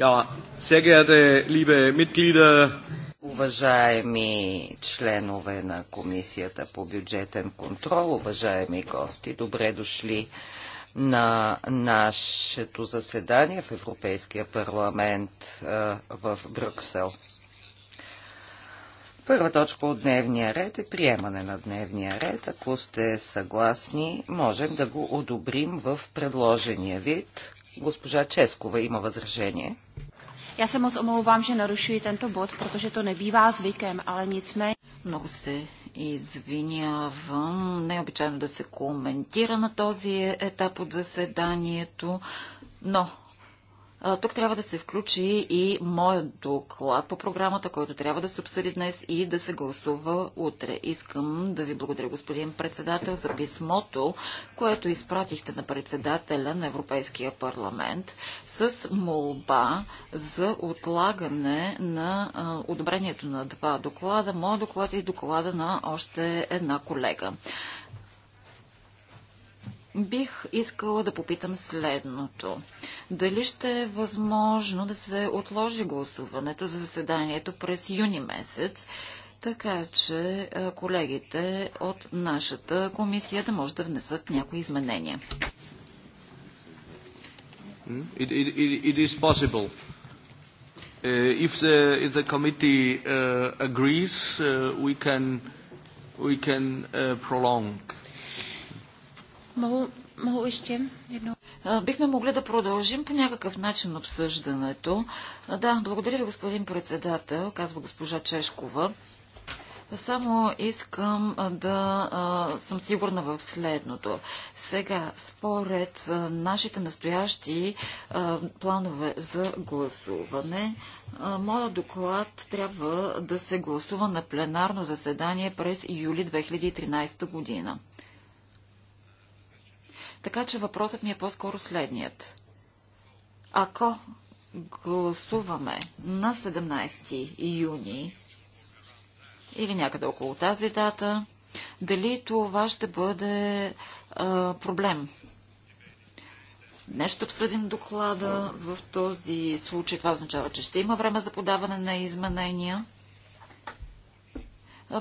Ja, sehr geehrte, liebe Mitglieder. Уважаеми членове на Комисията по бюджетен контрол, уважаеми гости, добре дошли на нашето заседание в Европейския парламент в Брюксел. Първа точка от дневния ред е приемане на дневния ред. Ако сте съгласни, можем да го одобрим в предложения вид. Госпожа Ческова има възражение. Já se moc omlouvám, že narušuji tento bod, protože to nebývá zvykem, ale nicméně... Много се извинявам. Не е обичайно да се коментира на този етап от заседанието, но тук трябва да се включи и моят доклад по програмата, който трябва да се обсъди днес и да се гласува утре. Искам да ви благодаря, господин председател, за писмото, което изпратихте на председателя на Европейския парламент с молба за отлагане на одобрението на два доклада, моят доклад и доклада на още една колега. Бих искала да попитам следното. Дали ще е възможно да се отложи гласуването за заседанието през юни месец, така че колегите от нашата комисия да може да внесат някои изменения? It, it, it is possible. Uh, if the, if the committee uh, agrees, uh, we can, we can uh, prolong uh, Мало, мало едно. Бихме могли да продължим по някакъв начин обсъждането. Да, благодаря ви, господин председател, казва госпожа Чешкова. Само искам да а, съм сигурна в следното. Сега, според а, нашите настоящи а, планове за гласуване, моят доклад трябва да се гласува на пленарно заседание през юли 2013 година. Така че въпросът ми е по-скоро следният. Ако гласуваме на 17 юни или някъде около тази дата, дали това ще бъде а, проблем? Днес ще обсъдим доклада. В този случай това означава, че ще има време за подаване на изменения.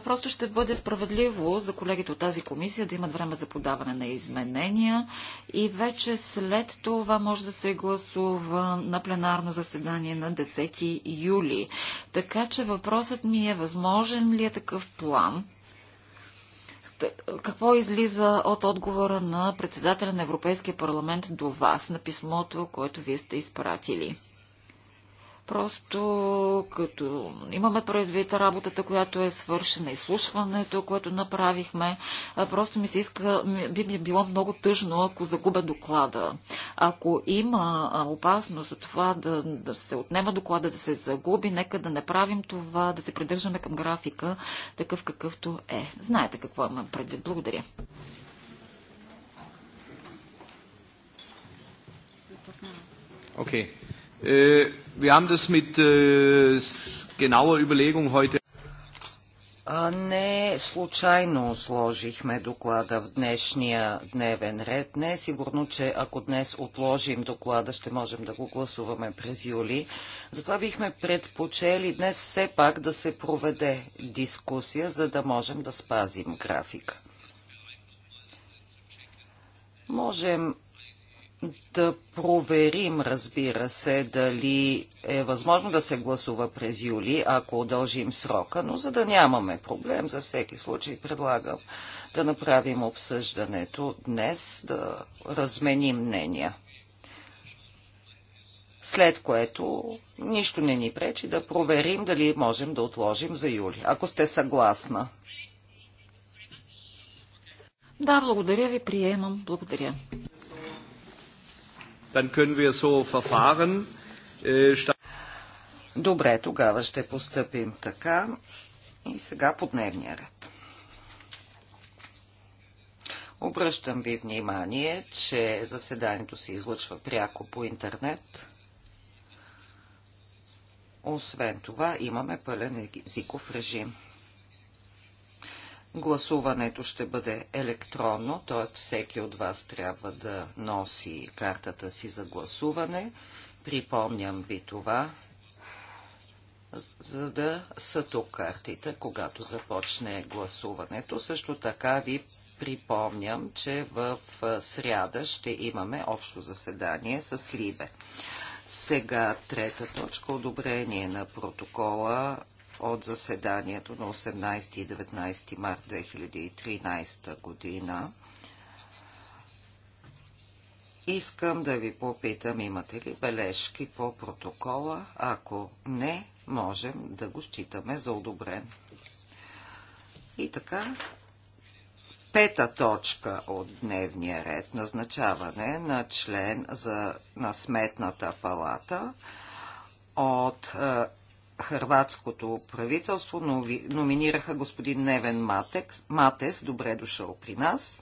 Просто ще бъде справедливо за колегите от тази комисия да имат време за подаване на изменения и вече след това може да се гласува на пленарно заседание на 10 юли. Така че въпросът ми е възможен ли е такъв план? Какво излиза от отговора на председателя на Европейския парламент до вас на писмото, което вие сте изпратили? Просто като имаме предвид работата, която е свършена, изслушването, което направихме, просто ми се иска, би ми било много тъжно, ако загубя доклада. Ако има опасност от това да, да се отнема доклада, да се загуби, нека да не правим това, да се придържаме към графика, такъв какъвто е. Знаете какво имам предвид. Благодаря. Okay. Uh... Е, Wir haben das mit äh, genauer Überlegung heute. Не случайно сложихме доклада в днешния дневен ред. Не е сигурно, че ако днес отложим доклада, ще можем да го гласуваме през юли. Затова бихме предпочели днес все пак да се проведе дискусия, за да можем да спазим графика. Можем да проверим, разбира се, дали е възможно да се гласува през юли, ако удължим срока, но за да нямаме проблем, за всеки случай предлагам да направим обсъждането днес, да разменим мнения. След което нищо не ни пречи да проверим дали можем да отложим за юли, ако сте съгласна. Да, благодаря ви, приемам. Благодаря. Dann können wir so verfahren. Äh, Добре, тогава ще постъпим така. И сега по дневния ред. Обръщам ви внимание, че заседанието се излъчва пряко по интернет. Освен това, имаме пълен езиков режим. Гласуването ще бъде електронно, т.е. всеки от вас трябва да носи картата си за гласуване. Припомням ви това, за да са тук картите, когато започне гласуването. Също така ви припомням, че в сряда ще имаме общо заседание с Либе. Сега трета точка – одобрение на протокола от заседанието на 18 и 19 март 2013 година. Искам да ви попитам, имате ли бележки по протокола? Ако не, можем да го считаме за одобрен. И така, пета точка от дневния ред – назначаване на член за, на Сметната палата от е, хрватското правителство номинираха господин Невен Матекс, Матес, добре дошъл при нас,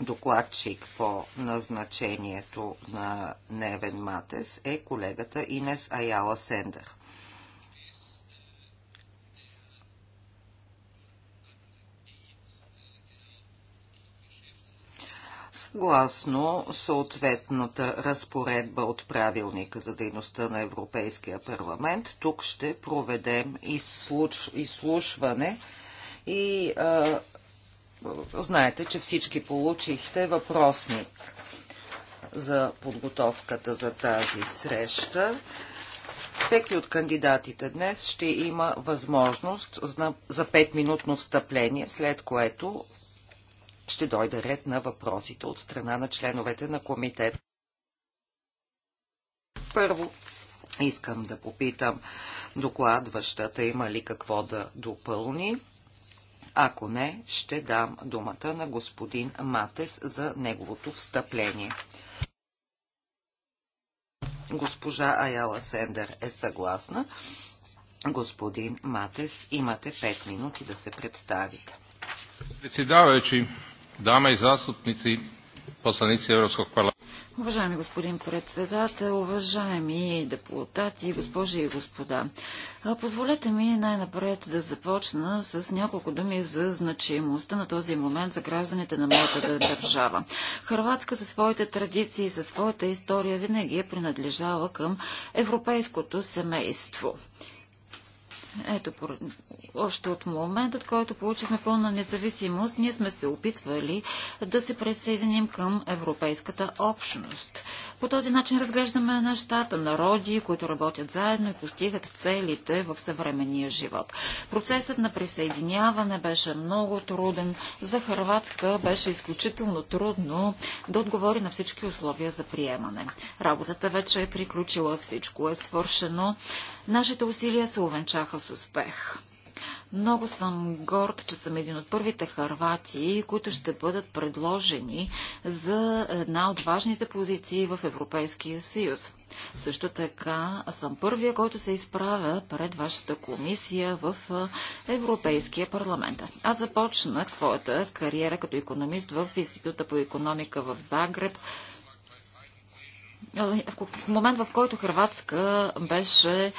докладчик по назначението на Невен Матес е колегата Инес Аяла Сендер. съгласно съответната разпоредба от правилника за дейността на Европейския парламент. Тук ще проведем изслуш... изслушване и а, знаете, че всички получихте въпросник за подготовката за тази среща. Всеки от кандидатите днес ще има възможност за 5-минутно встъпление, след което ще дойде ред на въпросите от страна на членовете на комитет. Първо, искам да попитам докладващата има ли какво да допълни. Ако не, ще дам думата на господин Матес за неговото встъпление. Госпожа Аяла Сендер е съгласна. Господин Матес, имате 5 минути да се представите. Председавайчи, Даме и заступници, посланици Европскog парламента. Уважаеми господин председател, уважаеми депутати, госпожи и господа, позволете ми най-напред да започна с няколко думи за значимостта на този момент за гражданите на моята държава. Хрватска със своите традиции със своята история винаги е принадлежала към европейското семейство. Ето, още от момента, от който получихме пълна независимост, ние сме се опитвали да се присъединим към Европейската общност. По този начин разглеждаме нещата, народи, които работят заедно и постигат целите в съвременния живот. Процесът на присъединяване беше много труден. За Харватска беше изключително трудно да отговори на всички условия за приемане. Работата вече е приключила, всичко е свършено. Нашите усилия се увенчаха с успех. Много съм горд, че съм един от първите харвати, които ще бъдат предложени за една от важните позиции в Европейския съюз. Също така съм първия, който се изправя пред вашата комисия в Европейския парламент. Аз започнах своята кариера като економист в Института по економика в Загреб, Ами, в момент, в който Хрватска беше,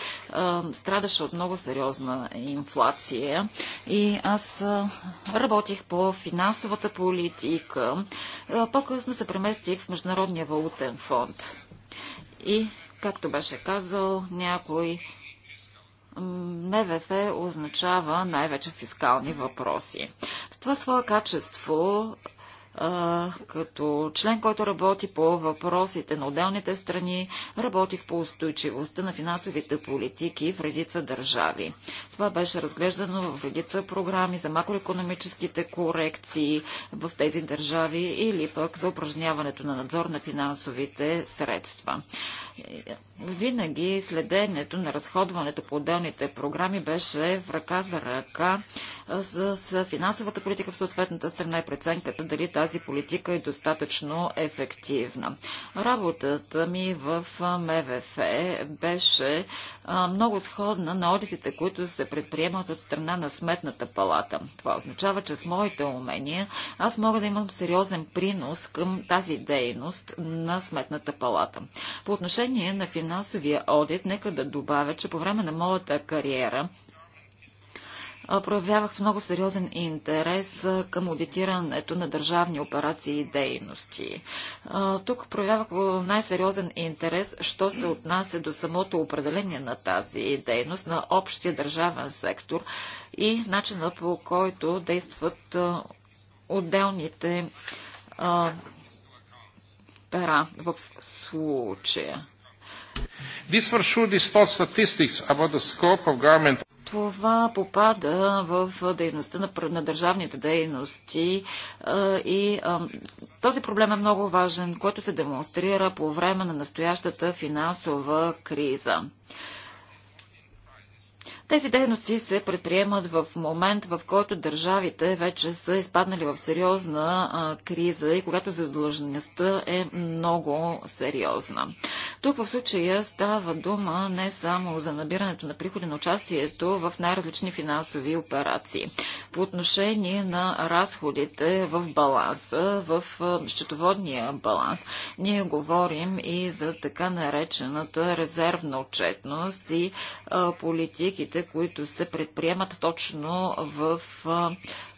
страдаше от много сериозна инфлация и аз работих по финансовата политика. По-късно се преместих в Международния валутен фонд. И, както беше казал някой, МВФ означава най-вече фискални въпроси. С това свое качество като член, който работи по въпросите на отделните страни, работих по устойчивостта на финансовите политики в редица държави. Това беше разглеждано в редица програми за макроекономическите корекции в тези държави или пък за упражняването на надзор на финансовите средства. Винаги следенето на разходването по отделните програми беше в ръка за ръка с финансовата политика в съответната страна и преценката дали тази тази политика е достатъчно ефективна. Работата ми в МВФ беше много сходна на одитите, които се предприемат от страна на Сметната палата. Това означава, че с моите умения аз мога да имам сериозен принос към тази дейност на Сметната палата. По отношение на финансовия одит, нека да добавя, че по време на моята кариера проявявах много сериозен интерес към аудитирането на държавни операции и дейности. Тук проявявах най-сериозен интерес, що се отнася до самото определение на тази дейност, на общия държавен сектор и начина по който действат отделните пера в случая. This for sure distorts statistics about the scope of government това попада в дейността на, на държавните дейности и този проблем е много важен, който се демонстрира по време на настоящата финансова криза. Тези дейности се предприемат в момент, в който държавите вече са изпаднали в сериозна а, криза и когато задължеността е много сериозна. Тук в случая става дума не само за набирането на приходи на участието в най-различни финансови операции. По отношение на разходите в баланса, в счетоводния баланс, ние говорим и за така наречената резервна отчетност и а, политиките, които се предприемат точно в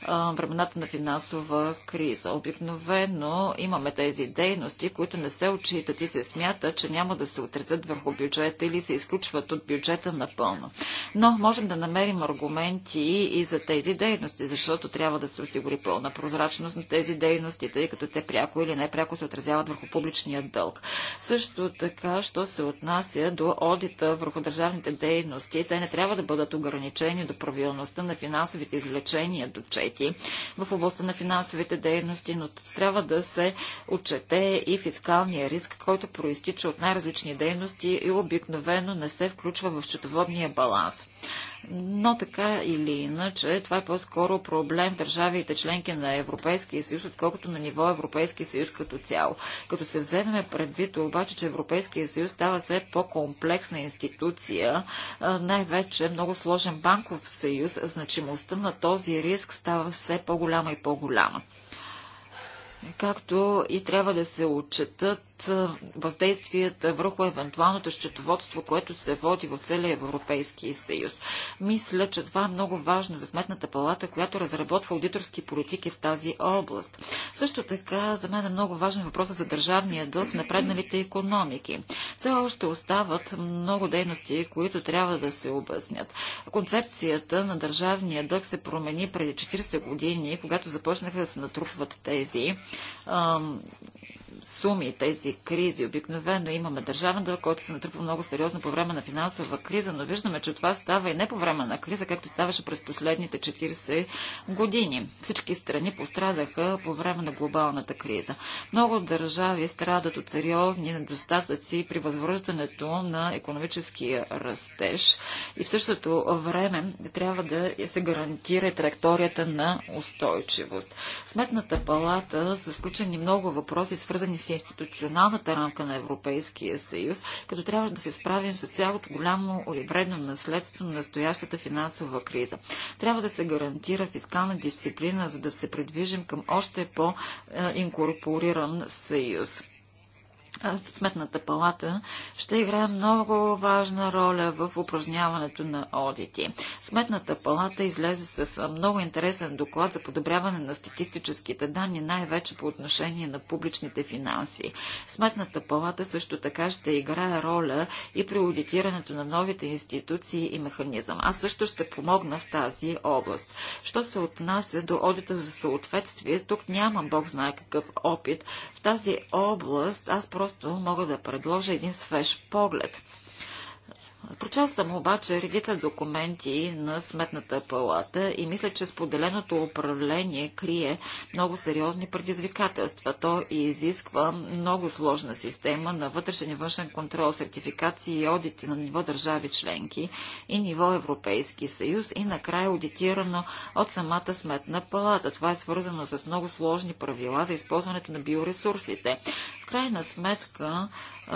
времената на финансова криза. Обикновено имаме тези дейности, които не се очитат и се смята, че няма да се отразят върху бюджета или се изключват от бюджета напълно. Но можем да намерим аргументи и за тези дейности, защото трябва да се осигури пълна прозрачност на тези дейности, тъй като те пряко или непряко се отразяват върху публичния дълг. Също така, що се отнася до одита върху държавните дейности, те не трябва да бъдат ограничени до правилността на финансовите извлечения до приоритети в областта на финансовите дейности, но трябва да се отчете и фискалния риск, който проистича от най-различни дейности и обикновено не се включва в счетоводния баланс. Но така или иначе, това е по-скоро проблем в държавите членки на Европейския съюз, отколкото на ниво Европейския съюз като цяло. Като се вземеме предвид обаче, че Европейския съюз става все по-комплексна институция, най-вече много сложен банков съюз, значимостта на този риск става все по-голяма и по-голяма както и трябва да се отчетат въздействията върху евентуалното счетоводство, което се води в целия Европейски съюз. Мисля, че това е много важно за Сметната палата, която разработва аудиторски политики в тази област. Също така, за мен е много важен въпрос за държавния дълг в напредналите економики. Все още остават много дейности, които трябва да се обяснят. Концепцията на държавния дълг се промени преди 40 години, когато започнаха да се натрупват тези суми, тези кризи. Обикновено имаме държавен дълг, който се натрупа много сериозно по време на финансова криза, но виждаме, че това става и не по време на криза, както ставаше през последните 40 години. Всички страни пострадаха по време на глобалната криза. Много държави страдат от сериозни недостатъци при възвръщането на економическия растеж и в същото време трябва да се гарантира траекторията на устойчивост. Сметната палата са включени много въпроси, свързани свързани с институционалната рамка на Европейския съюз, като трябва да се справим с цялото голямо вредно наследство на настоящата финансова криза. Трябва да се гарантира фискална дисциплина, за да се придвижим към още по-инкорпориран е, съюз. Сметната палата ще играе много важна роля в упражняването на одити. Сметната палата излезе с много интересен доклад за подобряване на статистическите данни, най-вече по отношение на публичните финанси. Сметната палата също така ще играе роля и при аудитирането на новите институции и механизъм. Аз също ще помогна в тази област. Що се отнася до одита за съответствие, тук нямам бог знае какъв опит. В тази област аз просто просто мога да предложа един свеж поглед. Прочел съм обаче редица документи на Сметната палата и мисля, че споделеното управление крие много сериозни предизвикателства. То и изисква много сложна система на вътрешен и външен контрол, сертификации и одити на ниво държави членки и ниво Европейски съюз и накрая аудитирано от самата Сметна палата. Това е свързано с много сложни правила за използването на биоресурсите крайна сметка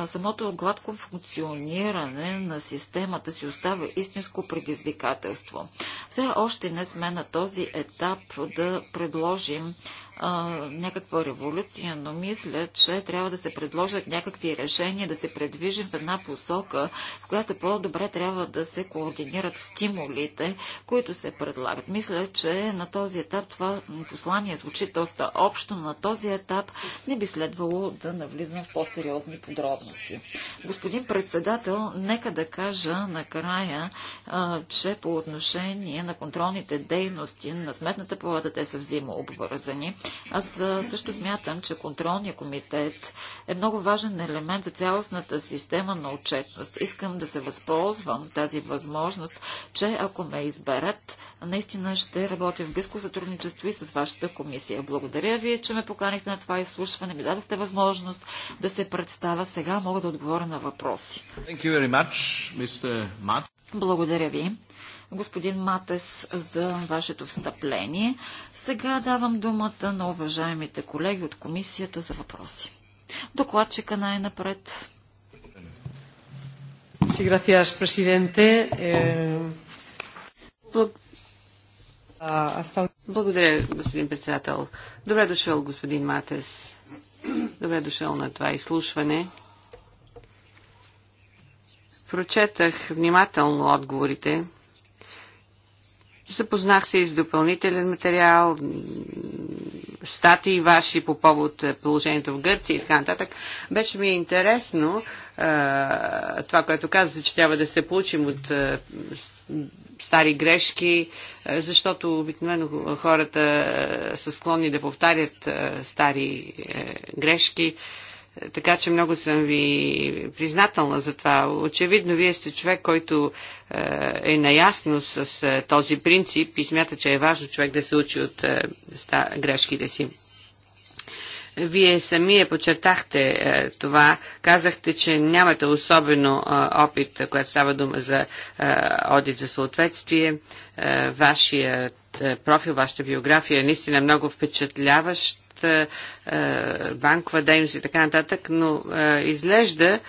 самото гладко функциониране на системата си остава истинско предизвикателство. Все още не сме на този етап да предложим а, някаква революция, но мисля, че трябва да се предложат някакви решения, да се предвижим в една посока, в която по-добре трябва да се координират стимулите, които се предлагат. Мисля, че на този етап това послание звучи доста общо, но на този етап не би следвало да навлизам в по-сериозни подробности. Господин председател, нека да кажа накрая, а, че по отношение на контролните дейности на Сметната палата те са взаимообвързани. Аз също смятам, че контролния комитет е много важен елемент за цялостната система на отчетност. Искам да се възползвам тази възможност, че ако ме изберат, наистина ще работя в близко сътрудничество и с вашата комисия. Благодаря ви, че ме поканихте на това изслушване, ми дадохте възможност да се представя. Сега мога да отговоря на въпроси. Much, Благодаря ви господин Матес, за вашето встъпление. Сега давам думата на уважаемите колеги от комисията за въпроси. Докладчика най-напред. Eh, ah, Благодаря, господин председател. Добре дошъл, господин Матес. Добре дошъл на това изслушване. Прочетах внимателно отговорите Запознах се и с допълнителен материал, статии ваши по повод е, положението в Гърция и така нататък. Беше ми интересно е, това, което казах, че трябва да се получим от е, стари грешки, е, защото обикновено хората е, са склонни да повтарят е, стари грешки. Така че много съм ви признателна за това. Очевидно, вие сте човек, който е, е наясно с е, този принцип и смята, че е важно човек да се учи от е, грешките си. Вие самия подчертахте е, това, казахте, че нямате особено е, опит, когато става дума за е, одит за съответствие. Вашият профил, вашата биография е наистина много впечатляващ е, е, банкова дейност и така нататък, но е, изглежда,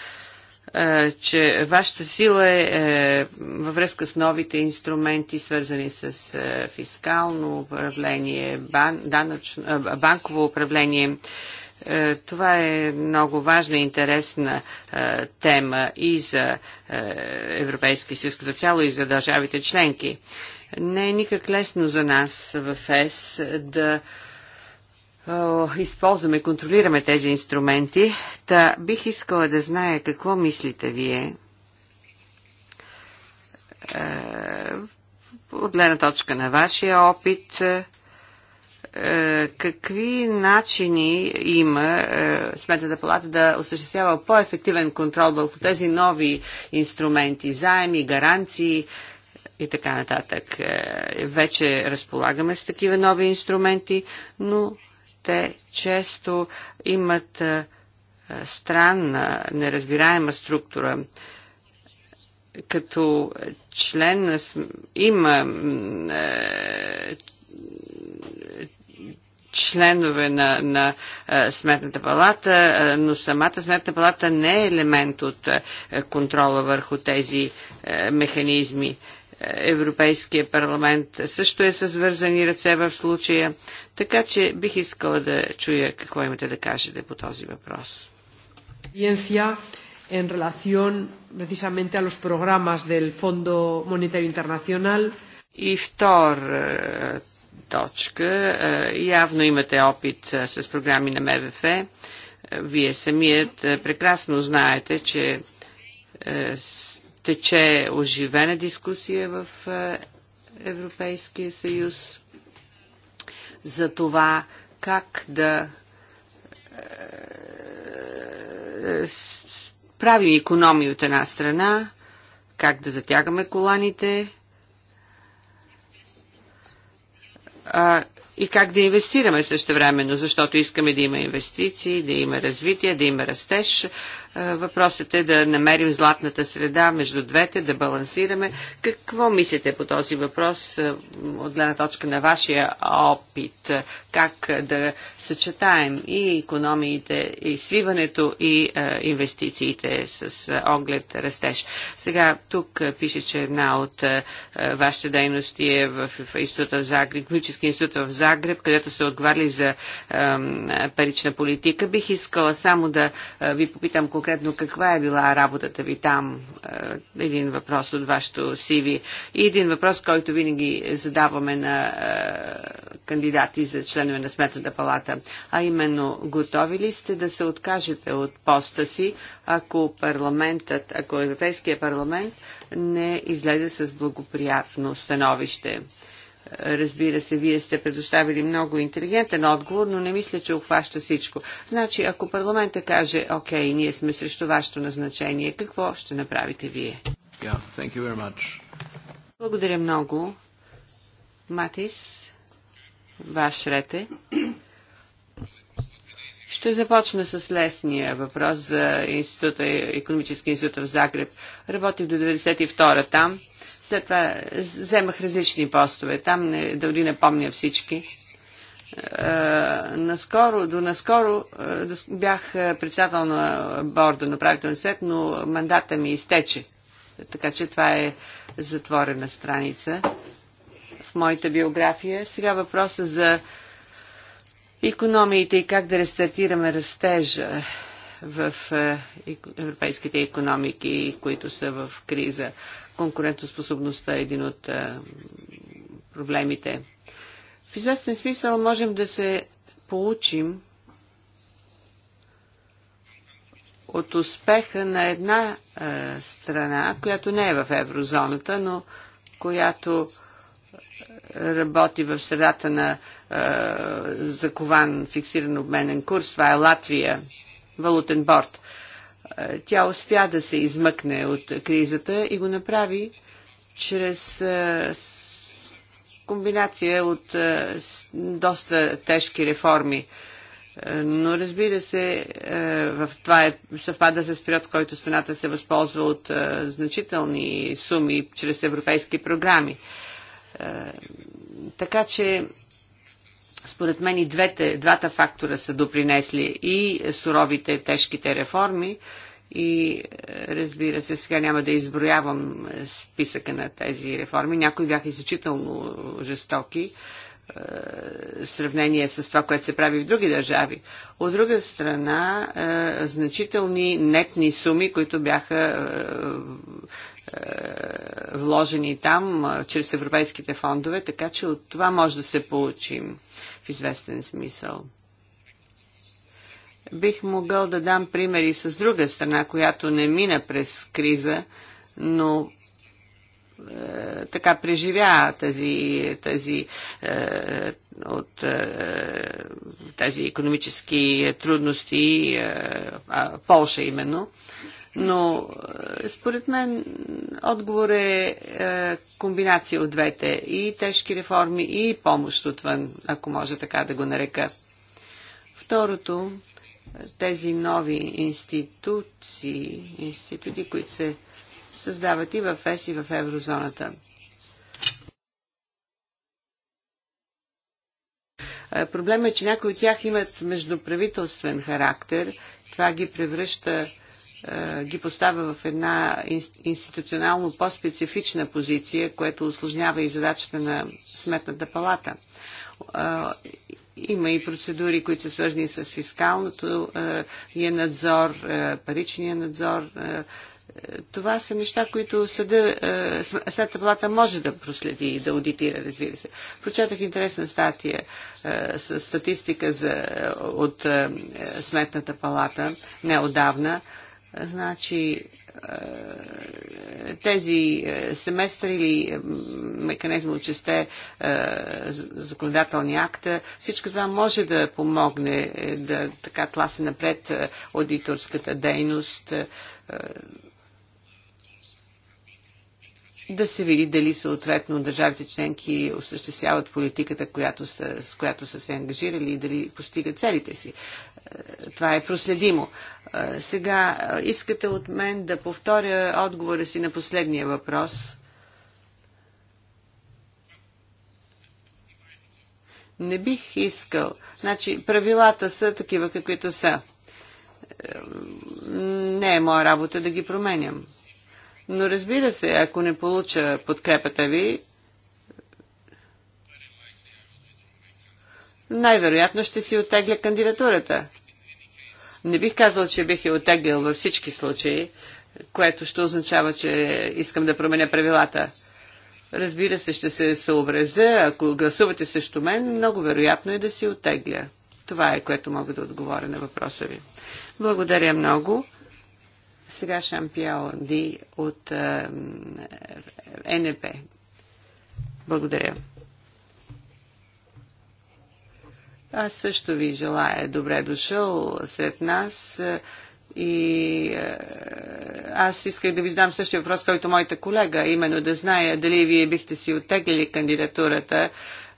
че вашата сила е, във връзка с новите инструменти, свързани с фискално управление, бан, банково управление. Това е много важна и интересна тема и за Европейския съюз като цяло и за държавите членки. Не е никак лесно за нас в ЕС да използваме, контролираме тези инструменти. Та бих искала да знае какво мислите вие е, от гледна точка на вашия опит, е, е, какви начини има Сметната палата да осъществява по-ефективен контрол върху тези нови инструменти, заеми, гаранции и така нататък. Вече разполагаме с такива нови инструменти, но те често имат странна, неразбираема структура. Като член на... има членове на, на Сметната палата, но самата Сметна палата не е елемент от контрола върху тези механизми. Европейския парламент също е с вързани ръце в случая, така че бих искала да чуя какво имате да кажете по този въпрос. En relación precisamente a los programas del Fondo Monetario Internacional. И втора е, точка. Е, явно имате опит е, с програми на МВФ. Вие самият прекрасно знаете, че тече оживена дискусия в е, Европейския съюз за това как да е, правим економии от една страна, как да затягаме коланите а, и как да инвестираме също времено, защото искаме да има инвестиции, да има развитие, да има растеж, Въпросът е да намерим златната среда между двете, да балансираме. Какво мислите по този въпрос от гледна точка на вашия опит? Как да съчетаем и економиите, и свиването, и инвестициите с оглед растеж? Сега тук пише, че една от вашите дейности е в, в института в Загреб, економически институт в Загреб, където се отговаря за парична политика. Бих искала само да ви попитам, по-конкретно каква е била работата ви там? Е, един въпрос от вашето CV. И един въпрос, който винаги задаваме на е, кандидати за членове на Сметната палата. А именно, готови ли сте да се откажете от поста си, ако парламентът, ако Европейския парламент не излезе с благоприятно становище? Разбира се, вие сте предоставили много интелигентен отговор, но не мисля, че обхваща всичко. Значи, ако парламента каже, окей, ние сме срещу вашето назначение, какво ще направите вие? Yeah, thank you very much. Благодаря много. Матис, ваш рете. Ще започна с лесния въпрос за института, економически институт в Загреб. Работих до 92-та там. След това вземах различни постове. Там не, дори не помня всички. Е, наскоро, до наскоро е, бях е, председател на борда на правителен свет, но мандата ми изтече. Така че това е затворена страница в моята биография. Сега въпроса за економиите и как да рестартираме растежа в европейските економики, които са в криза конкурентоспособността е един от е, проблемите. В известен смисъл можем да се получим от успеха на една е, страна, която не е в еврозоната, но която е, работи в средата на закован фиксиран обменен курс. Това е Латвия, валутен борт. Е, тя успя да се измъкне от кризата и го направи чрез е, комбинация от е, доста тежки реформи. Но разбира се, в това е, съвпада с период, в който страната се възползва от значителни суми чрез европейски програми. Така че според мен и двете, двата фактора са допринесли и суровите, тежките реформи, и е, разбира се, сега няма да изброявам е, списъка на тези реформи. Някои бяха изключително е, жестоки в сравнение с това, което се прави в други държави. От друга страна, значителни нетни суми, които бяха вложени там чрез европейските фондове, така че от това може да се получим известен смисъл. Бих могъл да дам примери с друга страна, която не мина през криза, но е, така преживя тази, тази, е, от е, тези економически трудности, е, а, Полша именно. Е, но е, според мен отговор е, е комбинация от двете и тежки реформи, и помощ отвън, ако може така да го нарека. Второто, е, тези нови институции, институти, които се създават и в ЕС, и в еврозоната. Е, проблемът е, че някои от тях имат междуправителствен характер. Това ги превръща е, ги поставя в една институционално по-специфична позиция, което осложнява и задачата на Сметната палата. Е, има и процедури, които са свързани с фискалното е, е надзор, паричния надзор. Това са неща, които съда, Сметната палата може да проследи и да аудитира, разбира се. Прочетах интересна статия с статистика за, от Сметната палата неодавна. Значи, е, тези е, семестри или е, механизма от честе законодателни акта, всичко това може да помогне да така тласи напред аудиторската дейност, да се види дали съответно държавите членки осъществяват политиката, която са, с която са се ангажирали и дали постигат целите си това е проследимо. Сега искате от мен да повторя отговора си на последния въпрос. Не бих искал. Значи, правилата са такива, каквито са. Е, не е моя работа да ги променям. Но разбира се, ако не получа подкрепата ви, най-вероятно ще си отегля кандидатурата. Не бих казал, че бих я отеглил във всички случаи, което ще означава, че искам да променя правилата. Разбира се, ще се съобразя. Ако гласувате срещу мен, много вероятно е да си отегля. Това е, което мога да отговоря на въпроса ви. Благодаря много. Сега Шампион Ди от е НП. Благодаря. Аз също ви желая добре дошъл сред нас е, и е, аз исках да ви задам същия въпрос, който моята колега, именно да зная дали вие бихте си оттеглили кандидатурата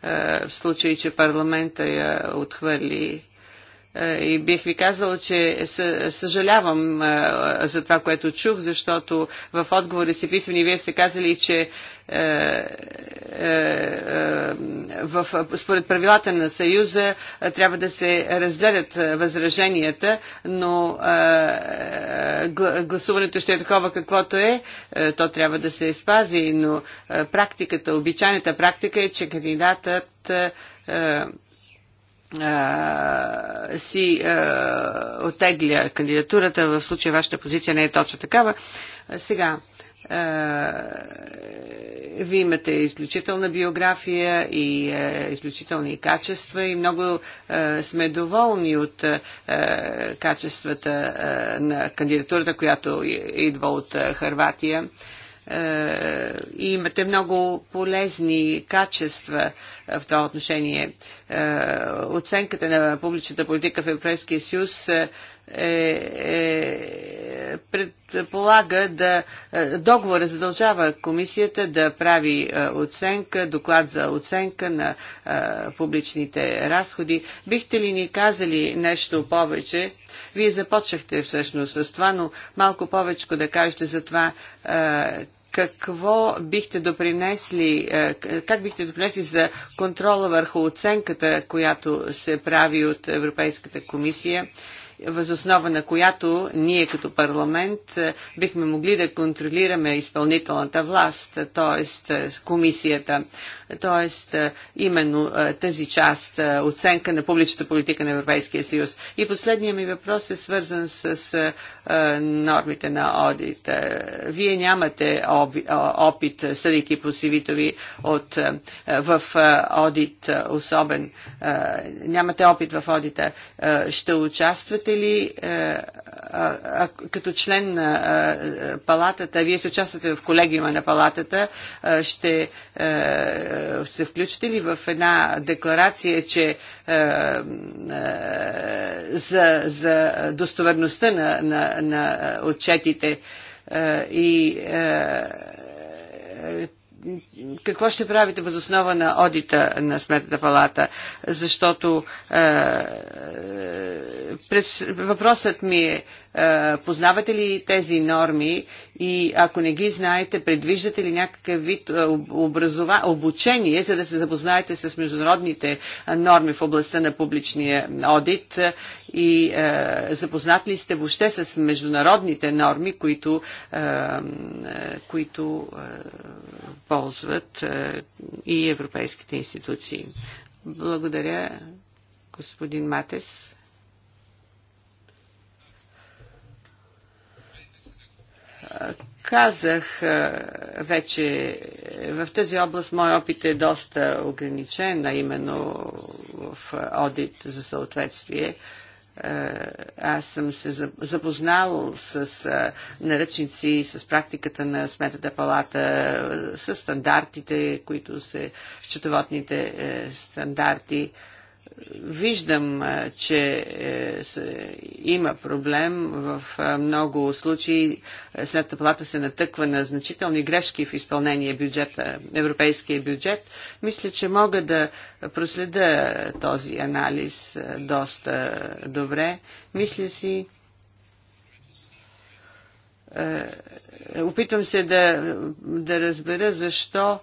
е, в случай, че парламента я отхвърли. И бих ви казала, че съжалявам за това, което чух, защото в отговори си писани вие сте казали, че в, според правилата на Съюза трябва да се разгледат възраженията, но гласуването ще е такова каквото е. То трябва да се спази, но практиката, обичайната практика е, че кандидатът си отегля кандидатурата. В случая вашата позиция не е точно такава. Сега, вие имате изключителна биография и е, изключителни качества и много е, сме доволни от е, качествата е, на кандидатурата, която идва от е, Харватия. Е, и имате много полезни качества е, в това отношение. Е, оценката на публичната политика в Европейския съюз е, е, е, предполага да. Е, Договора е задължава комисията да прави е, оценка, доклад за оценка на е, публичните разходи. Бихте ли ни казали нещо повече? Вие започнахте всъщност с това, но малко повече да кажете за това. Е, какво бихте допринесли, как бихте допринесли за контрола върху оценката, която се прави от Европейската комисия? възоснова на която ние като парламент е, бихме могли да контролираме изпълнителната власт, т.е. комисията т.е. именно тази част, оценка на публичната политика на Европейския съюз. И последният ми въпрос е свързан с нормите на одит. Вие нямате опит, съдейки по сивито ви от, в одит особен. Нямате опит в одита. Ще участвате ли като член на палатата, вие се участвате в колегиума на палатата, ще ще се включите ли в една декларация, че е, е, за, за достоверността на, на, на отчетите е, и какво ще правите възоснова на одита на Сметната палата? Защото е, пред, въпросът ми е е, познавате ли тези норми и ако не ги знаете, предвиждате ли някакъв вид е, образова... обучение, за да се запознаете с международните е, норми в областта на публичния одит и запознат ли сте въобще с международните норми, които, които ползват и европейските институции? Благодаря, господин Матес. Казах вече, е, в тази област мой опит е доста ограничен, а именно в одит за съответствие аз съм се запознал с наръчници, с практиката на Сметата палата, с стандартите, които се, счетоводните е, стандарти. Виждам, че е, има проблем. В много случаи Сметната палата се натъква на значителни грешки в изпълнение бюджета, европейския бюджет. Мисля, че мога да проследа този анализ доста добре. Мисля си, опитвам се да, да разбера защо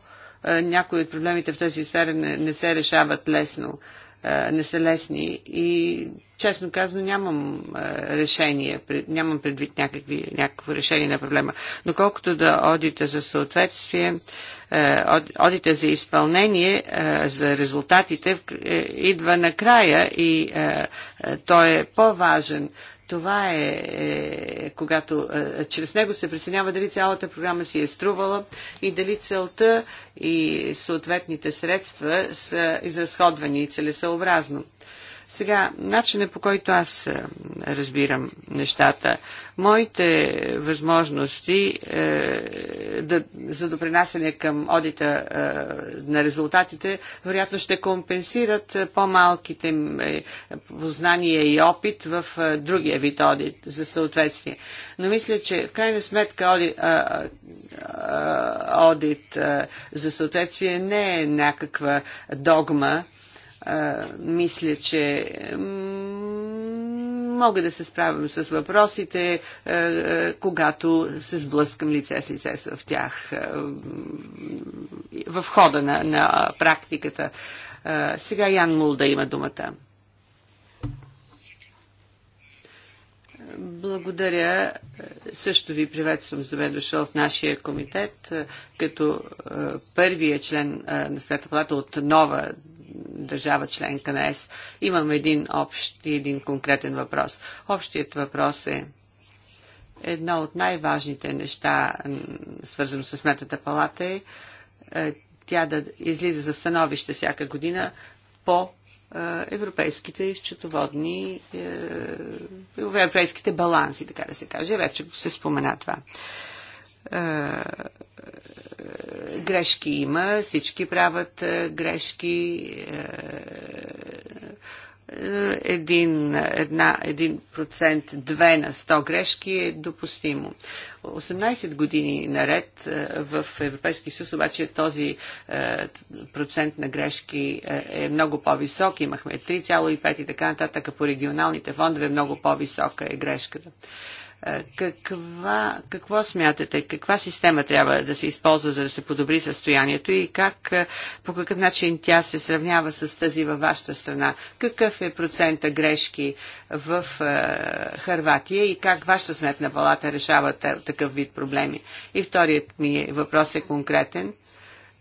някои от проблемите в тази сфера не, не се решават лесно е, не са лесни и честно казано нямам е, решение, нямам предвид някакви, някакво решение на проблема. Но колкото да одите за съответствие, е, одите за изпълнение, за резултатите, идва накрая и той е по-важен това е, е, е когато е, е, чрез него се преценява дали цялата програма си е струвала и дали целта и съответните средства са изразходвани целесъобразно. Сега, начинът по който аз е, разбирам нещата, моите възможности е, да, за допринасяне към одита е, на резултатите, вероятно ще компенсират е, по-малките е, познания и опит в другия вид одит за съответствие. Но мисля, че в крайна сметка одит, е, е, одит е, за съответствие не е някаква догма, мисля, че мога да се справям с въпросите, когато се сблъскам лице с лице в тях в хода на, на практиката. Сега Ян Мулда има думата. Благодаря. Също ви приветствам с добре дошъл в нашия комитет, като първия член на Света плата от нова държава членка на ЕС. Имам един общ и един конкретен въпрос. Общият въпрос е едно от най-важните неща, свързано с Сметната палата е, е, тя да излиза за становище всяка година по е, европейските счетоводни, е, европейските баланси, така да се каже. Вече се спомена това грешки има, всички правят грешки. Един, една, един процент, две на 100 грешки е допустимо. 18 години наред в Европейския съюз обаче този процент на грешки е много по-висок. Имахме 3,5 и така нататък. По регионалните фондове много по-висока е грешката. Е, каква, какво смятате, каква система трябва да се използва, за да се подобри състоянието и как, е, по какъв начин тя се сравнява с тази във вашата страна? Какъв е процента грешки в е, Харватия и как вашата сметна палата решава такъв вид проблеми? И вторият ми въпрос е конкретен.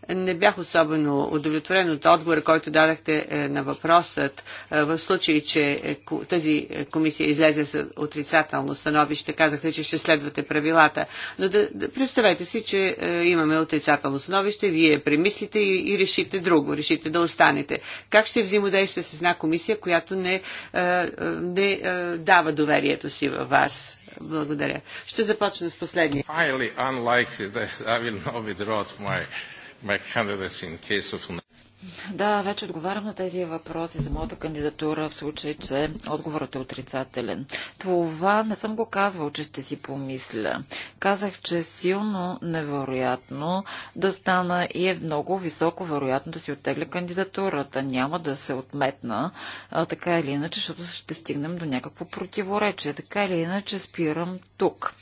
Не бях особено удовлетворен от отговора, който дадахте е, на въпросът. Е, в случай, че е, тази комисия излезе с отрицателно становище, казахте, че ще следвате правилата. Но да, да представете си, че имаме отрицателно становище, вие премислите и, и решите друго, решите да останете. Как ще взаимодействате с една комисия, която не, не дава доверието си във вас? Благодаря. Ще започна с последния. Да, вече отговарям на тези въпроси за моята кандидатура в случай, че отговорът е отрицателен. Това не съм го казвал, че ще си помисля. Казах, че е силно невероятно да стана и е много високо вероятно да си оттегля кандидатурата. Няма да се отметна, а, така или иначе, защото ще стигнем до някакво противоречие. Така или иначе спирам тук.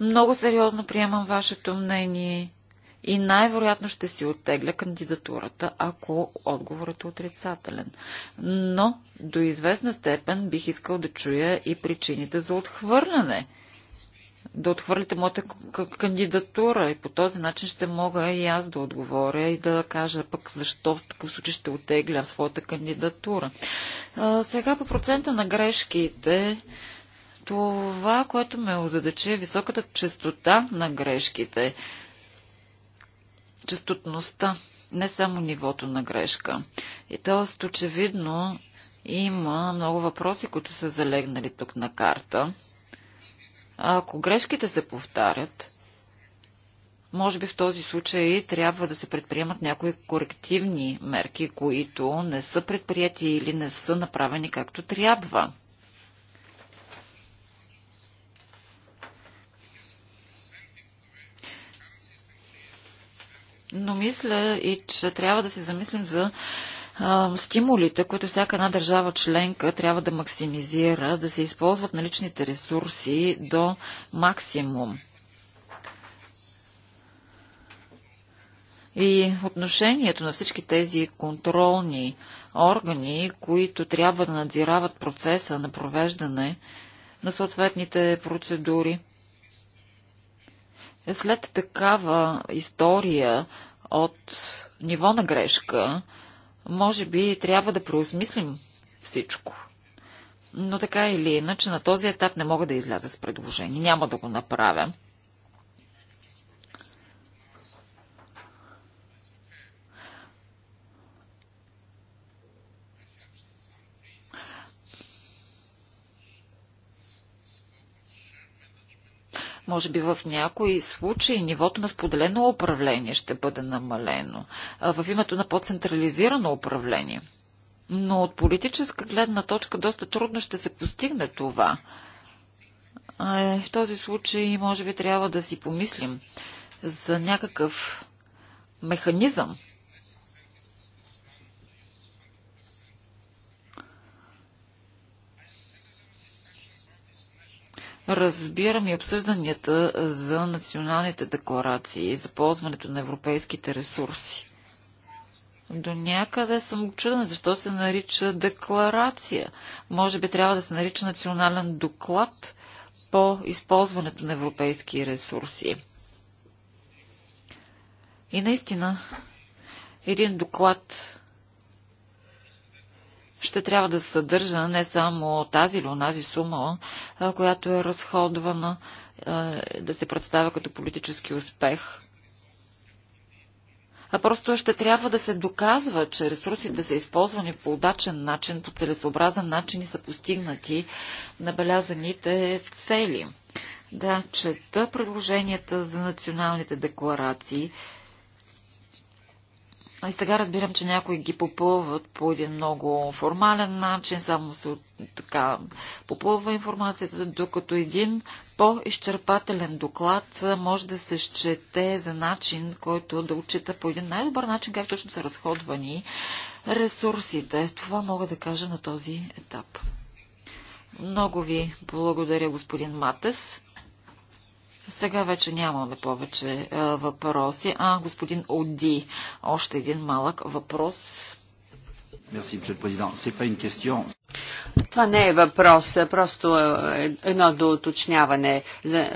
Много сериозно приемам вашето мнение и най-вероятно ще си оттегля кандидатурата, ако отговорът е отрицателен. Но до известна степен бих искал да чуя и причините за отхвърляне. Да отхвърлите моята кандидатура и по този начин ще мога и аз да отговоря и да кажа пък защо в такъв случай ще отегля своята кандидатура. А, сега по процента на грешките. Това, което ме озадачи е високата частота на грешките частотността, не само нивото на грешка. И т.е. очевидно има много въпроси, които са залегнали тук на карта. А ако грешките се повтарят, може би в този случай трябва да се предприемат някои корективни мерки, които не са предприяти или не са направени както трябва. Но мисля и, че трябва да се замислим за стимулите, които всяка една държава членка трябва да максимизира, да се използват наличните ресурси до максимум. И отношението на всички тези контролни органи, които трябва да надзирават процеса на провеждане на съответните процедури – е, след такава история от ниво на грешка, може би трябва да преосмислим всичко. Но така или иначе, на този етап не мога да изляза с предложение. Няма да го направя. Може би в някои случаи нивото на споделено управление ще бъде намалено в името на по-централизирано управление. Но от политическа гледна точка доста трудно ще се постигне това. Е, в този случай, може би, трябва да си помислим за някакъв механизъм, Разбирам и обсъжданията за националните декларации и за ползването на европейските ресурси. До някъде съм чуден защо се нарича декларация. Може би трябва да се нарича национален доклад по използването на европейски ресурси. И наистина, един доклад ще трябва да съдържа не само тази или онази сума, която е разходвана да се представя като политически успех, а просто ще трябва да се доказва, че ресурсите са използвани по удачен начин, по целесообразен начин и са постигнати набелязаните цели. Да, чета предложенията за националните декларации и сега разбирам, че някои ги попълват по един много формален начин, само се така попълва информацията, докато един по-изчерпателен доклад може да се счете за начин, който да отчита по един най-добър начин как точно са разходвани ресурсите. Това мога да кажа на този етап. Много ви благодаря, господин Матес. Сега вече нямаме повече а, е, въпроси. А, господин Оди, още един малък въпрос. Това не е въпрос, просто е, е, едно доуточняване. За,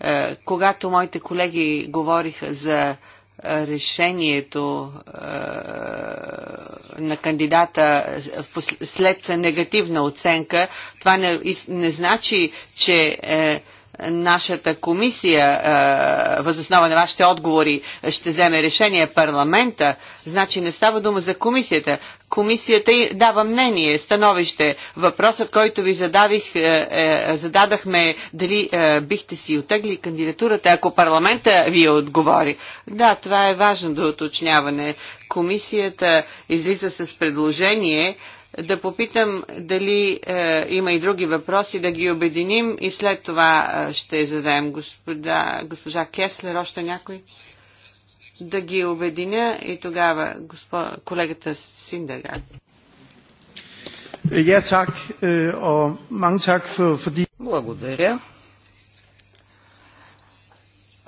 е, когато моите колеги говориха за решението е, на кандидата след негативна оценка, това не, не значи, че е, нашата комисия, е, възоснова на вашите отговори, ще вземе решение парламента, значи не става дума за комисията. Комисията дава мнение, становище. Въпросът, който ви задавих, е, е, зададахме, дали бихте си отегли кандидатурата, ако парламента ви отговори. Да, това е важно до уточняване. Комисията излиза с предложение, да попитам дали е, има и други въпроси, да ги обединим и след това е, ще зададем господа, госпожа Кеслер, още някой. Да ги обединя и тогава госпо, колегата Синдерга. Е, е, Благодаря.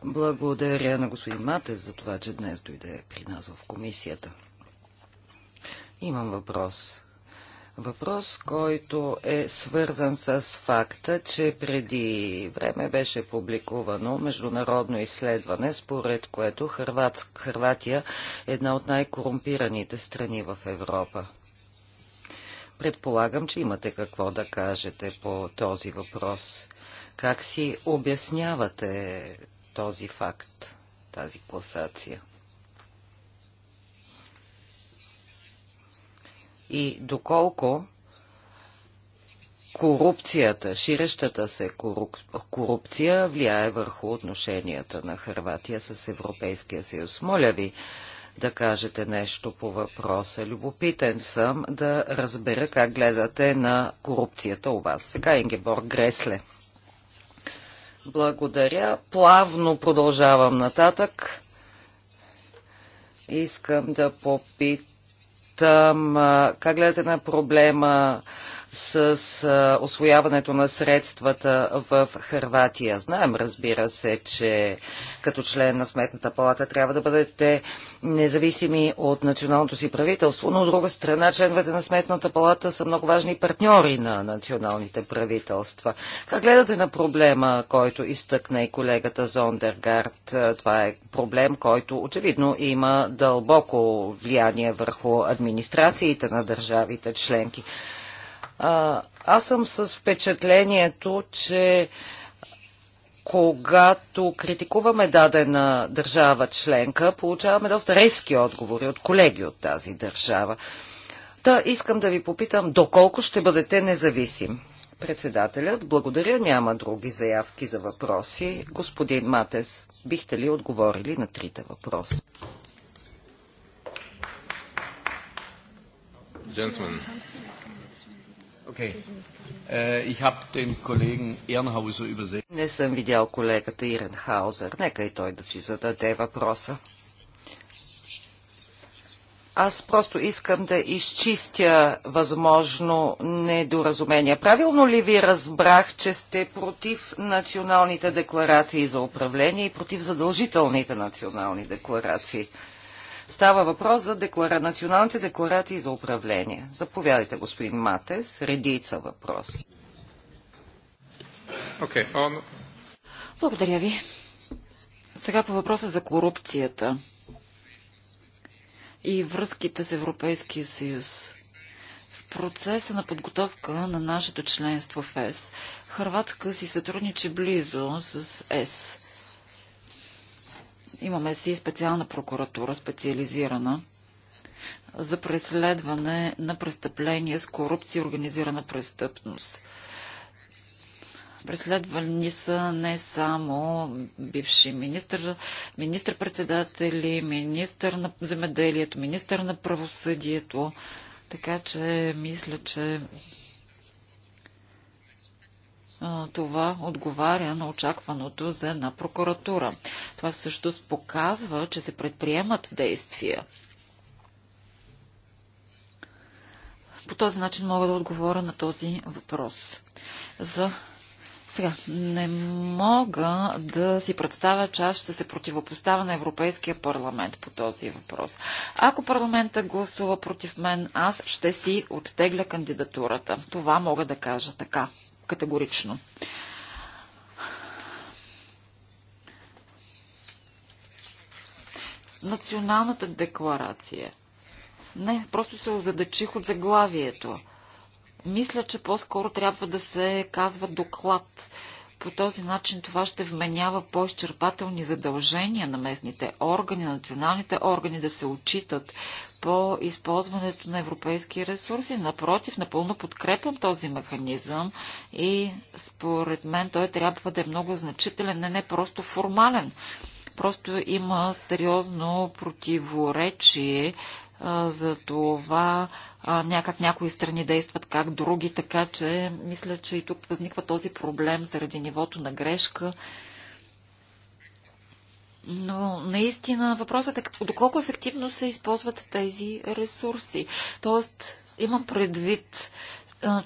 Благодаря на господин Матес за това, че днес дойде при нас в комисията. Имам въпрос. Въпрос, който е свързан с факта, че преди време беше публикувано международно изследване, според което Хърват, Хърватия е една от най-корумпираните страни в Европа. Предполагам, че имате какво да кажете по този въпрос. Как си обяснявате този факт, тази класация? и доколко корупцията, ширещата се корупция влияе върху отношенията на Харватия с Европейския съюз. Моля ви да кажете нещо по въпроса. Любопитен съм да разбера как гледате на корупцията у вас. Сега Ингеборг Гресле. Благодаря. Плавно продължавам нататък. Искам да попитам питам как гледате на проблема с а, освояването на средствата в Харватия. Знаем, разбира се, че като член на Сметната палата трябва да бъдете независими от националното си правителство, но от друга страна членовете на Сметната палата са много важни партньори на националните правителства. Как гледате на проблема, който изтъкна и колегата Зондергард? Това е проблем, който очевидно има дълбоко влияние върху администрациите на държавите членки. Аз съм с впечатлението, че когато критикуваме дадена държава членка, получаваме доста резки отговори от колеги от тази държава. Та искам да ви попитам, доколко ще бъдете независим? Председателят, благодаря, няма други заявки за въпроси. Господин Матес, бихте ли отговорили на трите въпроса? Gentlemen, Okay. Uh, Не съм видял колегата Иренхаузер. Нека и той да си зададе въпроса. Аз просто искам да изчистя възможно недоразумение. Правилно ли ви разбрах, че сте против националните декларации за управление и против задължителните национални декларации? Става въпрос за деклара... националните декларации за управление. Заповядайте, господин Матес, редица въпроси. Okay, on... Благодаря ви. Сега по въпроса за корупцията и връзките с Европейския съюз. В процеса на подготовка на нашето членство в ЕС, Харватска си сътрудничи близо с ЕС. Имаме си специална прокуратура, специализирана за преследване на престъпления с корупция и организирана престъпност. Преследвани са не само бивши министр, министр-председатели, министр на земеделието, министр на правосъдието. Така че мисля, че това отговаря на очакваното за една прокуратура. Това всъщност показва, че се предприемат действия. По този начин мога да отговоря на този въпрос. За сега, не мога да си представя, че аз ще се противопоставя на Европейския парламент по този въпрос. Ако парламента гласува против мен, аз ще си оттегля кандидатурата. Това мога да кажа така категорично. Националната декларация. Не, просто се озадачих от заглавието. Мисля, че по-скоро трябва да се казва доклад по този начин това ще вменява по-изчерпателни задължения на местните органи, на националните органи да се отчитат по използването на европейски ресурси. Напротив, напълно подкрепям този механизъм и според мен той трябва да е много значителен, не, не просто формален. Просто има сериозно противоречие а, за това, някак някои страни действат как други, така че мисля, че и тук възниква този проблем заради нивото на грешка. Но наистина въпросът е доколко ефективно се използват тези ресурси. Тоест, имам предвид,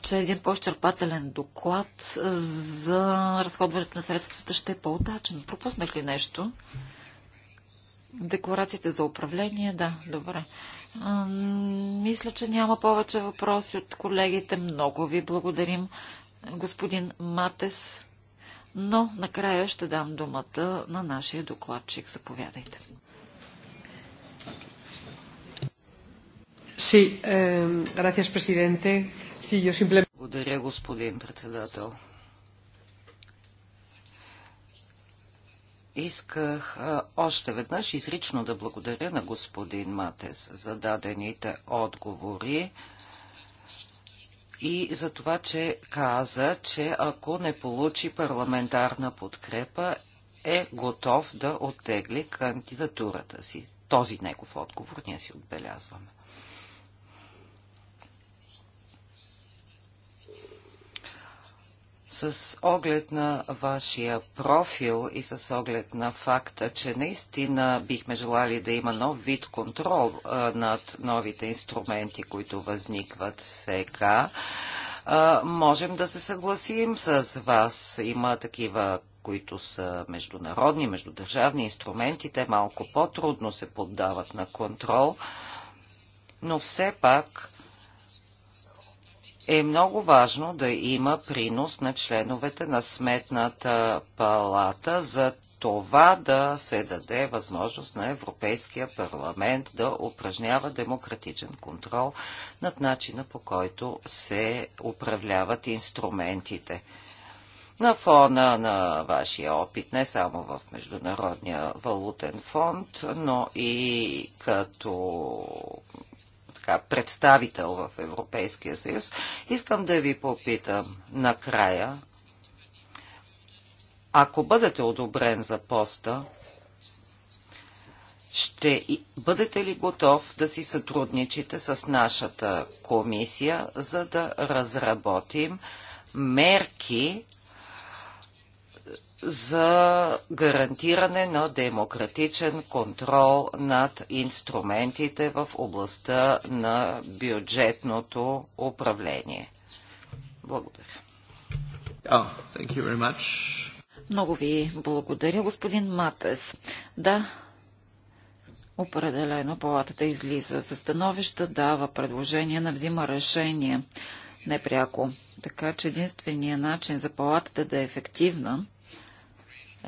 че един по-изчерпателен доклад за разходването на средствата ще е по-удачен. Пропуснах ли нещо? Декларациите за управление, да, добре. А, мисля, че няма повече въпроси от колегите. Много ви благодарим, господин Матес. Но накрая ще дам думата на нашия докладчик. Заповядайте. Sí, eh, gracias, presidente. Sí, yo simplemente... Благодаря, господин председател. Исках а, още веднъж изрично да благодаря на господин Матес за дадените отговори и за това, че каза, че ако не получи парламентарна подкрепа, е готов да оттегли кандидатурата си. Този негов отговор ние си отбелязваме. с оглед на вашия профил и с оглед на факта, че наистина бихме желали да има нов вид контрол над новите инструменти, които възникват сега, можем да се съгласим с вас. Има такива които са международни, междудържавни инструменти, те малко по-трудно се поддават на контрол, но все пак е много важно да има принос на членовете на Сметната палата за това да се даде възможност на Европейския парламент да упражнява демократичен контрол над начина по който се управляват инструментите. На фона на вашия опит, не само в Международния валутен фонд, но и като така представител в Европейския съюз. Искам да ви попитам накрая, ако бъдете одобрен за поста, ще бъдете ли готов да си сътрудничите с нашата комисия, за да разработим мерки за гарантиране на демократичен контрол над инструментите в областта на бюджетното управление. Благодаря. Oh, Много ви благодаря, господин Матес. Да, определено палатата излиза за становища, дава предложения на взима решения непряко. Така че единствения начин за палатата да е ефективна –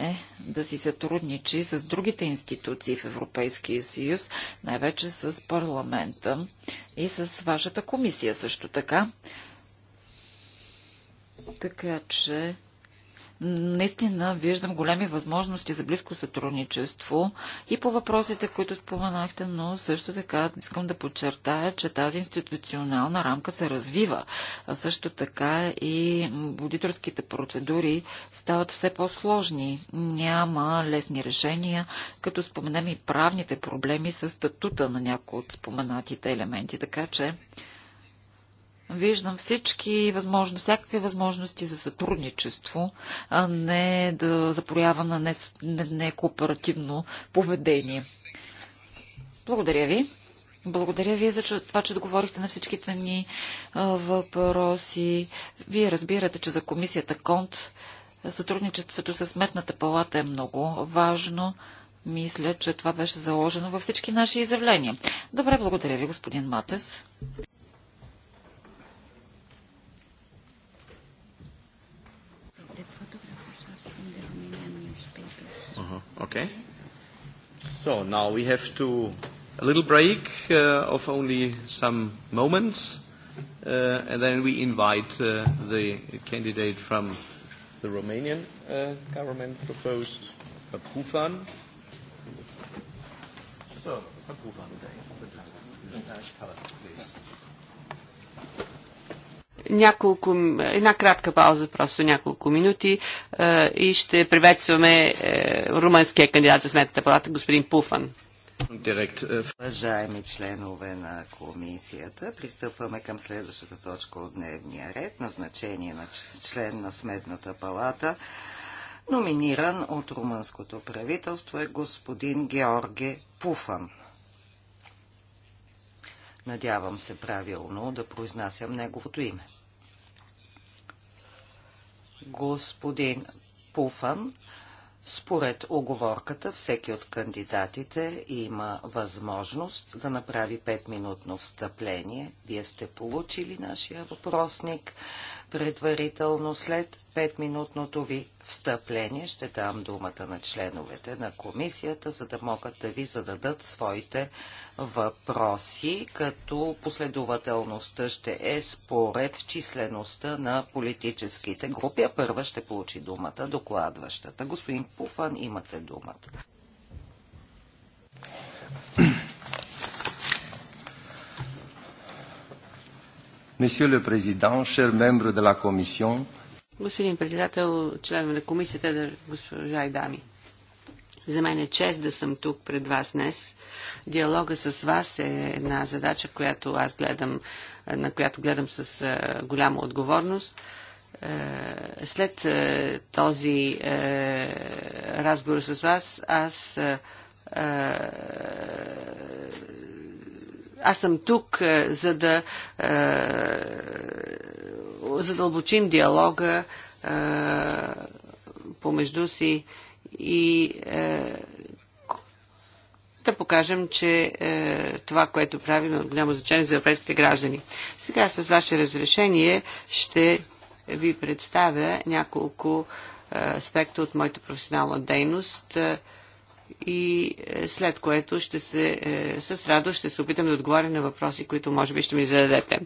е да си сътрудничи с другите институции в Европейския съюз, най-вече с парламента и с вашата комисия също така. Така че Наистина виждам големи възможности за близко сътрудничество и по въпросите, които споменахте, но също така искам да подчертая, че тази институционална рамка се развива. А също така и аудиторските процедури стават все по-сложни. Няма лесни решения, като споменем и правните проблеми с статута на някои от споменатите елементи. Така че Виждам всички възможно, всякакви възможности за сътрудничество, а не да запорява на не, не, не кооперативно поведение. Благодаря ви. Благодаря ви за това, че договорихте на всичките ни въпроси. Вие разбирате, че за комисията КОНТ сътрудничеството с Сметната палата е много важно. Мисля, че това беше заложено във всички наши изявления. Добре, благодаря ви, господин Матес. Okay. So now we have to a little break uh, of only some moments, uh, and then we invite uh, the candidate from the Romanian uh, government proposed, Pufan. So, Pufan, please няколко, една кратка пауза, просто няколко минути е, и ще приветстваме е, румънския кандидат за сметната палата, господин Пуфан. Директ. Е, Уважаеми членове на комисията, пристъпваме към следващата точка от дневния ред, назначение на член на Сметната палата. Номиниран от румънското правителство е господин Георге Пуфан. Надявам се правилно да произнасям неговото име господин Пуфан. Според оговорката, всеки от кандидатите има възможност да направи 5-минутно встъпление. Вие сте получили нашия въпросник. Предварително след 5-минутното ви встъпление ще дам думата на членовете на комисията, за да могат да ви зададат своите въпроси, като последователността ще е според числеността на политическите групи, а първа ще получи думата докладващата. Господин Пуфан, имате думата. Monsieur le Président, chers membres de la Commission, Господин председател, членове на комисията, госпожа и дами. За мен е чест да съм тук пред вас днес. Диалога с вас е една задача, която аз гледам, на която гледам с е, голяма отговорност. Е, след е, този разговор с вас, аз аз съм тук, е, за да е, задълбочим да диалога е, помежду си и да покажем, че е, това, което правим е от голямо значение за европейските граждани. Сега с ваше разрешение ще ви представя няколко аспекта от моята професионална дейност. Е, и е, след което ще се, е, с радост ще се опитам да отговоря на въпроси, които може би ще ми зададете.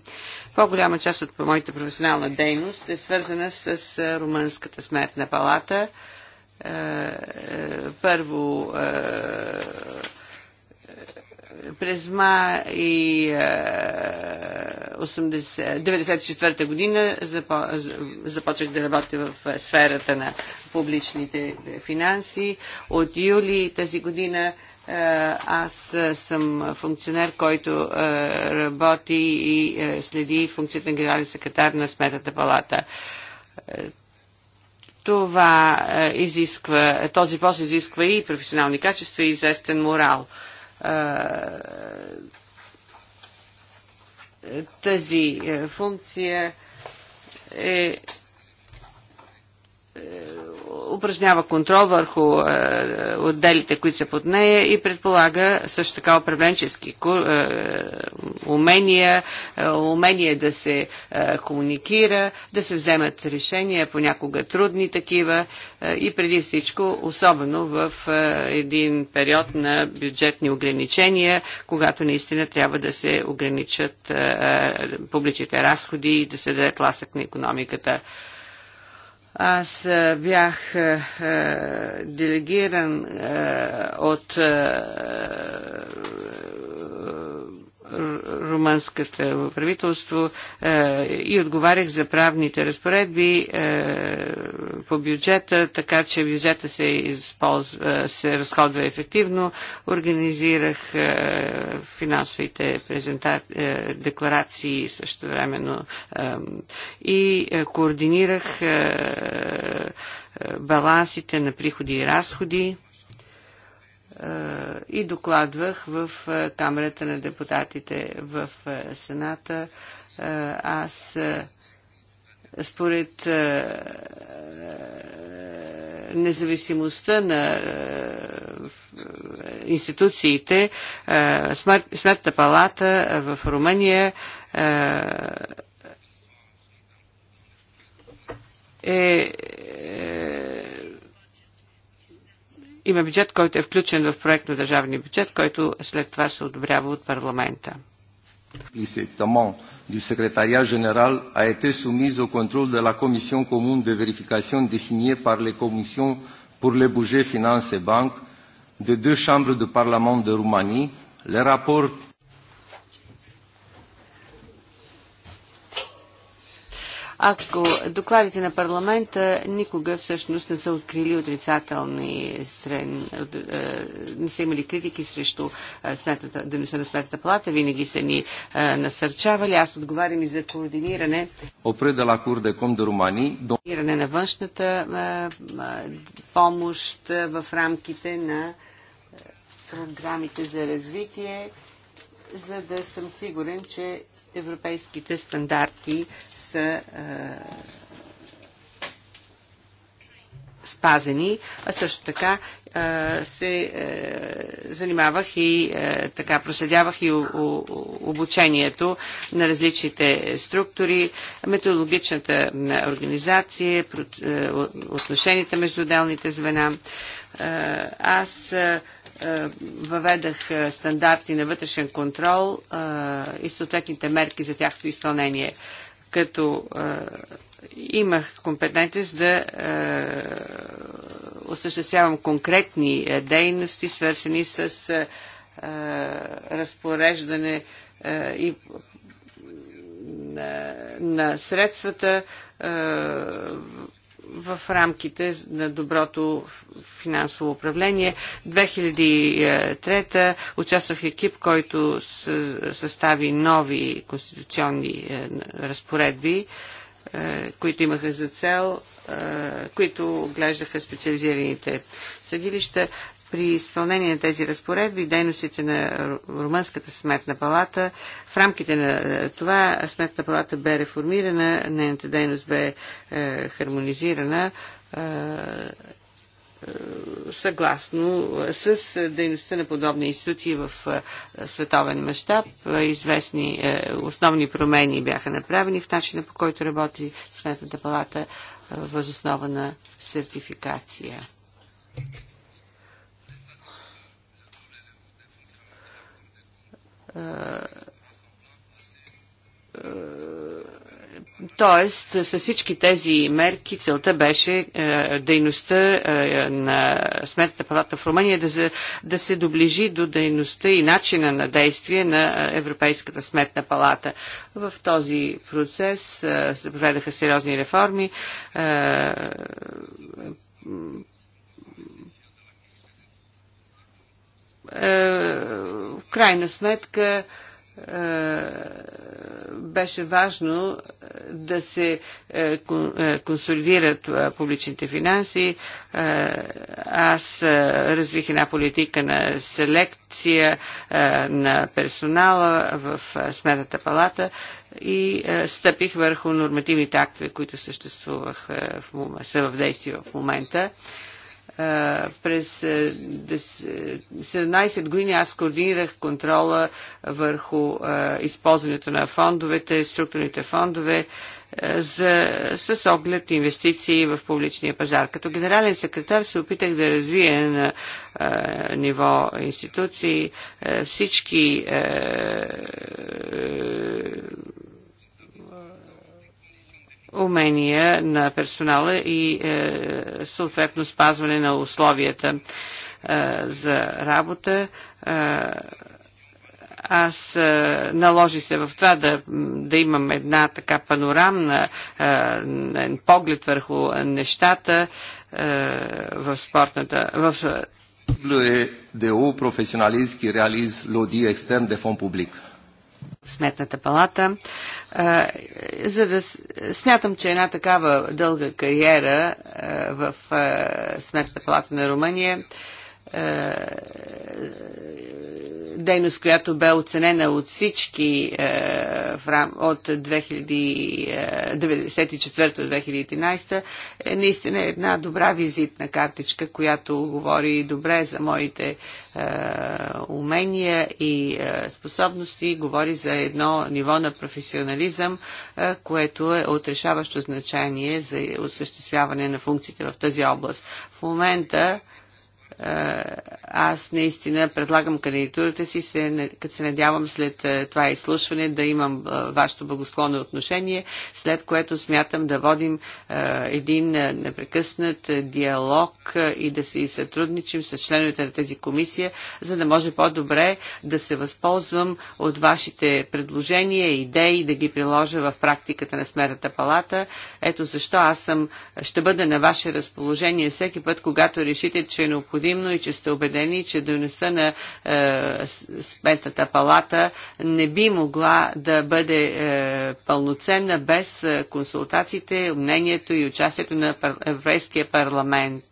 По-голяма част от моята професионална дейност е свързана с е, Румънската сметна палата. Е, е, първо е, през май 1994 е, година започнах да работя в е, сферата на публичните е, финанси. От юли тази година аз съм функционер, който работи и следи функцията на генерален секретар на Сметната палата. Това изисква, този пост изисква и професионални качества и известен морал тази е, функция е е, упражнява контрол върху е, отделите, които са под нея и предполага също така управленчески е, умения, умения да се комуникира, да се вземат решения, понякога трудни такива и преди всичко, особено в един период на бюджетни ограничения, когато наистина трябва да се ограничат публичните разходи и да се даде тласък на економиката. Аз е, бях е, е, делегиран от румънската правителство е, и отговарях за правните разпоредби е, по бюджета, така че бюджета се, използва, е, се разходва ефективно. Организирах финансовите презента... декларации също времено и координирах балансите на приходи и разходи е, и докладвах в е, Камерата на депутатите в е, Сената. Аз според независимостта на институциите, Сметната палата в Румъния е има бюджет, който е включен в проект на държавния бюджет, който след това се одобрява от парламента. du secrétariat général a été soumise au contrôle de la commission commune de vérification désignée par les commissions pour les budgets, finances et banques des deux chambres du Parlement de Roumanie. Le rapport ако докладите на парламента никога всъщност не са открили отрицателни страни, е, не са имали критики срещу е, сметната, на сметната палата, винаги са ни е, насърчавали. Аз отговарям и за координиране. Определа Кур де Ком Румани. Координиране на външната помощ в рамките на програмите за развитие, за да съм сигурен, че европейските стандарти са е, спазени, а също така е, се е, занимавах и така проследявах и обучението на различните структури, методологичната организация, отношенията между отделните звена. Аз въведах стандарти на вътрешен контрол и съответните мерки за тяхното изпълнение като имах компетентност да а, осъществявам конкретни дейности, свършени с а, разпореждане а, и на, на средствата А, в рамките на доброто финансово управление. 2003 участвах екип, който състави нови конституционни е, разпоредби, е, които имаха за цел, е, които оглеждаха специализираните съдилища при изпълнение на тези разпоредби дейностите на Румънската сметна палата. В рамките на е, това сметна палата бе реформирана, нейната дейност бе е, хармонизирана е, е съгласно е, с дейността на подобни институции в световен мащаб. Известни основни промени бяха направени в начина по който работи Сметната палата възоснова на сертификация. Тоест, с всички тези мерки целта беше е, дейността е, на Сметната палата в Румъния да, да се доближи до дейността и начина на действие на е, Европейската Сметна палата. В този процес е, се проведаха сериозни реформи. Е, Е, в крайна сметка е, беше важно е, да се консолидират публичните финанси. Аз развих една политика на селекция на персонала в Сметната палата и стъпих върху нормативните актове, които съществуваха, в, са в действие в момента. През 17 години аз координирах контрола върху използването на фондовете, структурните фондове, за, с оглед инвестиции в публичния пазар. Като генерален секретар се опитах да развия на а, ниво институции а, всички а, умения на персонала и е, съответно спазване на условията е, за работа. Е, аз е, наложи се в това да, да имам една така панорамна е, поглед върху нещата е, в спортната. В... Е, Le de fond Сметната палата. Е, за да смятам, че една такава дълга кариера е, в е, Сметната палата на Румъния дейност, която бе оценена от всички е, рам, от 1994-2013, е, е наистина е една добра визитна картичка, която говори добре за моите е, умения и е, способности, говори за едно ниво на професионализъм, е, което е от решаващо значение за осъществяване на функциите в тази област. В момента е, аз наистина предлагам кандидатурата си, се, като се надявам след е, това изслушване да имам е, вашето благосклонно отношение, след което смятам да водим един непрекъснат диалог и да се сътрудничим с членовете на тази комисия, за да може по-добре да се възползвам от вашите предложения, идеи, да ги приложа в практиката на Смерната палата. Ето защо аз съм, ще бъда на ваше разположение всеки път, когато решите, че е необходимо предимно и че сте убедени, че дойността на е, Сметната палата не би могла да бъде е, пълноценна без е, консултациите, мнението и участието на Европейския парламент.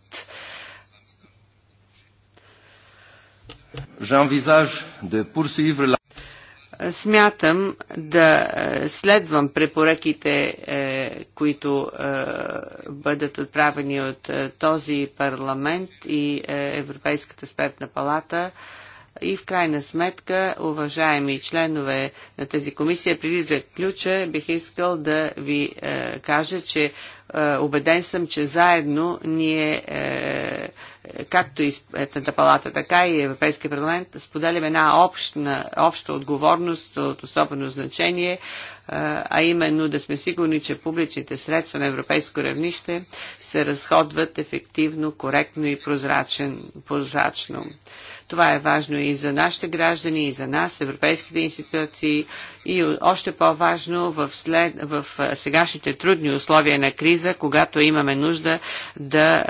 J'envisage de poursuivre смятам да е, следвам препоръките, е, които е, бъдат отправени от този парламент и Европейската спертна палата. И в крайна сметка, уважаеми членове на тази комисия, преди за ключа бих искал да ви кажа, че убеден съм, че заедно ние както и Сметната палата, така и Европейския парламент, споделяме една общна, обща отговорност от особено значение, а именно да сме сигурни, че публичните средства на европейско равнище се разходват ефективно, коректно и прозрачен, прозрачно. Това е важно и за нашите граждани, и за нас, европейските институции, и още по-важно в, след, в сегашните трудни условия на криза, когато имаме нужда да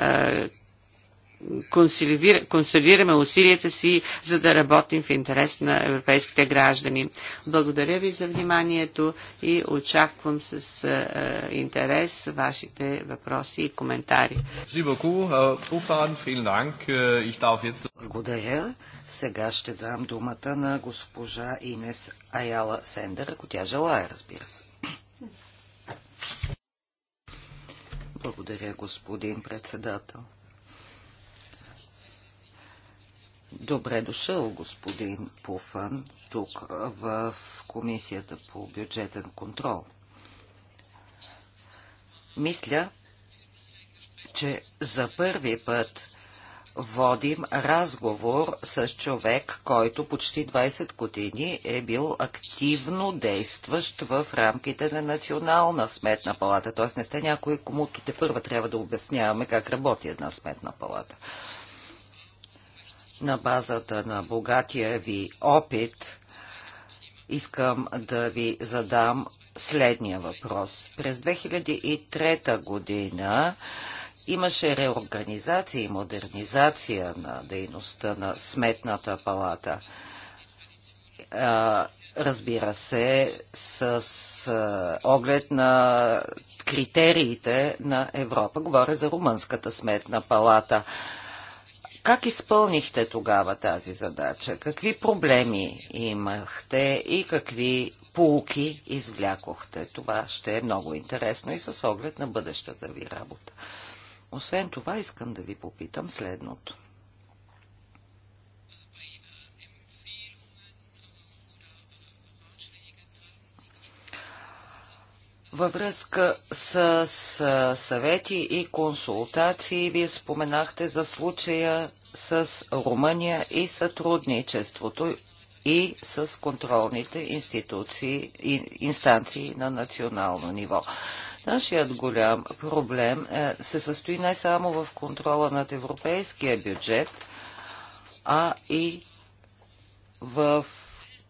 консолидираме усилията си, за да работим в интерес на европейските граждани. Благодаря ви за вниманието и очаквам с интерес вашите въпроси и коментари. Благодаря. Сега ще дам думата на госпожа Инес Аяла Сендер, ако тя желая, разбира се. Благодаря, господин председател. Добре дошъл, господин Пуфан, тук в Комисията по бюджетен контрол. Мисля, че за първи път водим разговор с човек, който почти 20 години е бил активно действащ в рамките на Национална сметна палата. Т.е. не сте някой, комуто те първа трябва да обясняваме как работи една сметна палата на базата на богатия ви опит, искам да ви задам следния въпрос. През 2003 година имаше реорганизация и модернизация на дейността на Сметната палата. Разбира се, с оглед на критериите на Европа. Говоря за Румънската Сметна палата. Как изпълнихте тогава тази задача? Какви проблеми имахте и какви полуки извлякохте? Това ще е много интересно и с оглед на бъдещата ви работа. Освен това, искам да ви попитам следното. Във връзка с, съвети и консултации, вие споменахте за случая с Румъния и сътрудничеството и с контролните институции и инстанции на национално ниво. Нашият голям проблем е, се състои не само в контрола над европейския бюджет, а и в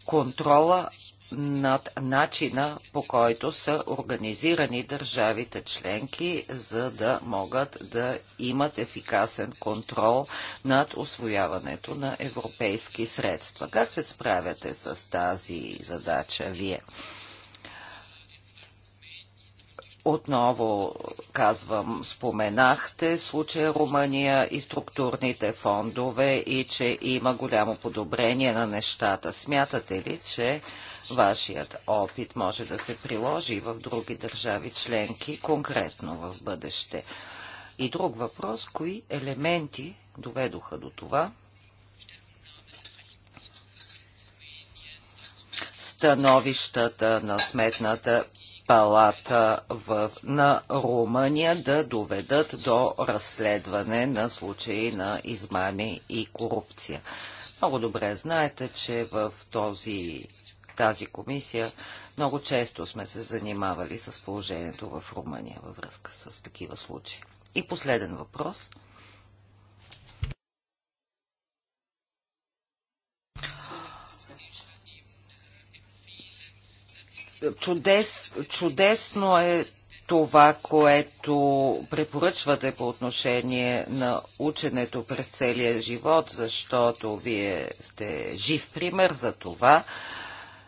контрола над начина по който са организирани държавите членки, за да могат да имат ефикасен контрол над освояването на европейски средства. Как се справяте с тази задача вие? Отново, казвам, споменахте случая Румъния и структурните фондове и че има голямо подобрение на нещата. Смятате ли, че вашият опит може да се приложи в други държави членки, конкретно в бъдеще? И друг въпрос, кои елементи доведоха до това? Становищата на сметната палата в, на Румъния да доведат до разследване на случаи на измами и корупция. Много добре знаете, че в този, тази комисия много често сме се занимавали с положението в Румъния във връзка с такива случаи. И последен въпрос – чудес, чудесно е това, което препоръчвате по отношение на ученето през целия живот, защото вие сте жив пример за това.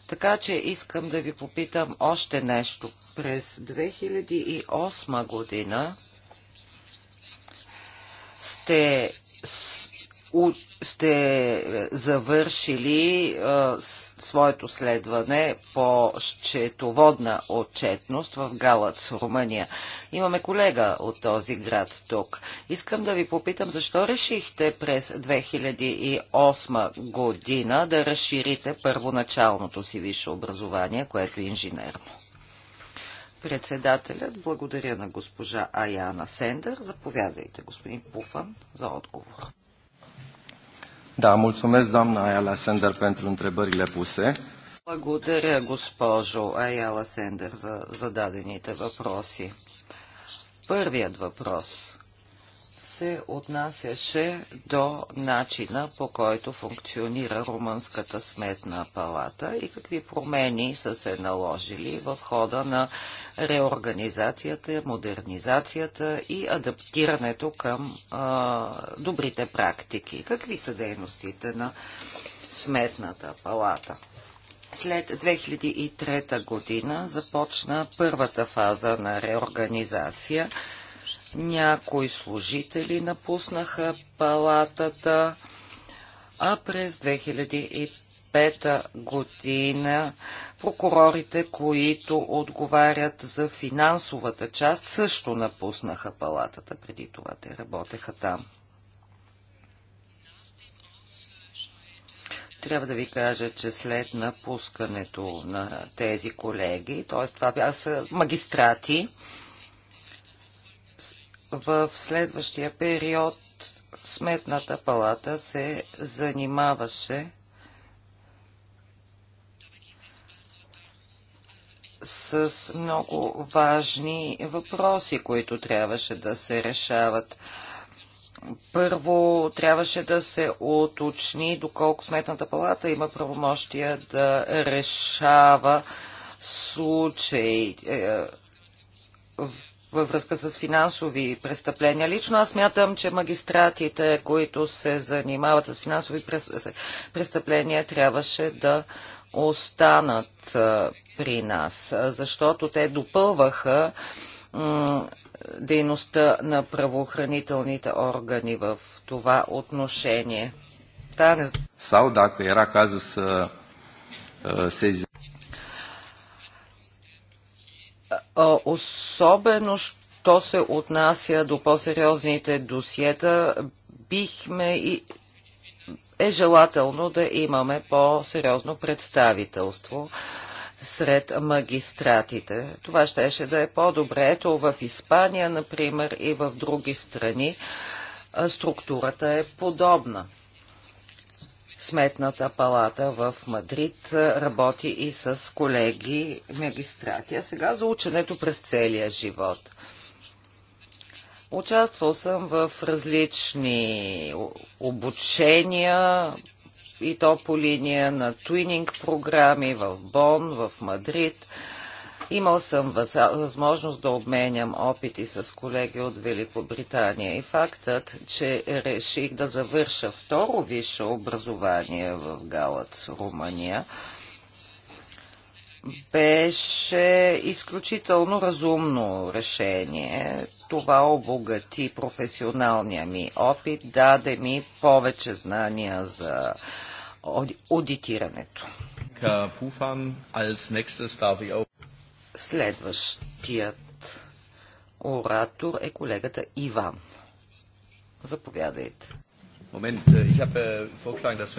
Така че искам да ви попитам още нещо. През 2008 година сте сте завършили а, своето следване по счетоводна отчетност в Галац, Румъния. Имаме колега от този град тук. Искам да ви попитам, защо решихте през 2008 година да разширите първоначалното си висше образование, което е инженерно? Председателят, благодаря на госпожа Аяна Сендър. Заповядайте, господин Пуфан, за отговор. Da, mulțumesc doamna Ayala Sender pentru întrebările puse. Благодаря, госпожо Аяла Сендер, за зададените въпроси. Първият въпрос се отнасяше до начина по който функционира Румънската сметна палата и какви промени са се наложили в хода на реорганизацията, модернизацията и адаптирането към а, добрите практики. Какви са дейностите на сметната палата? След 2003 година започна първата фаза на реорганизация – някои служители напуснаха палатата, а през 2005 година прокурорите, които отговарят за финансовата част, също напуснаха палатата. Преди това те работеха там. трябва да ви кажа, че след напускането на тези колеги, т.е. това бяха магистрати, в следващия период Сметната палата се занимаваше с много важни въпроси, които трябваше да се решават. Първо трябваше да се уточни доколко Сметната палата има правомощия да решава случаи, е, във връзка с финансови престъпления. Лично аз мятам, че магистратите, които се занимават с финансови престъпления, трябваше да останат при нас, защото те допълваха дейността на правоохранителните органи в това отношение. Та не... Sau dacă era cazul să Особено, що се отнася до по-сериозните досиета, бихме и е желателно да имаме по-сериозно представителство сред магистратите. Това щеше да е по-добре. Ето в Испания, например, и в други страни структурата е подобна. Сметната палата в Мадрид работи и с колеги магистрати. А сега за ученето през целия живот. Участвал съм в различни обучения и то по линия на туининг програми в Бон, в Мадрид – Имал съм възможност да обменям опити с колеги от Великобритания и фактът, че реших да завърша второ висше образование в Галац, Румъния, беше изключително разумно решение. Това обогати професионалния ми опит, даде ми повече знания за аудитирането. Следващият оратор е колегата Иван. Заповядайте. Е,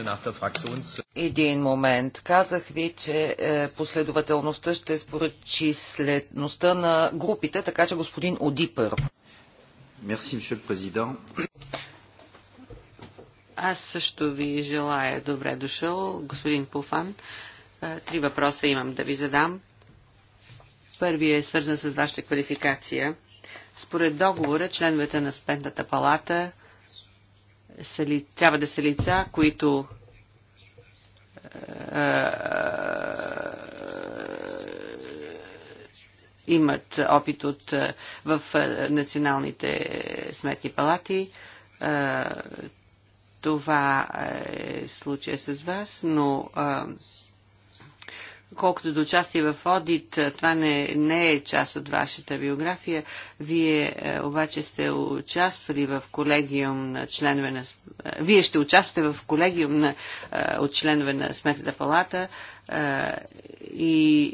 е, Един момент. Казах ви, че е, последователността ще е според числеността на групите, така че господин Оди президент. Аз също ви желая добре дошъл, господин Пуфан. Три въпроса имам да ви задам. Първи е свързан с вашата квалификация. Според договора, членовете на Спендата палата са ли, трябва да са лица, които е, е имат опит от, е, в е, националните сметни палати. Е, това е случая с вас, но е, Колкото до участие в одит, това не, не е част от вашата биография. Вие е, обаче сте участвали в колегиум на членове на... Е, вие ще участвате в колегиум на, е, от членове на Сметната палата и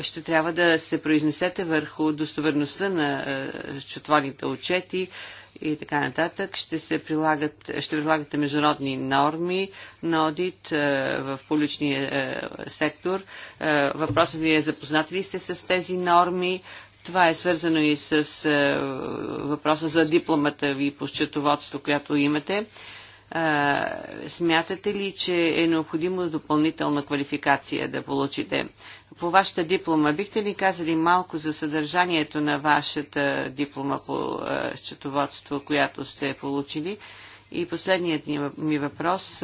ще трябва да се произнесете върху достоверността на счетоводните отчети, и така нататък. Ще се прилагат, ще прилагате международни норми на одит е, в публичния е, сектор. Е, въпросът ви е запознати ли сте с тези норми? Това е свързано и с въпроса за дипломата ви по счетоводство, която имате. смятате ли, че е необходимо допълнителна квалификация да получите? по вашата диплома. Бихте ли казали малко за съдържанието на вашата диплома по е, счетоводство, която сте получили? И последният ми въпрос.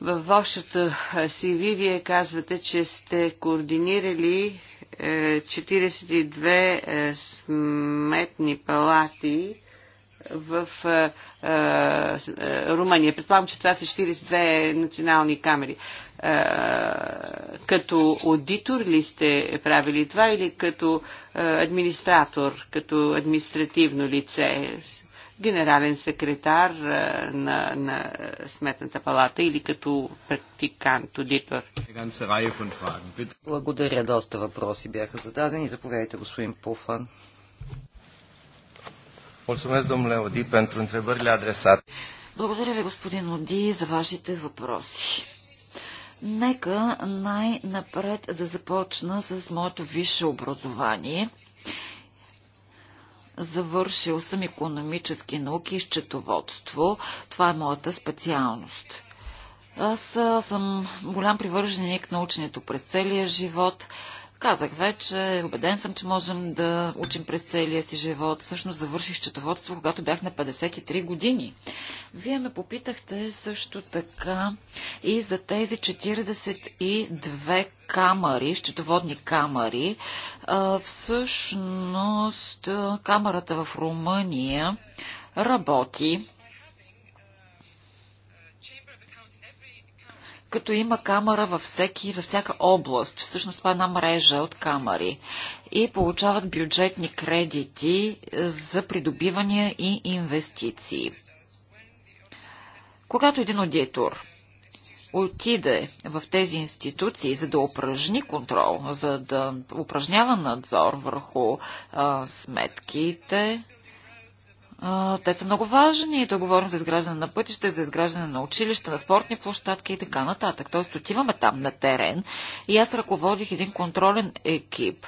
Във вашето CV вие казвате, че сте координирали 42 е, е, сметни палати в Румъния. Предполагам, че това са 42 национални камери като аудитор ли сте правили това или като администратор, като административно лице, генерален секретар на, на Сметната палата или като практикант, аудитор? Благодаря, доста въпроси бяха зададени. Заповядайте, господин Пуфан. Благодаря ви, господин Оди, за вашите въпроси. Нека най-напред да започна с моето висше образование. Завършил съм економически науки и счетоводство. Това е моята специалност. Аз съм голям привърженик на ученето през целия живот – Казах вече, убеден съм, че можем да учим през целия си живот. Всъщност завърших счетоводство, когато бях на 53 години. Вие ме попитахте също така и за тези 42 камъри, счетоводни камъри. Всъщност камерата в Румъния работи като има камера във, всеки, във всяка област. Всъщност това е една мрежа от камери. И получават бюджетни кредити е, за придобивания и инвестиции. Когато един аудитор отиде в тези институции, за да упражни контрол, за да упражнява надзор върху а, сметките, те са много важни. Тук говорим за изграждане на пътища, за изграждане на училища, на спортни площадки и така нататък. Тоест отиваме там на терен и аз ръководих един контролен екип,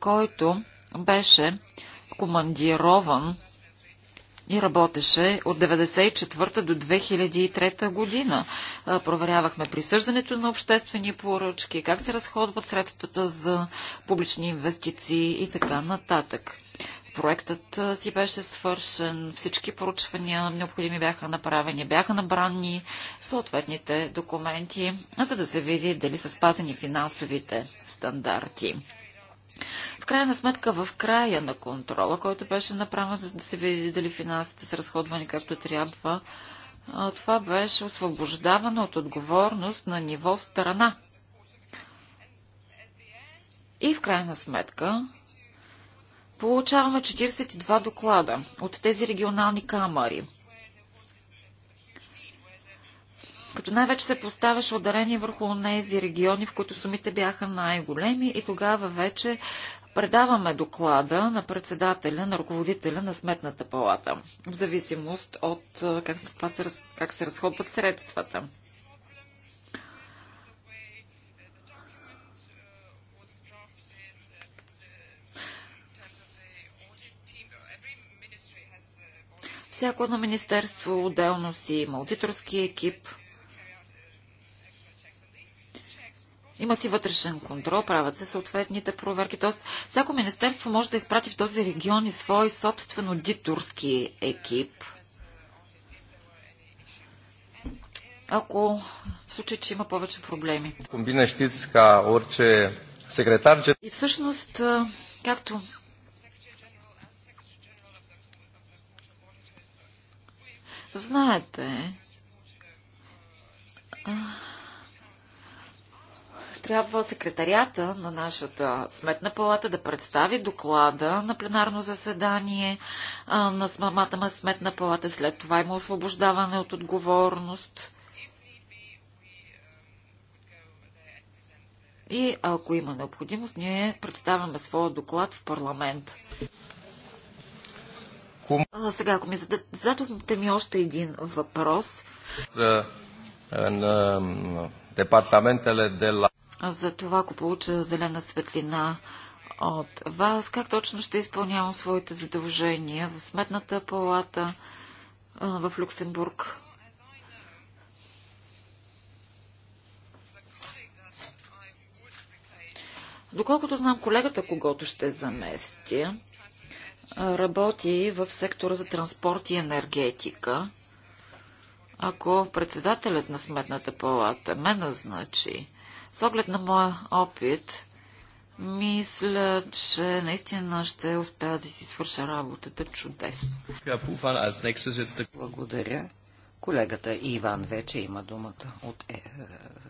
който беше командирован и работеше от 1994 до 2003 година. Проверявахме присъждането на обществени поръчки, как се разходват средствата за публични инвестиции и така нататък проектът си беше свършен, всички поручвания необходими бяха направени, бяха набрани съответните документи, за да се види дали са спазени финансовите стандарти. В крайна сметка, в края на контрола, който беше направен, за да се види дали финансите са разходвани както трябва, това беше освобождаване от отговорност на ниво страна. И в крайна сметка, Получаваме 42 доклада от тези регионални камери. като най-вече се поставяше ударение върху тези региони, в които сумите бяха най-големи и тогава вече предаваме доклада на председателя, на ръководителя на сметната палата, в зависимост от как се, как се разходват средствата. Всяко едно министерство отделно си има аудиторски екип, Има си вътрешен контрол, правят се съответните проверки. Тоест, всяко министерство може да изпрати в този регион и свой собствен аудиторски екип. Ако в случай, че има повече проблеми. Комбина Штицка, Орче, секретар, че... И всъщност, както Знаете, трябва секретарията на нашата сметна палата да представи доклада на пленарно заседание на самата сметна палата. След това има освобождаване от отговорност. И ако има необходимост, ние представяме своя доклад в парламент. А, сега, ако ми зададохте ми още един въпрос. За, е, на, е, департаментеле де ла... За това, ако получа зелена светлина от вас, как точно ще изпълнявам своите задължения в Сметната палата е, в Люксембург? Доколкото знам колегата, когато ще заместя, работи в сектора за транспорт и енергетика. Ако председателят на Сметната палата ме назначи, с оглед на моя опит, мисля, че наистина ще успея да си свърша работата чудесно. Благодаря. Колегата Иван вече има думата от е,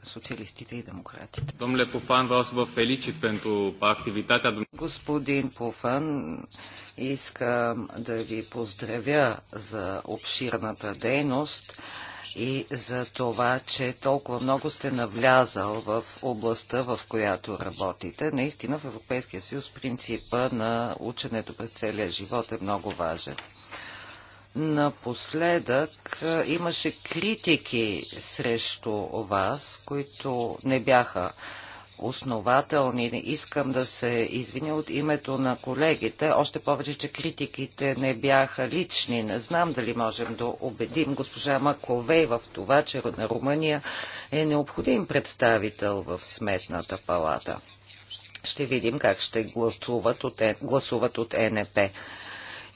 социалистите и демократите. Господин Пуфан, Искам да ви поздравя за обширната дейност и за това, че толкова много сте навлязал в областта, в която работите. Наистина в Европейския съюз принципа на ученето през целия живот е много важен. Напоследък имаше критики срещу вас, които не бяха основателни. Искам да се извиня от името на колегите, още повече, че критиките не бяха лични. Не знам дали можем да убедим госпожа Маковей в това, че на Румъния е необходим представител в Сметната палата. Ще видим как ще гласуват от, гласуват от НП.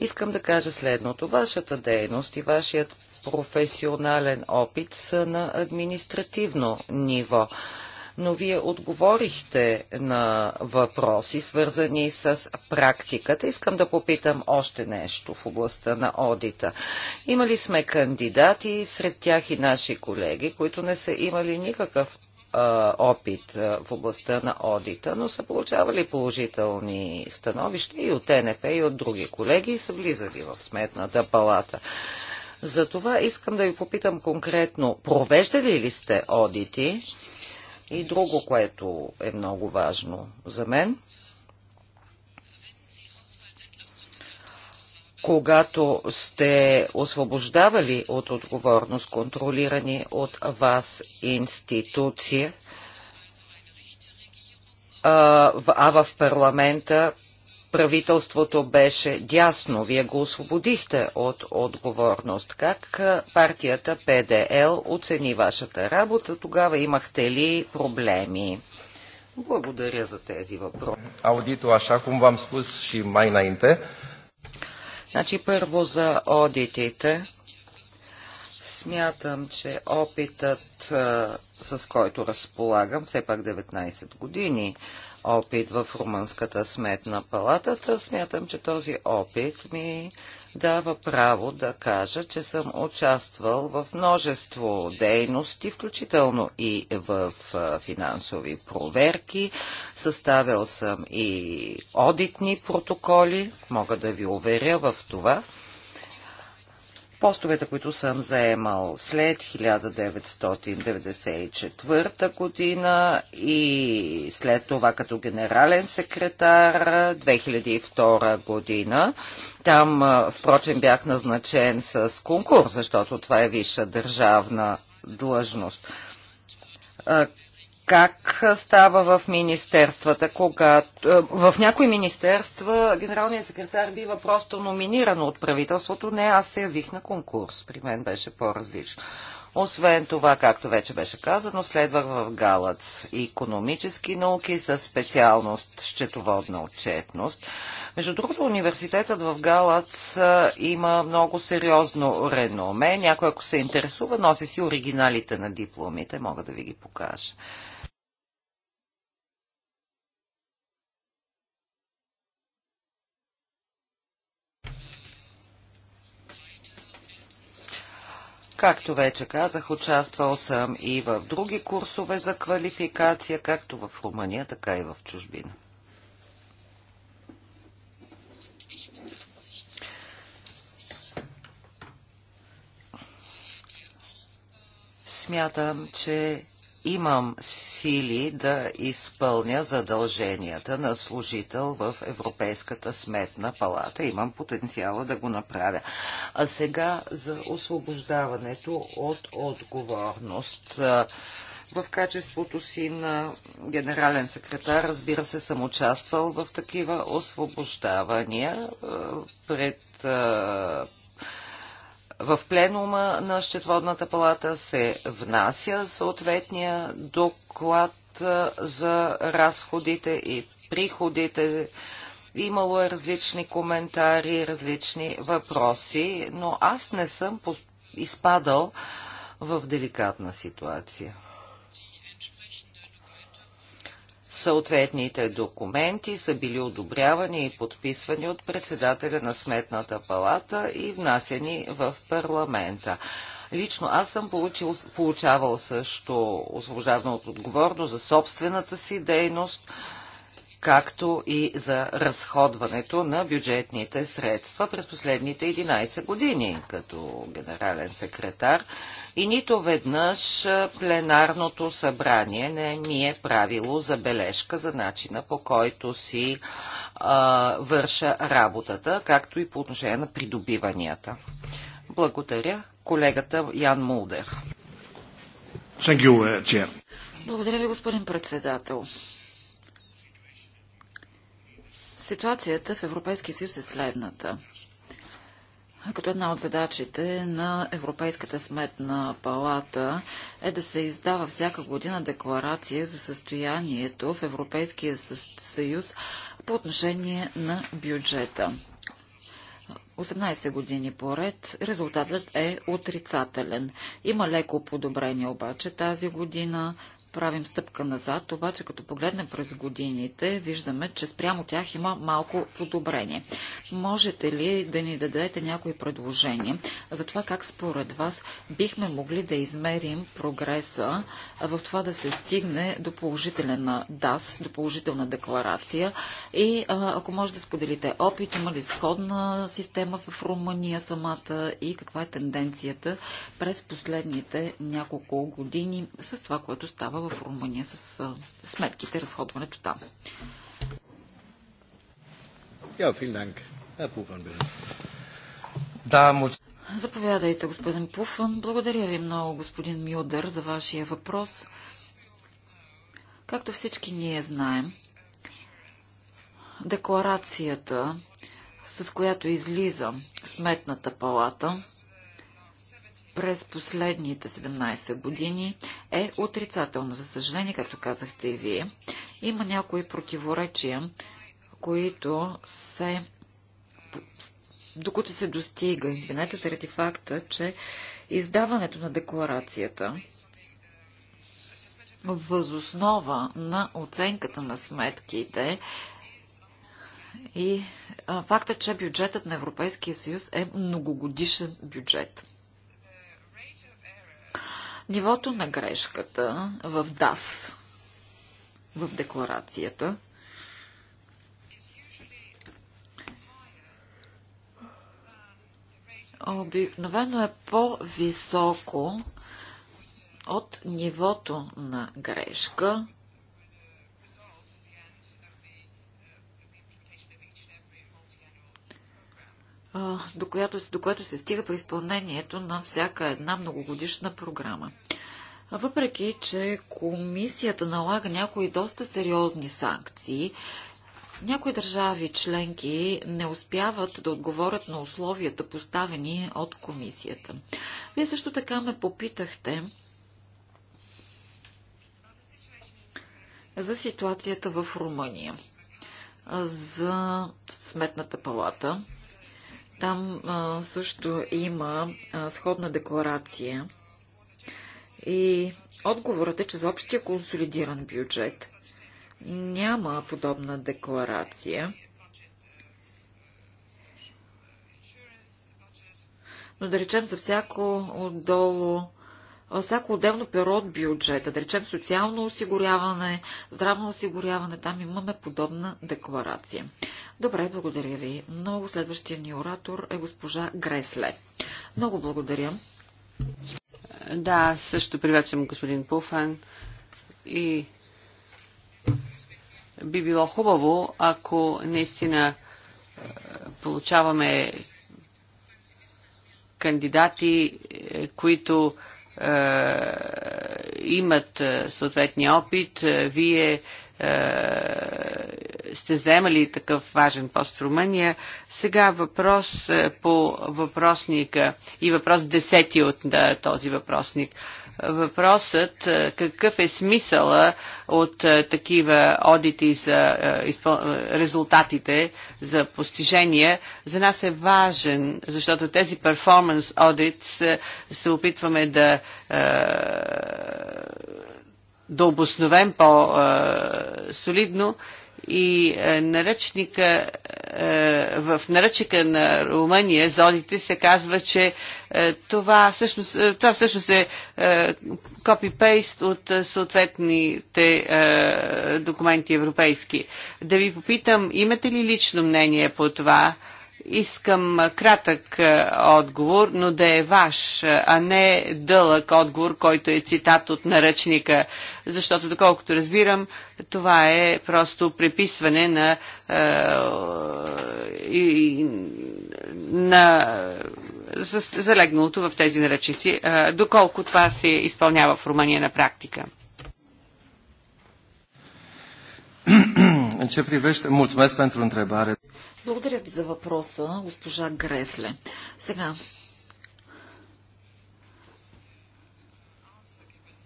Искам да кажа следното. Вашата дейност и вашият професионален опит са на административно ниво но вие отговорихте на въпроси, свързани с практиката. Искам да попитам още нещо в областта на одита. Имали сме кандидати, сред тях и наши колеги, които не са имали никакъв опит в областта на одита, но са получавали положителни становища и от ТНП, и от други колеги и са влизали в сметната палата. Затова искам да ви попитам конкретно, провеждали ли сте одити и друго, което е много важно за мен, когато сте освобождавали от отговорност контролирани от вас институции, а в парламента правителството беше дясно. Вие го освободихте от отговорност. Как партията ПДЛ оцени вашата работа? Тогава имахте ли проблеми? Благодаря за тези въпроси. Аудито, Аша cum v-am spus și mai înainte. Значи първо за одитите. Смятам, че опитът, с който разполагам, все пак 19 години, опит в Румънската сметна палата. Смятам, че този опит ми дава право да кажа, че съм участвал в множество дейности, включително и в финансови проверки. Съставил съм и одитни протоколи, мога да ви уверя в това постовете, които съм заемал след 1994 година и след това като генерален секретар 2002 година. Там, впрочем, бях назначен с конкурс, защото това е висша държавна длъжност как става в министерствата, когато е, в някои министерства генералният секретар бива просто номиниран от правителството. Не, аз се явих на конкурс. При мен беше по-различно. Освен това, както вече беше казано, следвах в Галац економически науки с специалност счетоводна отчетност. Между другото, университетът в Галац е, има много сериозно реноме. Някой, ако се интересува, носи си оригиналите на дипломите. Мога да ви ги покажа. Както вече казах, участвал съм и в други курсове за квалификация, както в Румъния, така и в чужбина. Смятам, че имам сили да изпълня задълженията на служител в Европейската сметна палата. Имам потенциала да го направя. А сега за освобождаването от отговорност. В качеството си на генерален секретар, разбира се, съм участвал в такива освобождавания пред в пленума на Щетводната палата се внася съответния доклад за разходите и приходите. Имало е различни коментари, различни въпроси, но аз не съм изпадал в деликатна ситуация. Съответните документи са били одобрявани и подписвани от председателя на Сметната палата и внасяни в парламента. Лично аз съм получил, получавал също освобождаване от отговорност за собствената си дейност, както и за разходването на бюджетните средства през последните 11 години като генерален секретар и нито веднъж пленарното събрание не ми е правило забележка за начина по който си а, върша работата, както и по отношение на придобиванията. Благодаря колегата Ян Мулдер. Uh, Благодаря ви, господин председател. Ситуацията в Европейския съюз е следната като една от задачите на Европейската сметна палата е да се издава всяка година декларация за състоянието в Европейския съюз по отношение на бюджета. 18 години поред резултатът е отрицателен. Има леко подобрение обаче тази година правим стъпка назад, обаче като погледнем през годините, виждаме, че спрямо тях има малко подобрение. Можете ли да ни дадете някои предложения за това как според вас бихме могли да измерим прогреса в това да се стигне до положителен DAS, до положителна декларация и ако може да споделите опит, има ли сходна система в Румъния самата и каква е тенденцията през последните няколко години с това, което става в Румъния с сметките, разходването там. Заповядайте, господин Пуфан. Благодаря ви много, господин Мюдър, за вашия въпрос. Както всички ние знаем, декларацията, с която излиза Сметната палата, през последните 17 години е отрицателно. За съжаление, както казахте и вие, има някои противоречия, които се докато се достига, извинете, заради факта, че издаването на декларацията възоснова на оценката на сметките и факта, че бюджетът на Европейския съюз е многогодишен бюджет. Нивото на грешката в ДАС, в декларацията, обикновено е по-високо от нивото на грешка, до, която, до което се стига при изпълнението на всяка една многогодишна програма. Въпреки, че комисията налага някои доста сериозни санкции, някои държави членки не успяват да отговорят на условията, поставени от комисията. Вие също така ме попитахте за ситуацията в Румъния, за сметната палата. Там а, също има а, сходна декларация. И отговорът е, че за общия консолидиран бюджет няма подобна декларация. Но да речем за всяко отдолу всяко отделно перо от бюджета, да речем социално осигуряване, здравно осигуряване, там имаме подобна декларация. Добре, благодаря ви. Много следващия ни оратор е госпожа Гресле. Много благодаря. Да, също приветствам господин Пуфан и би било хубаво, ако наистина е, получаваме кандидати, е, които е, имат е, съответния опит. Е, вие сте заемали такъв важен пост в Румъния. Сега въпрос по въпросника и въпрос десети от този въпросник въпросът е, какъв е смисъла от е, такива одити за е, резултатите, за постижения, за нас е важен, защото тези перформанс одитс се опитваме да да обосновем по-солидно и е, наръчника е, в наръчника на Румъния зоните се казва, че това е, всъщност, това всъщност е копипейст от съответните документи европейски. Да ви попитам, имате ли лично мнение по това? Искам кратък отговор, но да е ваш, а не дълъг отговор, който е цитат от наръчника, защото доколкото разбирам, това е просто преписване на, е, на залегналото в тези наръчници, е, доколко това се изпълнява в Румъния на практика. ce privește, mulțumesc pentru întrebare. Благодаря ви за въпроса, госпожа Гресле. Сега,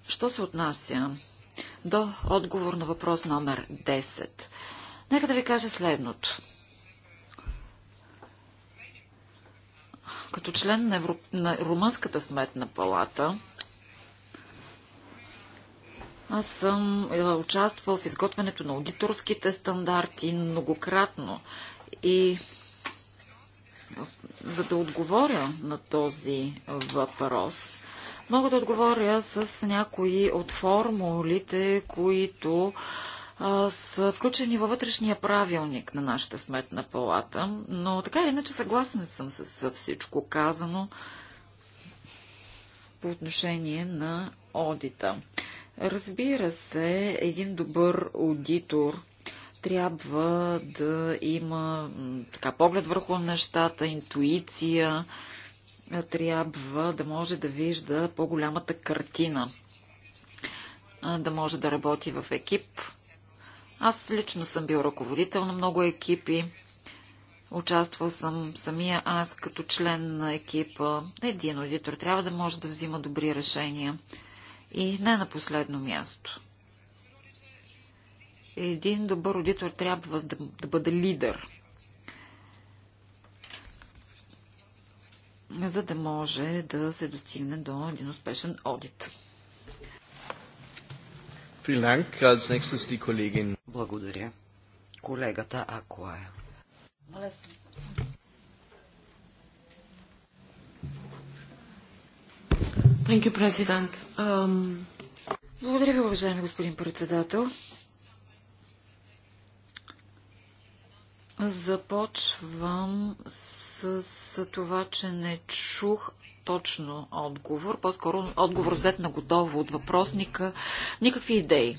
що се отнася до отговор на въпрос номер 10? Нека да ви кажа следното. Като член на, Евро... на Румънската сметна палата, аз съм е, участвал в изготвянето на аудиторските стандарти многократно. И за да отговоря на този въпрос, мога да отговоря с някои от формулите, които са включени във вътрешния правилник на нашата сметна палата, но така или иначе съгласен съм с всичко казано по отношение на одита. Разбира се, един добър аудитор трябва да има така, поглед върху нещата, интуиция, трябва да може да вижда по-голямата картина, да може да работи в екип. Аз лично съм бил ръководител на много екипи. Участвал съм самия аз като член на екипа. Един аудитор трябва да може да взима добри решения. И не на последно място – един добър аудитор трябва да, да бъде лидер, за да може да се достигне до един успешен одит. Благодаря. Колегата Акуая. Thank you, Um... Благодаря ви, уважаеми господин председател. Започвам с, с това, че не чух точно отговор, по-скоро отговор взет на готово от въпросника. Никакви идеи.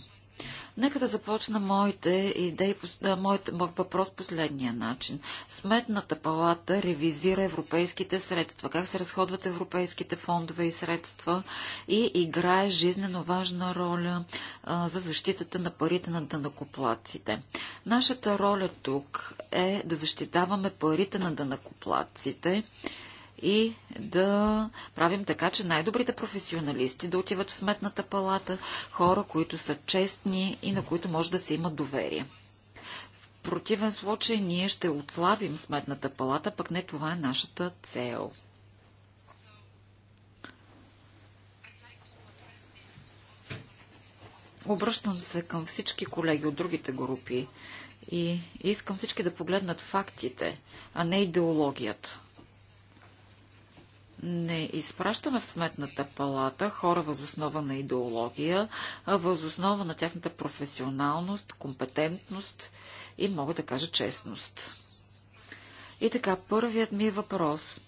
Нека да започна моите идеи, моят въпрос последния начин. Сметната палата ревизира европейските средства, как се разходват европейските фондове и средства и играе жизнено важна роля а, за защитата на парите на данакоплаците. Нашата роля тук е да защитаваме парите на данакоплаците и да правим така, че най-добрите професионалисти да отиват в сметната палата, хора, които са честни и на които може да се има доверие. В противен случай ние ще отслабим сметната палата, пък не това е нашата цел. Обръщам се към всички колеги от другите групи и искам всички да погледнат фактите, а не идеологията не изпращаме в сметната палата хора възоснова на идеология, а възоснова на тяхната професионалност, компетентност и, мога да кажа, честност. И така, първият ми въпрос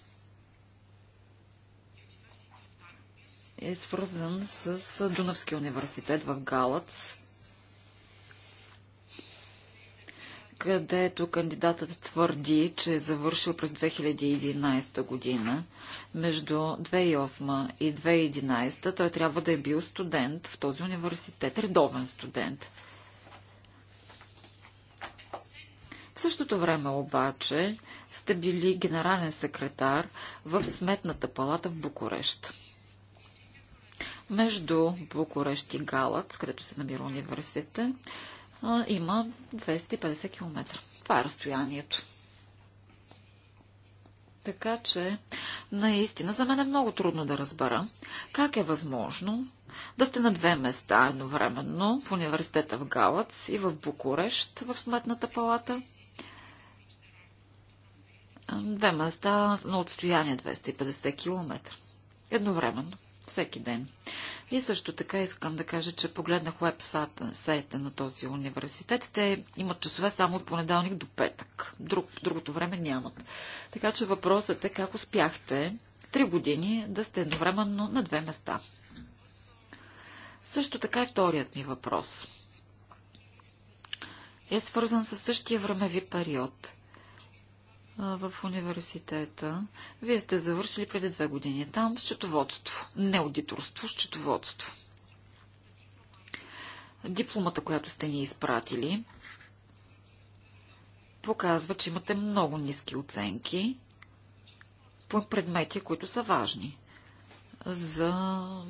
е свързан с Дунавския университет в Галац където кандидатът твърди, че е завършил през 2011 година. Между 2008 и 2011 той трябва да е бил студент в този университет, редовен студент. В същото време обаче сте били генерален секретар в Сметната палата в Букурещ. Между Букурещ и Галац, където се намира университета, а, има 250 км. Това е разстоянието. Така че, наистина, за мен е много трудно да разбера как е възможно да сте на две места едновременно в университета в Галац и в Букурещ в Сметната палата. Две места на отстояние 250 км. Едновременно всеки ден. И също така искам да кажа, че погледнах веб-сайта сайта на този университет. Те имат часове само от понеделник до петък. Друг, другото време нямат. Така че въпросът е как успяхте три години да сте едновременно на две места. Също така и вторият ми въпрос е свързан със същия времеви период – в университета. Вие сте завършили преди две години там счетоводство. Не аудиторство, счетоводство. Дипломата, която сте ни изпратили, показва, че имате много ниски оценки по предмети, които са важни за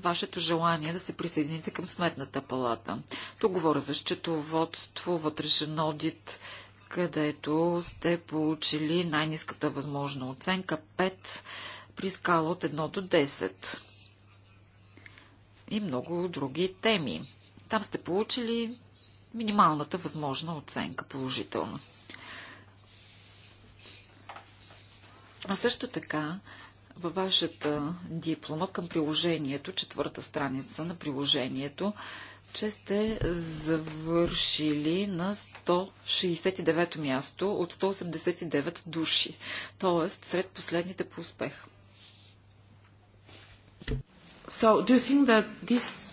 вашето желание да се присъедините към Сметната палата. Тук говоря за счетоводство, вътрешен одит, където сте получили най-низката възможна оценка 5 при скала от 1 до 10 и много други теми. Там сте получили минималната възможна оценка положителна. А също така, във вашата диплома към приложението, четвърта страница на приложението, че сте завършили на 169 място от 189 души, т.е. сред последните по успех. So, do you think that this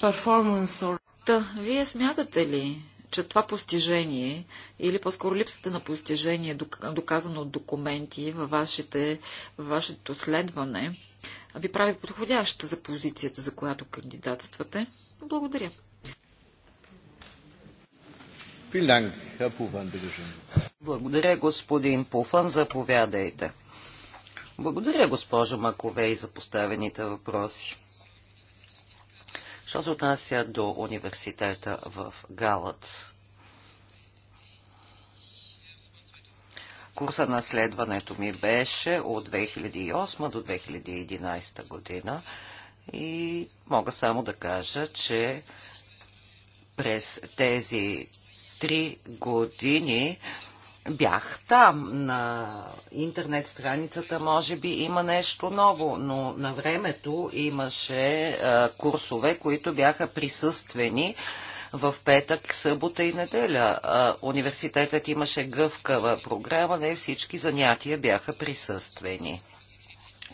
performance or... Та, вие смятате ли, че това постижение, или по-скоро липсата на постижение, доказано от документи във, вашите, във вашето следване, ви прави подходяща за позицията, за която кандидатствате. Благодаря. Благодаря, господин Пуфан. Заповядайте. Благодаря, госпожо Маковей, за поставените въпроси. Що се отнася до университета в Галът? Курса на следването ми беше от 2008 до 2011 година и мога само да кажа, че през тези три години Бях там, на интернет страницата може би има нещо ново, но на времето имаше а, курсове, които бяха присъствени в петък, събота и неделя. А, университетът имаше гъвкава програма, не всички занятия бяха присъствени.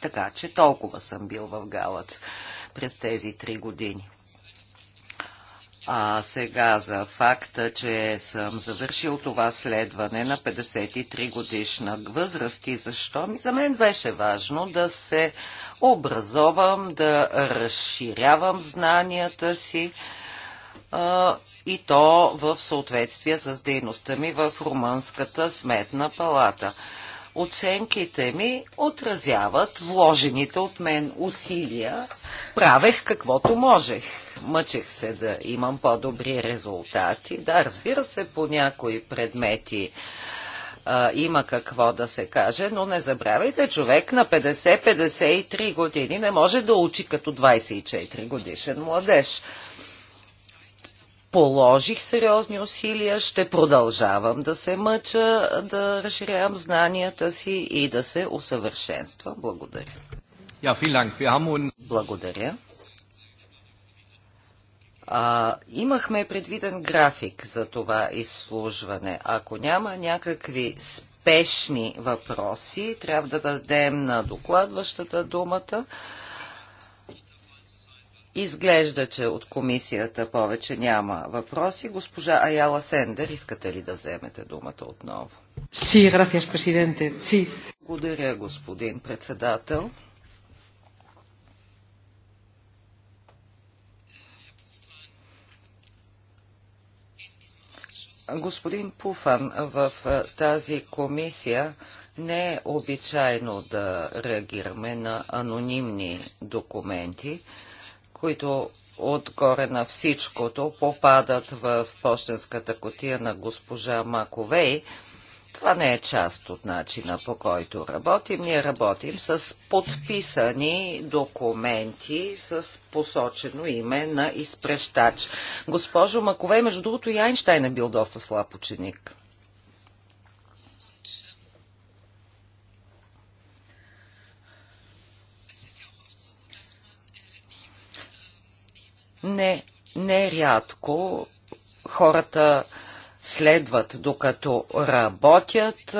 Така че толкова съм бил в Галац през тези три години. А сега за факта, че съм завършил това следване на 53 годишна възраст и защо ми за мен беше важно да се образовам, да разширявам знанията си а, и то в съответствие с дейността ми в Румънската сметна палата. Оценките ми отразяват вложените от мен усилия. Правех каквото можех Мъчех се да имам по-добри резултати. Да, разбира се, по някои предмети а, има какво да се каже, но не забравяйте, човек на 50-53 години не може да учи като 24 годишен младеж. Положих сериозни усилия, ще продължавам да се мъча, да разширявам знанията си и да се усъвършенства. Благодаря. Благодаря. А, имахме предвиден график за това изслужване. Ако няма някакви спешни въпроси, трябва да дадем на докладващата думата. Изглежда, че от комисията повече няма въпроси. Госпожа Аяла Сендер, искате ли да вземете думата отново? Си, sí, президенте. Благодаря, господин председател. Господин Пуфан, в тази комисия не е обичайно да реагираме на анонимни документи, които отгоре на всичкото попадат в почтенската котия на госпожа Маковей – това не е част от начина по който работим. Ние работим с подписани документи с посочено име на изпрещач. Госпожо Макове, между другото и Айнштайн е бил доста слаб ученик. Не, не рядко хората следват докато работят,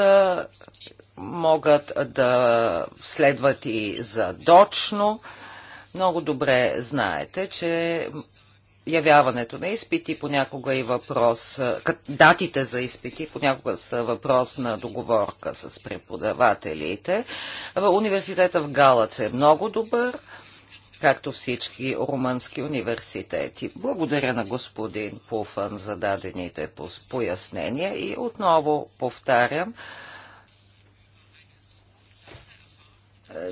могат да следват и задочно. Много добре знаете, че явяването на изпити понякога и въпрос, датите за изпити понякога са въпрос на договорка с преподавателите. Университета в Галац е много добър както всички румънски университети. Благодаря на господин Пуфан за дадените пояснения и отново повтарям,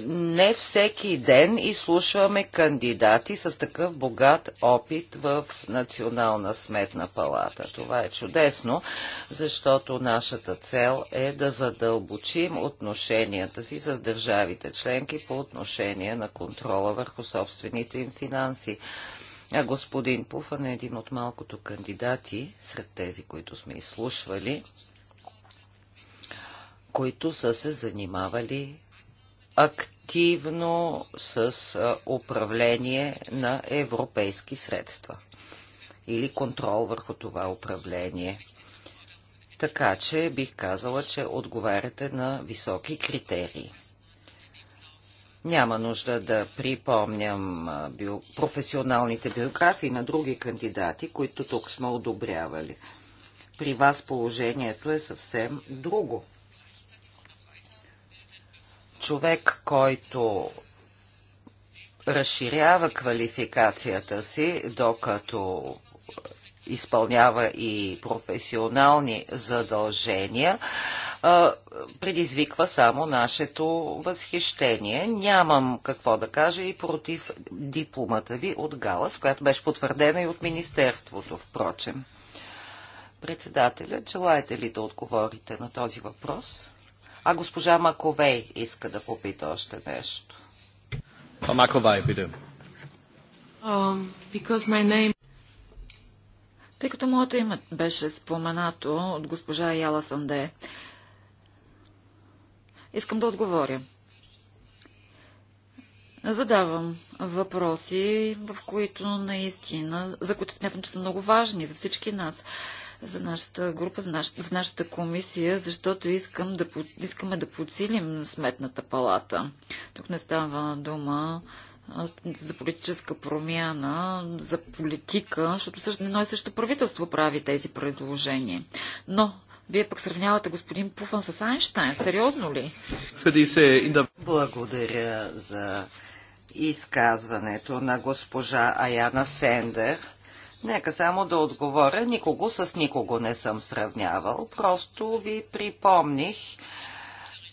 не всеки ден изслушваме кандидати с такъв богат опит в Национална сметна палата. Това е чудесно, защото нашата цел е да задълбочим отношенията си с държавите членки по отношение на контрола върху собствените им финанси. А господин Пуфан е един от малкото кандидати сред тези, които сме изслушвали, които са се занимавали активно с управление на европейски средства или контрол върху това управление. Така че бих казала, че отговаряте на високи критерии. Няма нужда да припомням био... професионалните биографии на други кандидати, които тук сме одобрявали. При вас положението е съвсем друго човек, който разширява квалификацията си, докато изпълнява и професионални задължения, предизвиква само нашето възхищение. Нямам какво да кажа и против дипломата ви от Галас, която беше потвърдена и от Министерството, впрочем. Председателя, желаете ли да отговорите на този въпрос? А госпожа Маковей иска да попита още нещо. Маковей, биде. Um, Тъй като моето име беше споменато от госпожа Яла Санде, искам да отговоря. Задавам въпроси, в които наистина, за които смятам, че са много важни за всички нас за нашата група, за нашата, за нашата комисия, защото искам да, искаме да подсилим сметната палата. Тук не става дума за политическа промяна, за политика, защото също едно и също правителство прави тези предложения. Но вие пък сравнявате господин Пуфан с Айнштайн. Сериозно ли? Благодаря за изказването на госпожа Аяна Сендер. Нека само да отговоря, никого с никого не съм сравнявал. Просто ви припомних,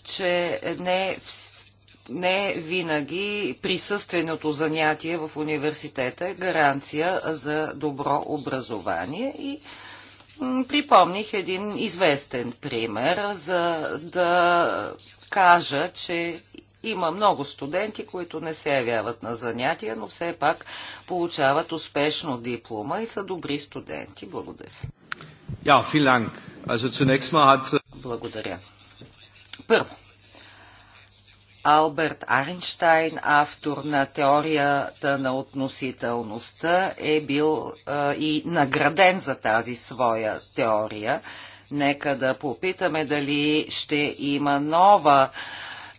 че не, не винаги присъственото занятие в университета е гаранция за добро образование и припомних един известен пример, за да кажа, че има много студенти, които не се явяват на занятия, но все пак получават успешно диплома и са добри студенти. Благодаря. Ja, vielen Dank. Also zunächst mal hat... Благодаря. Първо, Алберт Айнштайн, автор на теорията на относителността, е бил а, и награден за тази своя теория. Нека да попитаме дали ще има нова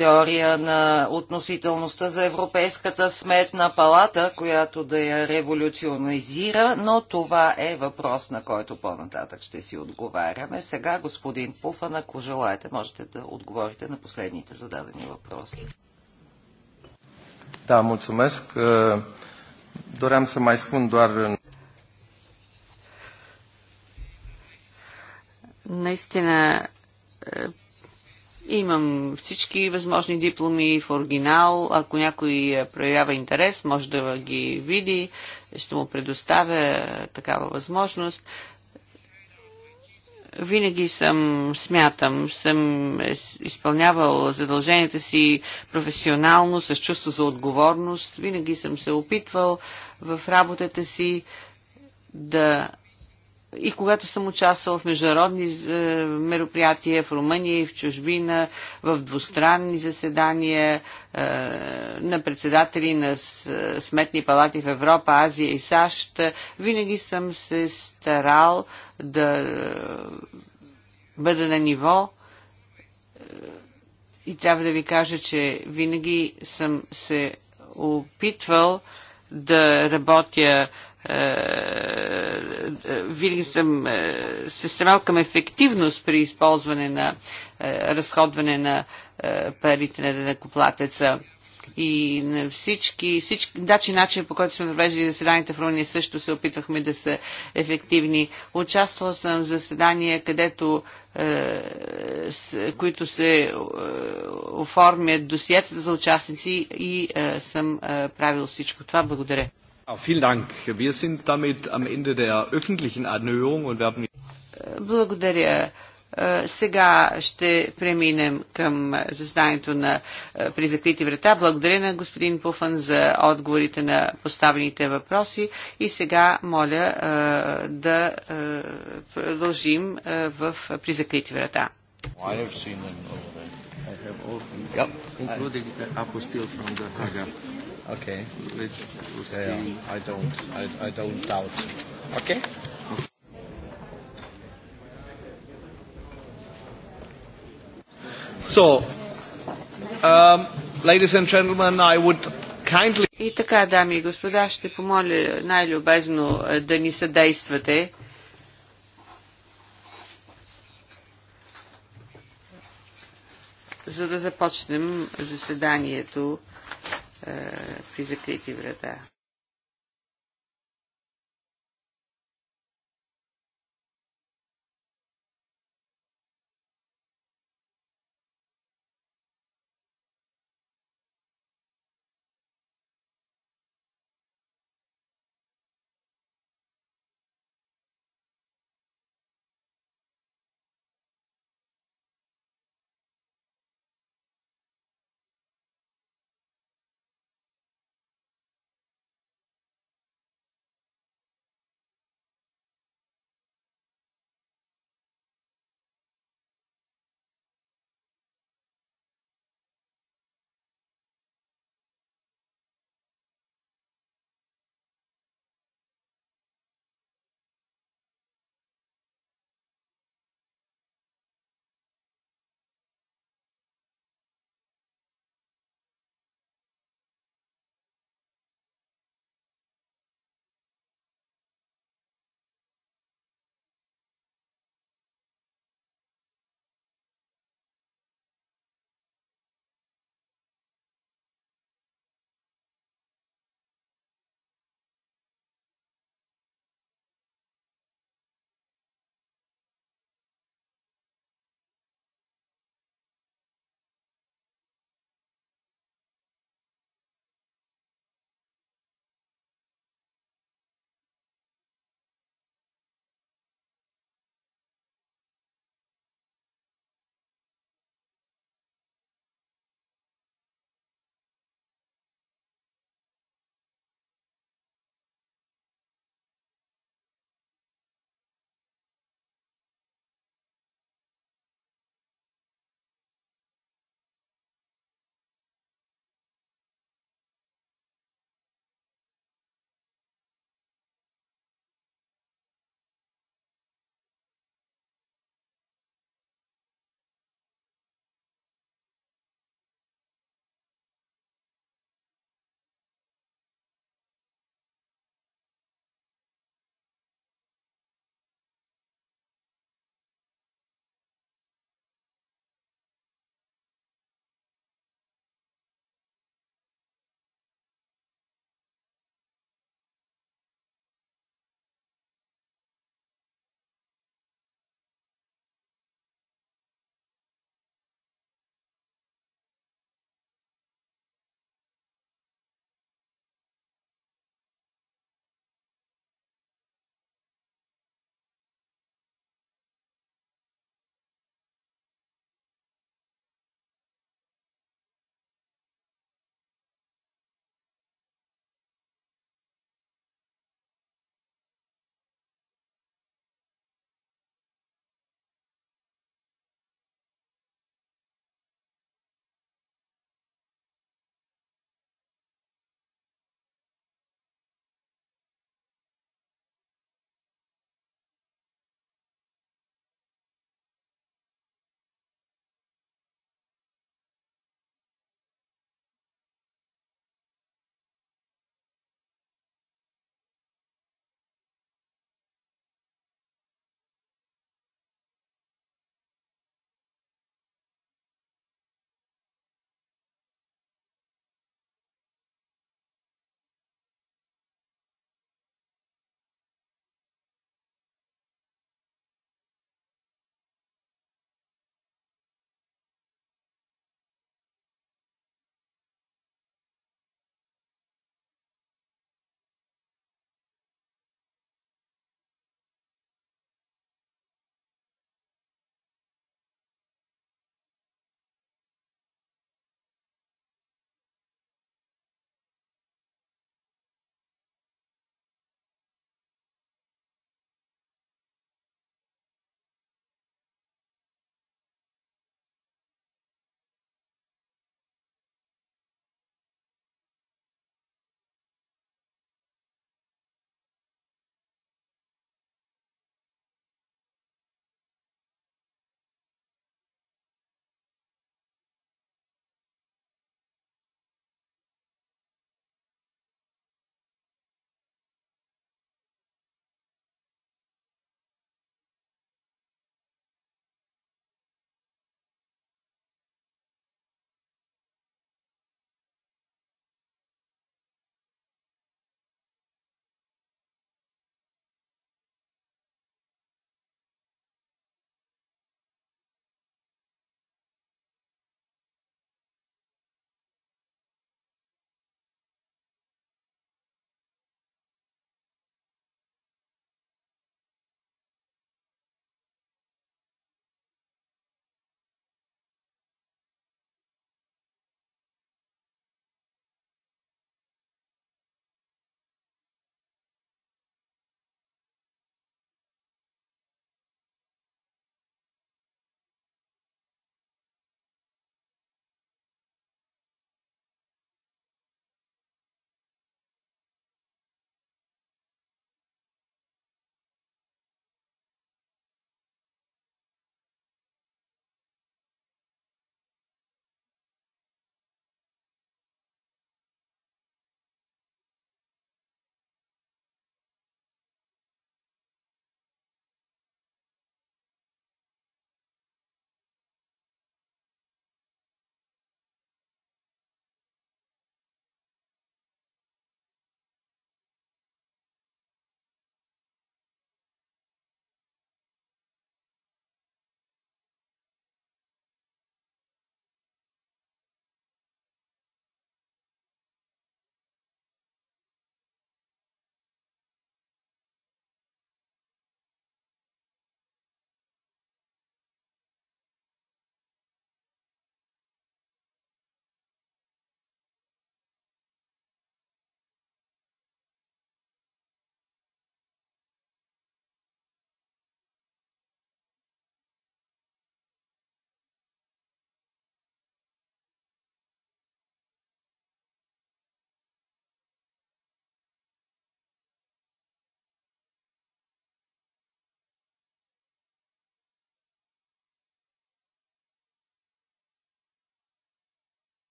теория на относителността за Европейската сметна палата, която да я революционизира, но това е въпрос, на който по-нататък ще си отговаряме. Сега, господин Пуфан, ако желаете, можете да отговорите на последните зададени въпроси. Да, mulțumesc. Дорям е, să mai дуар... Наистина е, Имам всички възможни дипломи в оригинал. Ако някой е, проявява интерес, може да ги види. Ще му предоставя е, такава възможност. Винаги съм, смятам, съм е, изпълнявал задълженията си професионално, с чувство за отговорност. Винаги съм се опитвал в работата си да и когато съм участвал в международни е, мероприятия в Румъния и в чужбина, в двустранни заседания е, на председатели на е, сметни палати в Европа, Азия и САЩ, винаги съм се старал да бъда на ниво и трябва да ви кажа, че винаги съм се опитвал да работя е, е, винаги съм е, се стремял към ефективност при използване на разходване на парите на денекоплатеца и на всички, всички дачи начин, по който сме провеждали заседанията в Румъния, също се опитвахме да са ефективни. Участвал съм в заседания, където е, с, които се е, оформят досиета за участници и е, съм правил всичко това. Благодаря. Благодаря. Е, сега ще преминем към заседанието на е, при закрити врата. Благодаря на господин Пуфан за отговорите на поставените въпроси и сега моля е, да продължим в при закрити врата. Yep. Okay. Yeah, I don't, I, I don't doubt. Okay. So, um, ladies and gentlemen, I would kindly... И така, дами и господа, ще помоля най-любезно е, да ни съдействате. за да започнем заседанието е, при закрити врата.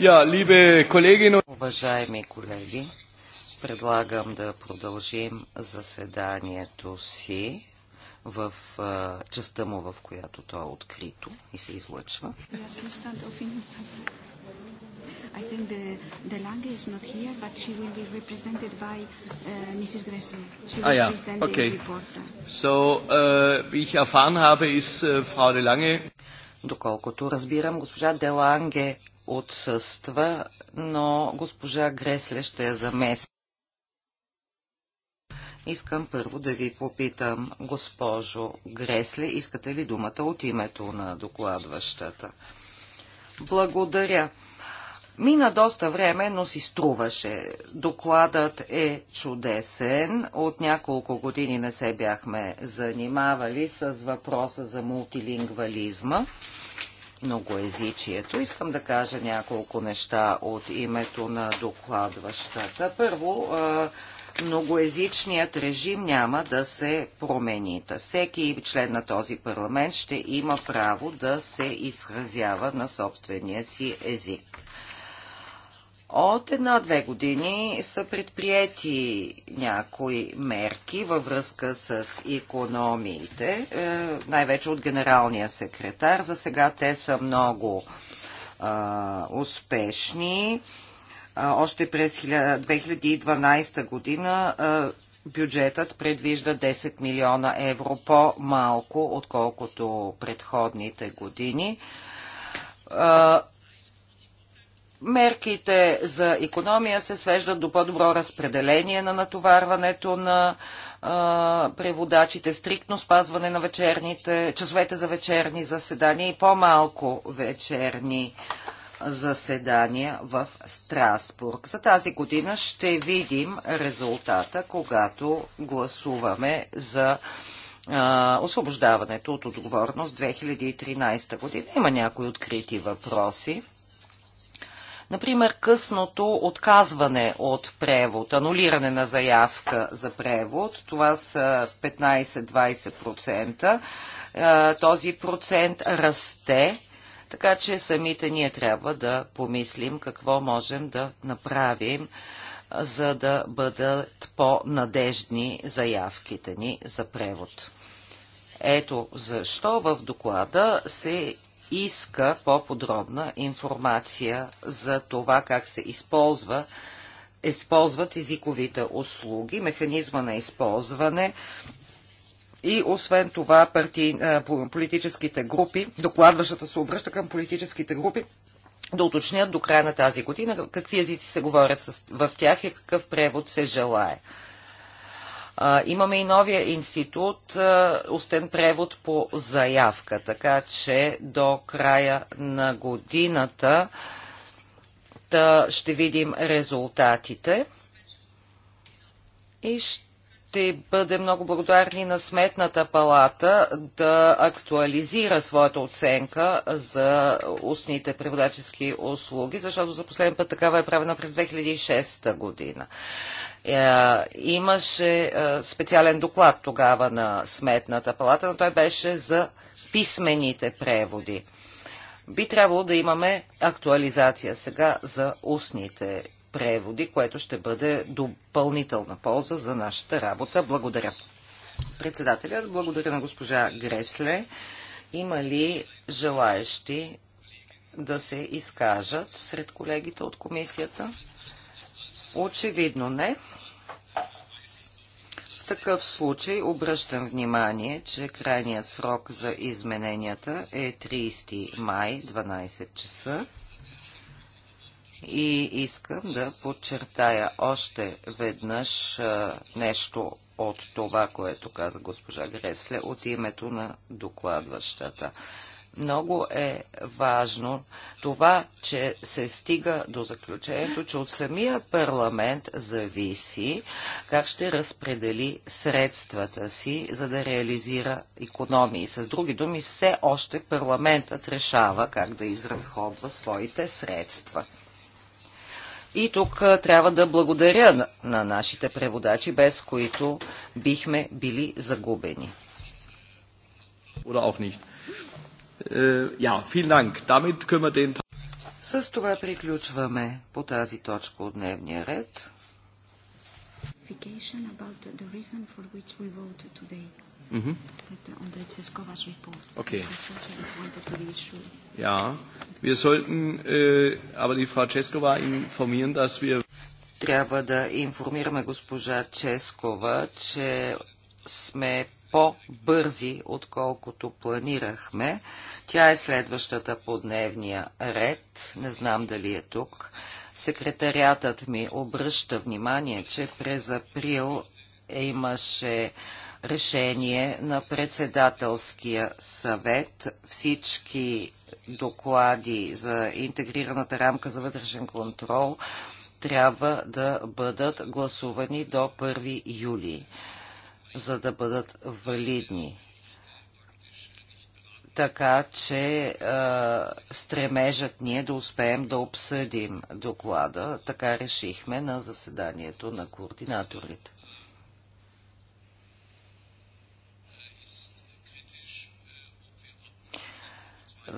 Yeah, Уважаеми колеги, предлагам да продължим заседанието си в частта му, в която то е открито и се излъчва. I think the, the Lange is not here, but she will be represented by uh, Mrs. Gressler. She will ah, ja. present okay. the report. So, uh, wie ich erfahren habe, ist uh, Frau de Lange Доколкото разбирам, госпожа Деланге отсъства, но госпожа Гресле ще я замеси. Искам първо да ви попитам, госпожо Гресле, искате ли думата от името на докладващата? Благодаря. Мина доста време, но си струваше. Докладът е чудесен. От няколко години не се бяхме занимавали с въпроса за мултилингвализма многоезичието. Искам да кажа няколко неща от името на докладващата. Първо, многоезичният режим няма да се промени. Всеки член на този парламент ще има право да се изразява на собствения си език. От една-две години са предприяти някои мерки във връзка с економиите, е, най-вече от генералния секретар. За сега те са много а, успешни. А, още през 2012 година а, бюджетът предвижда 10 милиона евро по-малко, отколкото предходните години Мерките за економия се свеждат до по-добро разпределение на натоварването на а, преводачите, стриктно спазване на вечерните, часовете за вечерни заседания и по-малко вечерни заседания в Страсбург. За тази година ще видим резултата, когато гласуваме за а, освобождаването от отговорност 2013 година. Има някои открити въпроси. Например, късното отказване от превод, анулиране на заявка за превод, това са 15-20%. Е, този процент расте, така че самите ние трябва да помислим какво можем да направим за да бъдат по-надежни заявките ни за превод. Ето защо в доклада се иска по-подробна информация за това как се използва, използват езиковите услуги, механизма на използване и освен това парти, политическите групи, докладващата се обръща към политическите групи, да уточнят до края на тази година какви езици се говорят в тях и какъв превод се желая. А, имаме и новия институт, а, устен превод по заявка, така че до края на годината та ще видим резултатите и ще бъде много благодарни на Сметната палата да актуализира своята оценка за устните преводачески услуги, защото за последен път такава е правена през 2006 година. Е, имаше е, специален доклад тогава на Сметната палата, но той беше за писмените преводи. Би трябвало да имаме актуализация сега за устните преводи, което ще бъде допълнителна полза за нашата работа. Благодаря. Председателят, благодаря на госпожа Гресле. Има ли желаещи да се изкажат сред колегите от комисията? Очевидно не. В такъв случай обръщам внимание, че крайният срок за измененията е 30 май 12 часа. И искам да подчертая още веднъж нещо от това, което каза госпожа Гресле от името на докладващата. Много е важно това, че се стига до заключението, че от самия парламент зависи как ще разпредели средствата си, за да реализира економии. С други думи, все още парламентът решава как да изразходва своите средства. И тук трябва да благодаря на нашите преводачи, без които бихме били загубени. Или auch nicht. Ja, vielen Dank. Damit können wir den... С това приключваме по тази точка от дневния ред. Mm-hmm. Okay. Ja, wir sollten äh, aber die Frau Ceskova informieren, dass wir. Трябва да информираме госпожа Ческова, че сме по-бързи, отколкото планирахме. Тя е следващата по дневния ред. Не знам дали е тук. Секретариатът ми обръща внимание, че през април е имаше решение на председателския съвет. Всички доклади за интегрираната рамка за вътрешен контрол трябва да бъдат гласувани до 1 юли за да бъдат валидни. Така че е, стремежът ние да успеем да обсъдим доклада, така решихме на заседанието на координаторите.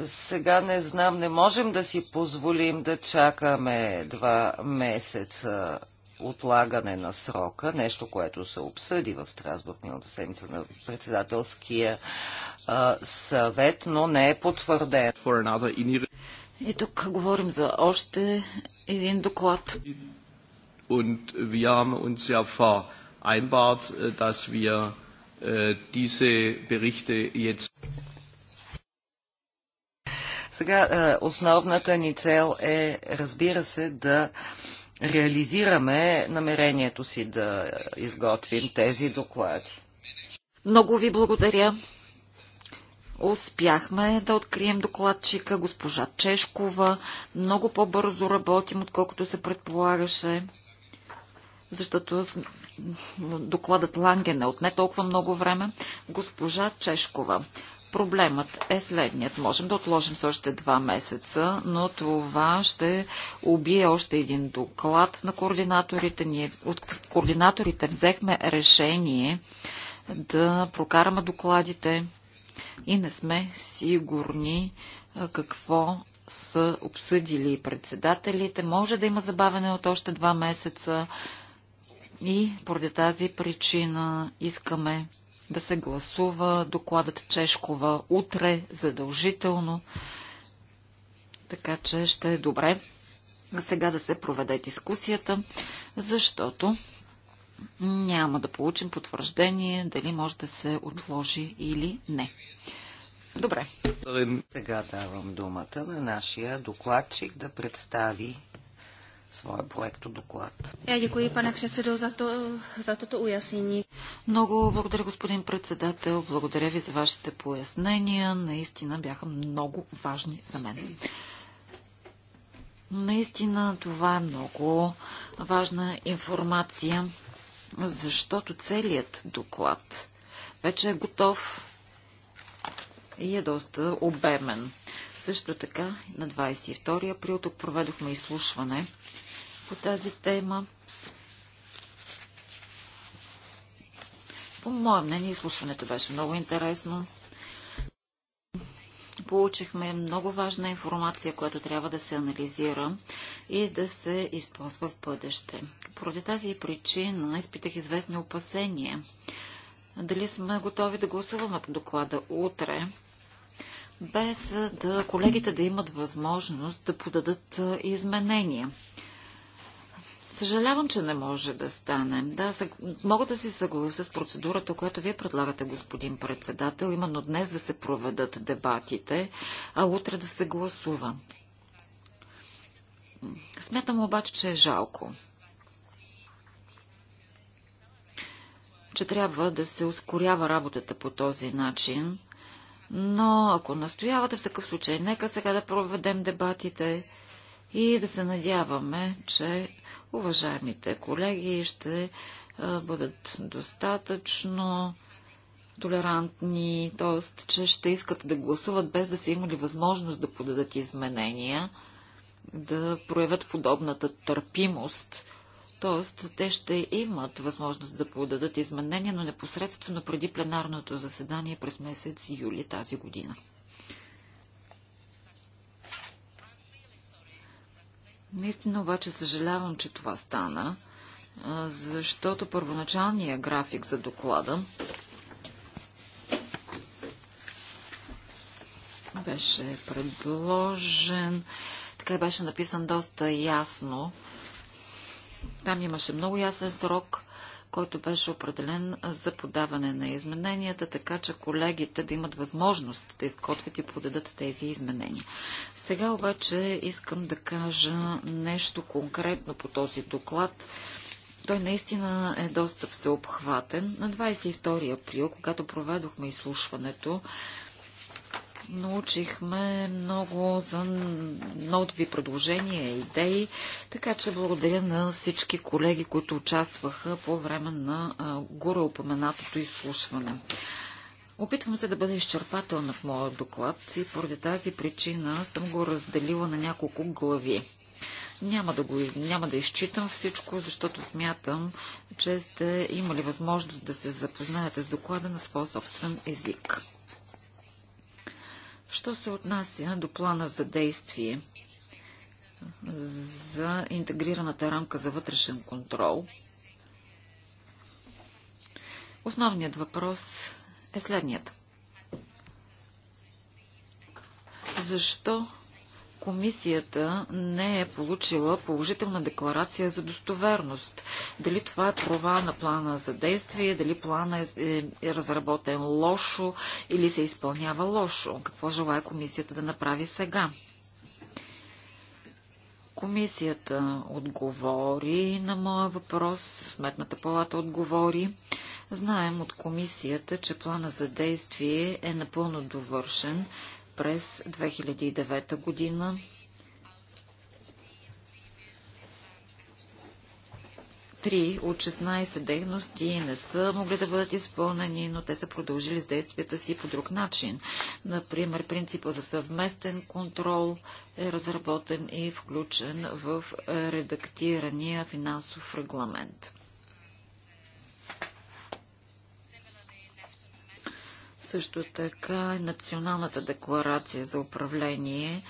Сега не знам, не можем да си позволим да чакаме два месеца отлагане на срока, нещо, което се обсъди в Страсбург миналата седмица на председателския а, съвет, но не е потвърден. И тук говорим за още един доклад. Und wir haben uns ja vereinbart, äh, dass wir äh, diese Berichte jetzt сега э, основната ни цел е, разбира се, да реализираме намерението си да изготвим тези доклади. Много ви благодаря. Успяхме да открием докладчика, госпожа Чешкова. Много по-бързо работим, отколкото се предполагаше, защото докладът Ланген е отне толкова много време. Госпожа Чешкова. Проблемът е следният. Можем да отложим с още два месеца, но това ще убие още един доклад на координаторите. Ние от координаторите взехме решение да прокараме докладите и не сме сигурни какво са обсъдили председателите. Може да има забавене от още два месеца и поради тази причина искаме да се гласува докладът Чешкова утре задължително. Така че ще е добре сега да се проведе дискусията, защото няма да получим потвърждение дали може да се отложи или не. Добре. Сега давам думата на нашия докладчик да представи своя от доклад. Я дякую, пане председател, за, то, за тото уяснение. Много благодаря, господин председател. Благодаря ви за вашите пояснения. Наистина бяха много важни за мен. Наистина това е много важна информация, защото целият доклад вече е готов и е доста обемен. Също така на 22 април тук проведохме изслушване – по тази тема. По мое мнение, изслушването беше много интересно. Получихме много важна информация, която трябва да се анализира и да се използва в бъдеще. Поради тази причина изпитах известни опасения. Дали сме готови да гласуваме по доклада утре, без да колегите да имат възможност да подадат изменения. Съжалявам, че не може да стане. Да, мога да си съглася с процедурата, която вие предлагате, господин председател, именно днес да се проведат дебатите, а утре да се гласува. Смятам обаче, че е жалко, че трябва да се ускорява работата по този начин, но ако настоявате в такъв случай, нека сега да проведем дебатите и да се надяваме, че уважаемите колеги ще бъдат достатъчно толерантни, т.е. че ще искат да гласуват без да са имали възможност да подадат изменения, да проявят подобната търпимост. Т.е. те ще имат възможност да подадат изменения, но непосредствено преди пленарното заседание през месец юли тази година. Наистина обаче съжалявам, че това стана, защото първоначалният график за доклада беше предложен, така беше написан доста ясно. Там имаше много ясен срок който беше определен за подаване на измененията, така че колегите да имат възможност да изготвят и подадат тези изменения. Сега обаче искам да кажа нещо конкретно по този доклад. Той наистина е доста всеобхватен. На 22 април, когато проведохме изслушването, научихме много за нови предложения, идеи, така че благодаря на всички колеги, които участваха по време на горе упоменатото изслушване. Опитвам се да бъда изчерпателна в моя доклад и поради тази причина съм го разделила на няколко глави. Няма да, го, няма да изчитам всичко, защото смятам, че сте имали възможност да се запознаете с доклада на своя собствен език. Що се отнася до плана за действие за интегрираната рамка за вътрешен контрол, основният въпрос е следният. Защо комисията не е получила положителна декларация за достоверност. Дали това е права на плана за действие, дали плана е, е, е разработен лошо или се изпълнява лошо. Какво желая комисията да направи сега? Комисията отговори на моя въпрос, Сметната палата отговори. Знаем от комисията, че плана за действие е напълно довършен, през 2009 година. Три от 16 дейности не са могли да бъдат изпълнени, но те са продължили с действията си по друг начин. Например, принципа за съвместен контрол е разработен и включен в редактирания финансов регламент. Също така Националната декларация за управление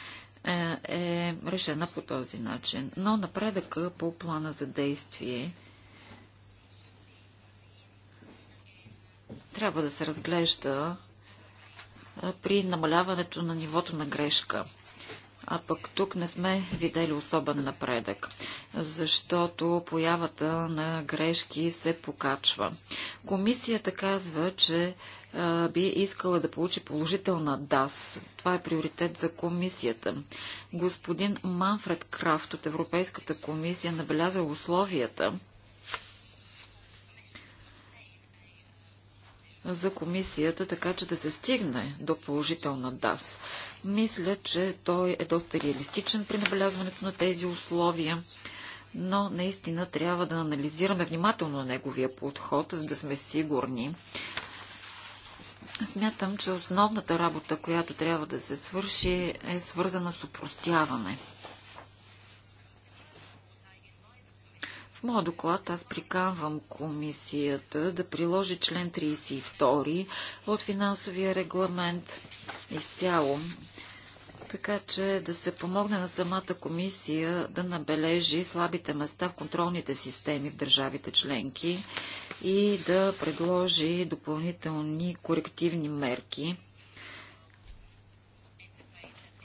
е, е, решена по този начин. Но напредъка по плана за действие трябва да се разглежда при намаляването на нивото на грешка а пък тук не сме видели особен напредък, защото появата на грешки се покачва. Комисията казва, че би искала да получи положителна ДАС. Това е приоритет за комисията. Господин Манфред Крафт от Европейската комисия набеляза условията, за комисията, така че да се стигне до положителна ДАС. Мисля, че той е доста реалистичен при набелязването на тези условия, но наистина трябва да анализираме внимателно неговия подход, за да сме сигурни. Смятам, че основната работа, която трябва да се свърши, е свързана с упростяване – В моя доклад аз приканвам комисията да приложи член 32 от финансовия регламент изцяло, така че да се помогне на самата комисия да набележи слабите места в контролните системи в държавите членки и да предложи допълнителни корективни мерки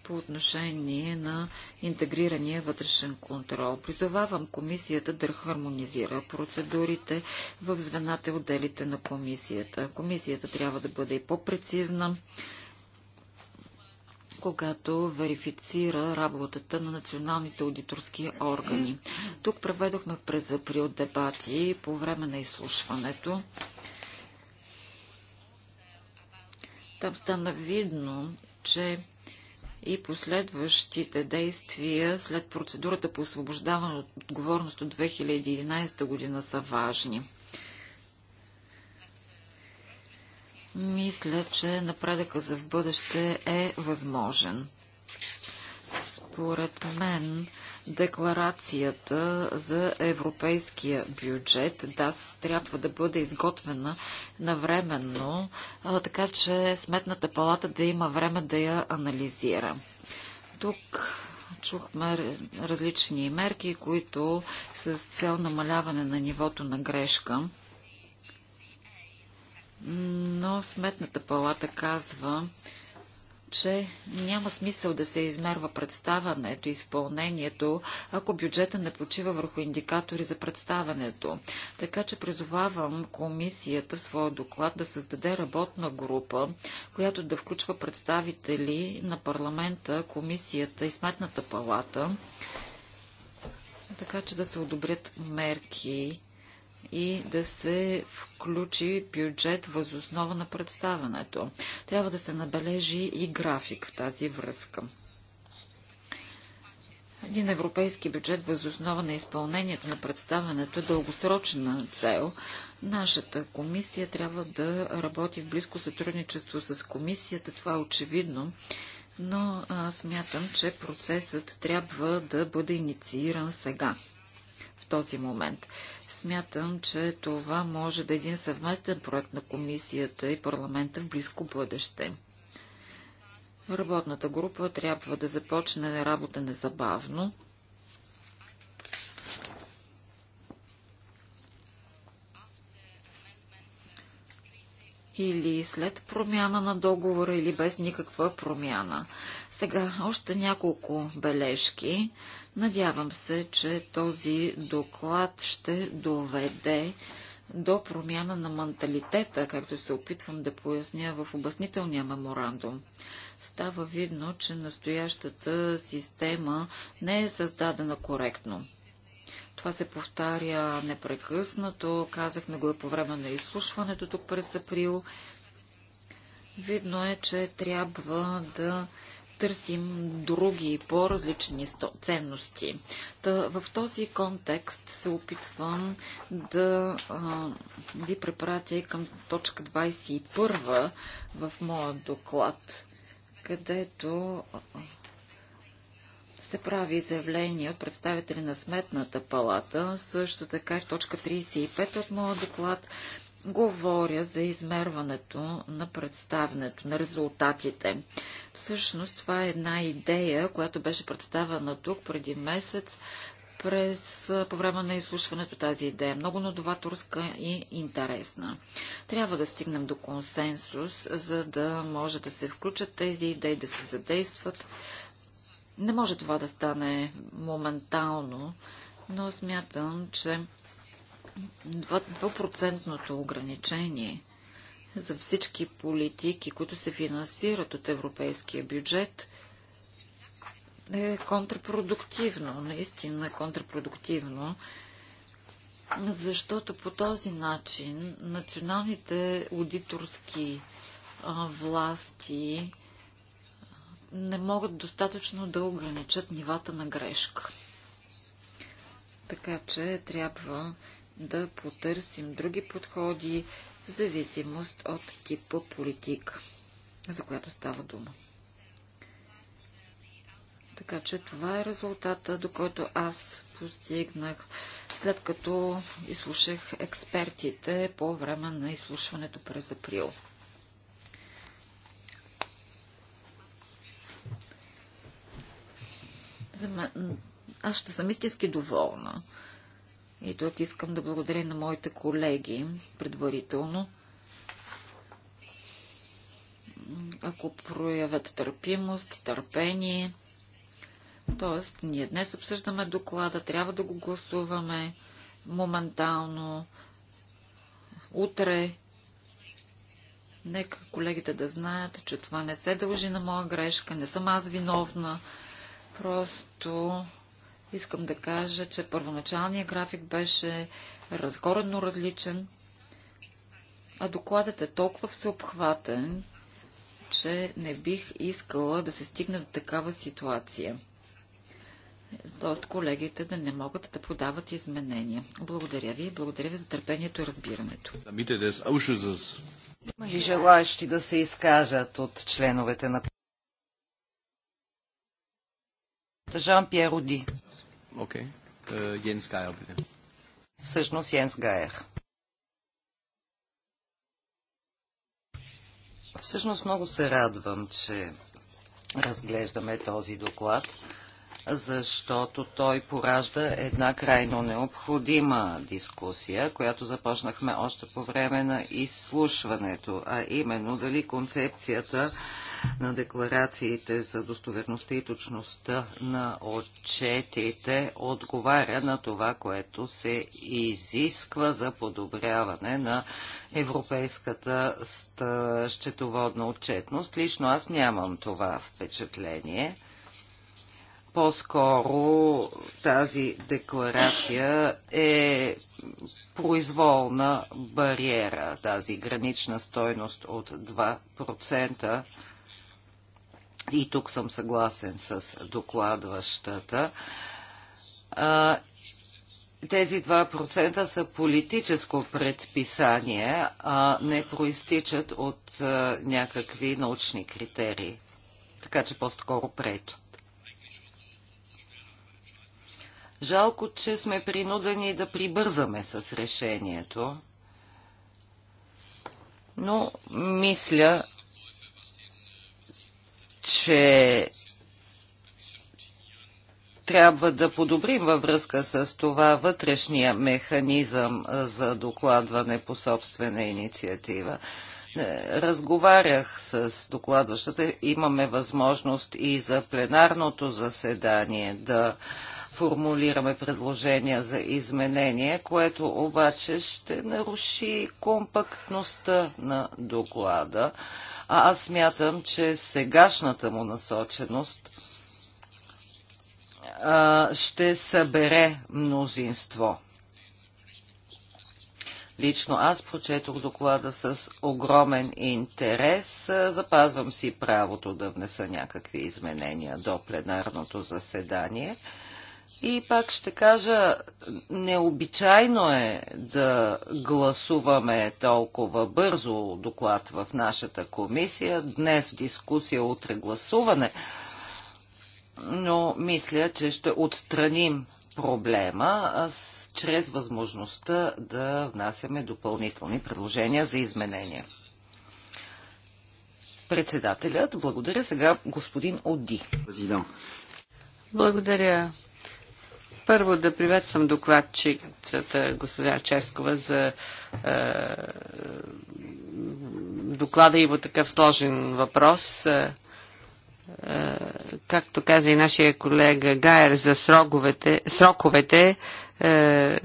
по отношение на интегрирания вътрешен контрол. Призовавам комисията да хармонизира процедурите в звената и отделите на комисията. Комисията трябва да бъде и по-прецизна, когато верифицира работата на националните аудиторски органи. Тук преведохме през април дебати по време на изслушването. Там стана видно, че и последващите действия след процедурата по освобождаване от отговорност от 2011 година са важни. Мисля, че напредъка за в бъдеще е възможен. Според мен, декларацията за европейския бюджет. Да, трябва да бъде изготвена навременно, така че Сметната палата да има време да я анализира. Тук чухме различни мерки, които с цел намаляване на нивото на грешка. Но Сметната палата казва, че няма смисъл да се измерва представането, изпълнението, ако бюджета не почива върху индикатори за представането. Така че призовавам комисията в своя доклад да създаде работна група, която да включва представители на парламента, комисията и сметната палата, така че да се одобрят мерки и да се включи бюджет възоснова на представането. Трябва да се набележи и график в тази връзка. Един европейски бюджет възоснова на изпълнението на представенето е дългосрочна цел. Нашата комисия трябва да работи в близко сътрудничество с комисията, това е очевидно, но а, смятам, че процесът трябва да бъде иницииран сега в този момент. Смятам, че това може да е един съвместен проект на комисията и парламента в близко бъдеще. Работната група трябва да започне работа незабавно или след промяна на договора, или без никаква промяна. Сега още няколко бележки. Надявам се, че този доклад ще доведе до промяна на менталитета, както се опитвам да поясня в обяснителния меморандум. Става видно, че настоящата система не е създадена коректно. Това се повтаря непрекъснато. Казахме го и по време на изслушването тук през април. Видно е, че трябва да търсим други, по-различни ценности. Та, в този контекст се опитвам да а, ви препратя към точка 21 в моя доклад, където се прави изявление от представители на Сметната палата, също така и в точка 35 от моя доклад говоря за измерването на представенето, на резултатите. Всъщност това е една идея, която беше представена тук преди месец през, по време на изслушването тази идея. Много новаторска и интересна. Трябва да стигнем до консенсус, за да може да се включат тези идеи, да се задействат, не може това да стане моментално, но смятам, че 2% ограничение за всички политики, които се финансират от европейския бюджет, е контрапродуктивно, наистина е контрапродуктивно, защото по този начин националните аудиторски власти не могат достатъчно да ограничат нивата на грешка. Така че трябва да потърсим други подходи в зависимост от типа политика, за която става дума. Така че това е резултата, до който аз постигнах, след като изслушах експертите по време на изслушването през април. за мен, аз ще съм истински доволна. И тук искам да благодаря на моите колеги предварително. Ако проявят търпимост, търпение, Тоест, ние днес обсъждаме доклада, трябва да го гласуваме моментално, утре. Нека колегите да знаят, че това не се дължи на моя грешка, не съм аз виновна, Просто искам да кажа, че първоначалният график беше разгорено различен, а докладът е толкова всеобхватен, че не бих искала да се стигне до такава ситуация. Тоест колегите да не могат да подават изменения. Благодаря ви. Благодаря ви за търпението и разбирането. Е Има ли желаящи да се изкажат от членовете на Жан-Пьер Оди. Окей. Е, Йенс Гайер, Всъщност Йенс Гайер. Всъщност много се радвам, че разглеждаме този доклад, защото той поражда една крайно необходима дискусия, която започнахме още по време на изслушването, а именно дали концепцията на декларациите за достоверността и точността на отчетите отговаря на това, което се изисква за подобряване на европейската счетоводна отчетност. Лично аз нямам това впечатление по-скоро тази декларация е произволна бариера, тази гранична стойност от 2% и тук съм съгласен с докладващата, тези 2% са политическо предписание, а не проистичат от някакви научни критерии. Така че по-скоро пречат. Жалко, че сме принудени да прибързаме с решението, но мисля, че трябва да подобрим във връзка с това вътрешния механизъм за докладване по собствена инициатива. Е, разговарях с докладващата. Имаме възможност и за пленарното заседание да формулираме предложения за изменение, което обаче ще наруши компактността на доклада. А аз смятам, че сегашната му насоченост а, ще събере мнозинство. Лично аз прочетох доклада с огромен интерес. Запазвам си правото да внеса някакви изменения до пленарното заседание. И пак ще кажа, необичайно е да гласуваме толкова бързо доклад в нашата комисия. Днес дискусия, утре гласуване. Но мисля, че ще отстраним проблема с, чрез възможността да внасяме допълнителни предложения за изменения. Председателят, благодаря сега господин Оди. Благодаря, първо да приветствам докладчицата госпожа Ческова за е, доклада и такъв сложен въпрос. Е, е, както каза и нашия колега Гайер за сроковете, сроковете е, е,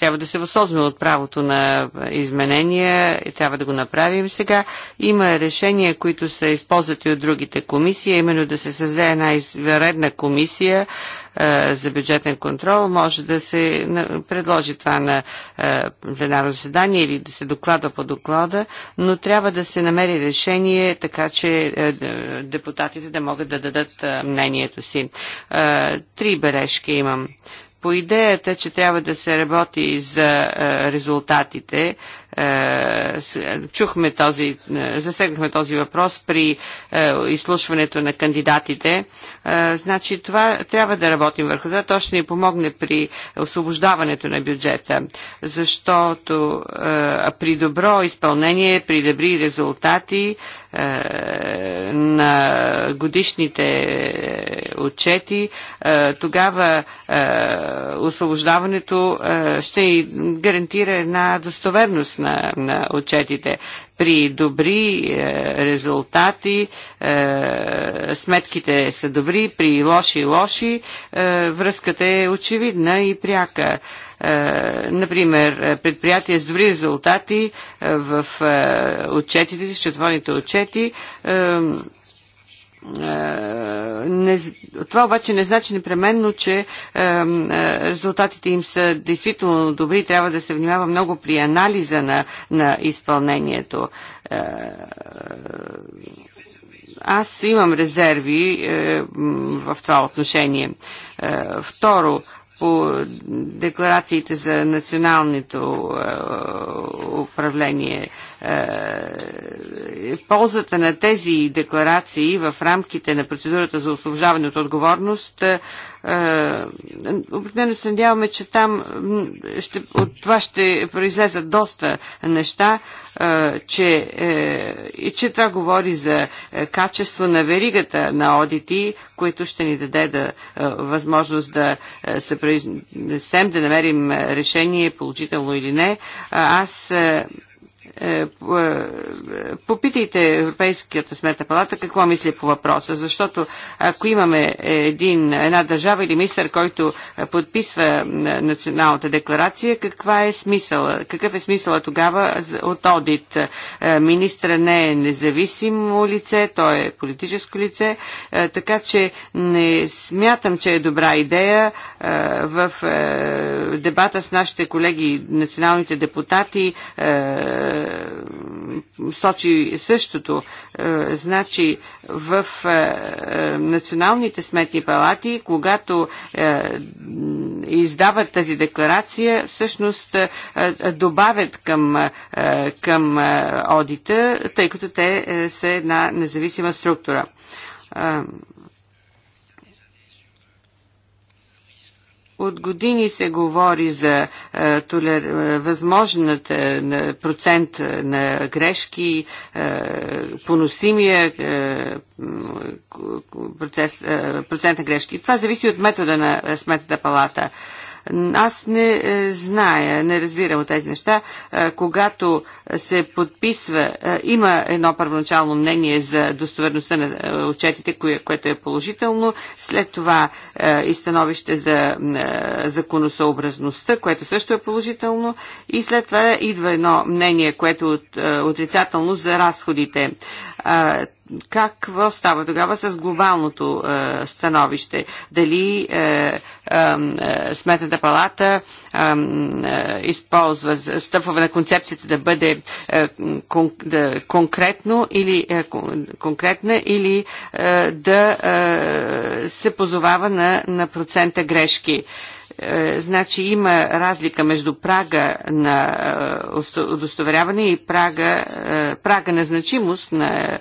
трябва да се възползваме от правото на изменения и трябва да го направим сега. Има решения, които са използвати от другите комисии, именно да се създаде една изваредна комисия е, за бюджетен контрол. Може да се предложи това на е, пленарно заседание или да се докладва по доклада, но трябва да се намери решение, така че е, депутатите да могат да дадат мнението си. Три бележки имам по идеята, че трябва да се работи за е, резултатите, е, е, чухме този, е, засегнахме този въпрос при изслушването на кандидатите. Значи това трябва да работим върху това. То ще ни помогне при освобождаването на бюджета, защото при добро изпълнение, при добри резултати на годишните отчети, тогава освобождаването ще ни гарантира една достоверност на, на отчетите. При добри е, резултати е, сметките са добри, при лоши-лоши е, връзката е очевидна и пряка е, например, предприятия с добри резултати е, в е, отчетите, счетоводните отчети, е, не, това обаче не значи непременно, че е, е резултатите им са действително добри. Трябва да се внимава много при анализа на, на изпълнението. Е, аз имам резерви е, в това отношение. Е, второ, по декларациите за националното е, управление. Е, е, ползата на тези декларации в рамките на процедурата за освобождаване от отговорност е, е, обикновено се надяваме, че там ще, от това ще произлезат доста неща, че, че това говори за качество на веригата на одити, които ще ни даде да, възможност да се произнесем, да намерим решение, положително или не. Аз е, е, попитайте Европейската сметна палата какво мисли по въпроса, защото ако имаме един, една държава или мисър, който подписва националната декларация, каква е смисъл? Какъв е смисъл тогава от одит? Е, министра не е независимо лице, той е политическо лице, така че не смятам, че е добра идея в дебата с нашите колеги, националните депутати, е, сочи същото. Е, значи в е, националните сметни палати, когато издават тази декларация, всъщност добавят към, към одита, тъй като те са една независима структура. От години се говори за е, толер... Е, възможната е, процент на грешки, поносимия процес, процент на грешки. Това зависи от метода на сметната палата. Аз не е, зная, не разбирам от тези неща. Е, когато се подписва, е, има едно първоначално мнение за достоверността на отчетите, което е положително. След това и становище за законосъобразността, което също е положително. И след това идва едно мнение, което е отрицателно за разходите какво става тогава с глобалното е, становище? Дали е, е, е Сметната палата е, е, използва, стъпване на концепцията да бъде е, кон, да, конкретно или, е, конкретна или е, да е, се позовава на, на процента грешки? Е, е, значи има разлика между прага на е, удостоверяване и прага, е, прага на значимост на,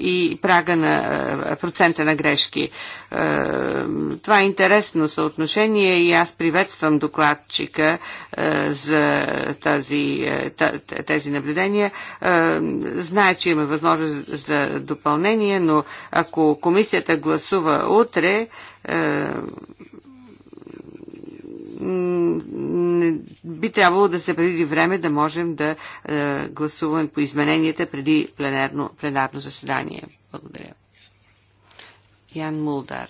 и прага на процента на грешки. Това е интересно съотношение и аз приветствам докладчика за тази, тези наблюдения. Знае, че има възможност за допълнение, но ако комисията гласува утре, не, би трябвало да се предвиди време да можем да е, гласуваме по измененията преди пленарно, пленарно заседание. Благодаря. Ян Мулдар.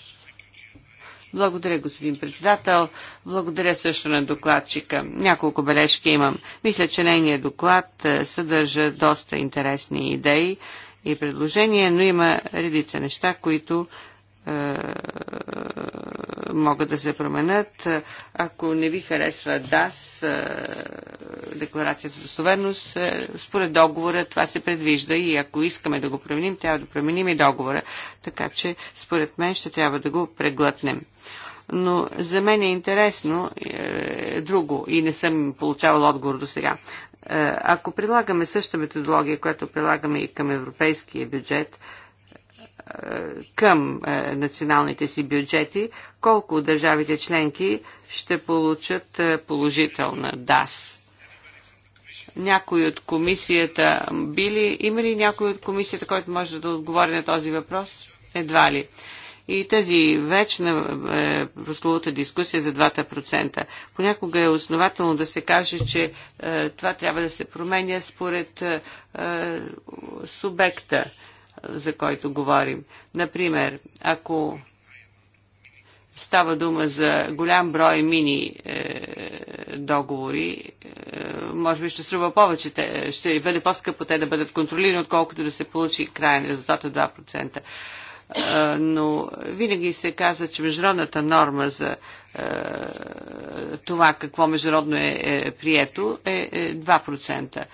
Благодаря, господин председател. Благодаря също на докладчика. Няколко бележки имам. Мисля, че нейният доклад е, съдържа доста интересни идеи и предложения, но има редица неща, които е, могат да се променят. Ако не ви харесва ДАС, е, декларация за достоверност, е, според договора това се предвижда и ако искаме да го променим, трябва да променим и договора. Така че, според мен, ще трябва да го преглътнем. Но за мен е интересно е, друго и не съм получавал отговор до сега. Е, ако прилагаме същата методология, която прилагаме и към европейския бюджет, е, към е, националните си бюджети, колко от държавите членки ще получат е, положителна ДАС? Някой от комисията били, има ли някой от комисията, който може да отговори на този въпрос? Едва ли. И тази вечна е, дискусия за 2%. Понякога е основателно да се каже, че е, това трябва да се променя според е, е субекта за който говорим. Например, ако става дума за голям брой мини е, договори, е, може би ще струва повече, те, ще бъде по-скъпо те да бъдат контролирани, отколкото да се получи крайен резултат от 2%. Е, но винаги се казва, че международната норма за е, това какво международно е, е прието е, е 2%. Е,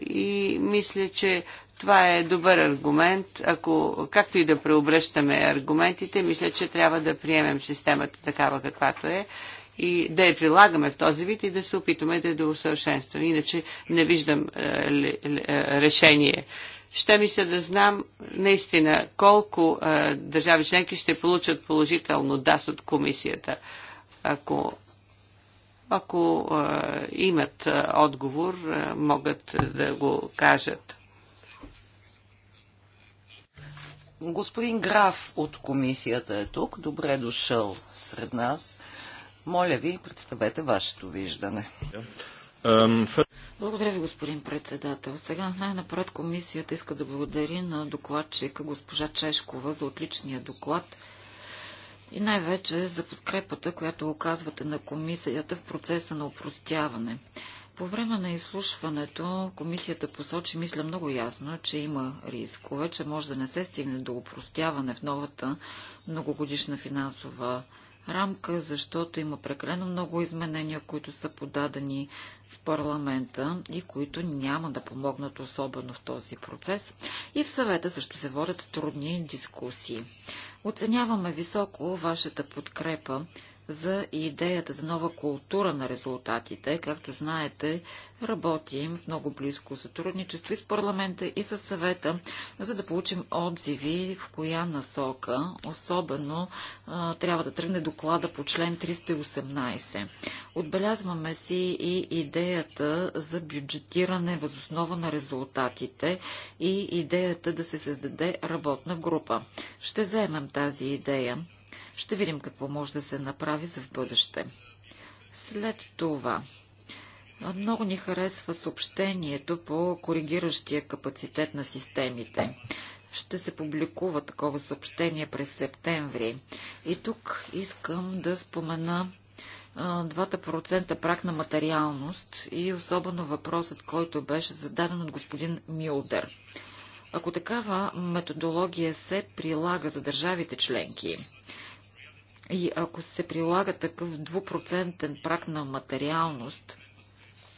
и мисля, че това е добър аргумент. Ако, както и да преобръщаме аргументите, мисля, че трябва да приемем системата такава каквато е и да я прилагаме в този вид и да се опитаме да я усъвършенстваме. Иначе не виждам е, е, решение. Ще ми се да знам наистина колко е, държави членки ще получат положително ДАС от комисията, ако, ако е, имат е, отговор, е, могат да го кажат. Господин Граф от комисията е тук. Добре дошъл сред нас. Моля ви, представете вашето виждане. Благодаря ви, господин председател. Сега най-напред комисията иска да благодари на докладчика госпожа Чешкова за отличния доклад и най-вече за подкрепата, която оказвате на комисията в процеса на упростяване. По време на изслушването комисията посочи, мисля много ясно, че има рискове, че може да не се стигне до упростяване в новата многогодишна финансова рамка, защото има прекалено много изменения, които са подадени в парламента и които няма да помогнат особено в този процес. И в съвета също се водят трудни дискусии. Оценяваме високо вашата подкрепа за идеята за нова култура на резултатите. Както знаете, работим в много близко сътрудничество и с парламента и с съвета, за да получим отзиви в коя насока. Особено трябва да тръгне доклада по член 318. Отбелязваме си и идеята за бюджетиране възоснова на резултатите и идеята да се създаде работна група. Ще вземем тази идея ще видим какво може да се направи за в бъдеще. След това, много ни харесва съобщението по коригиращия капацитет на системите. Ще се публикува такова съобщение през септември. И тук искам да спомена 2% прак на материалност и особено въпросът, който беше зададен от господин Милдер. Ако такава методология се прилага за държавите членки, и ако се прилага такъв двупроцентен прак на материалност,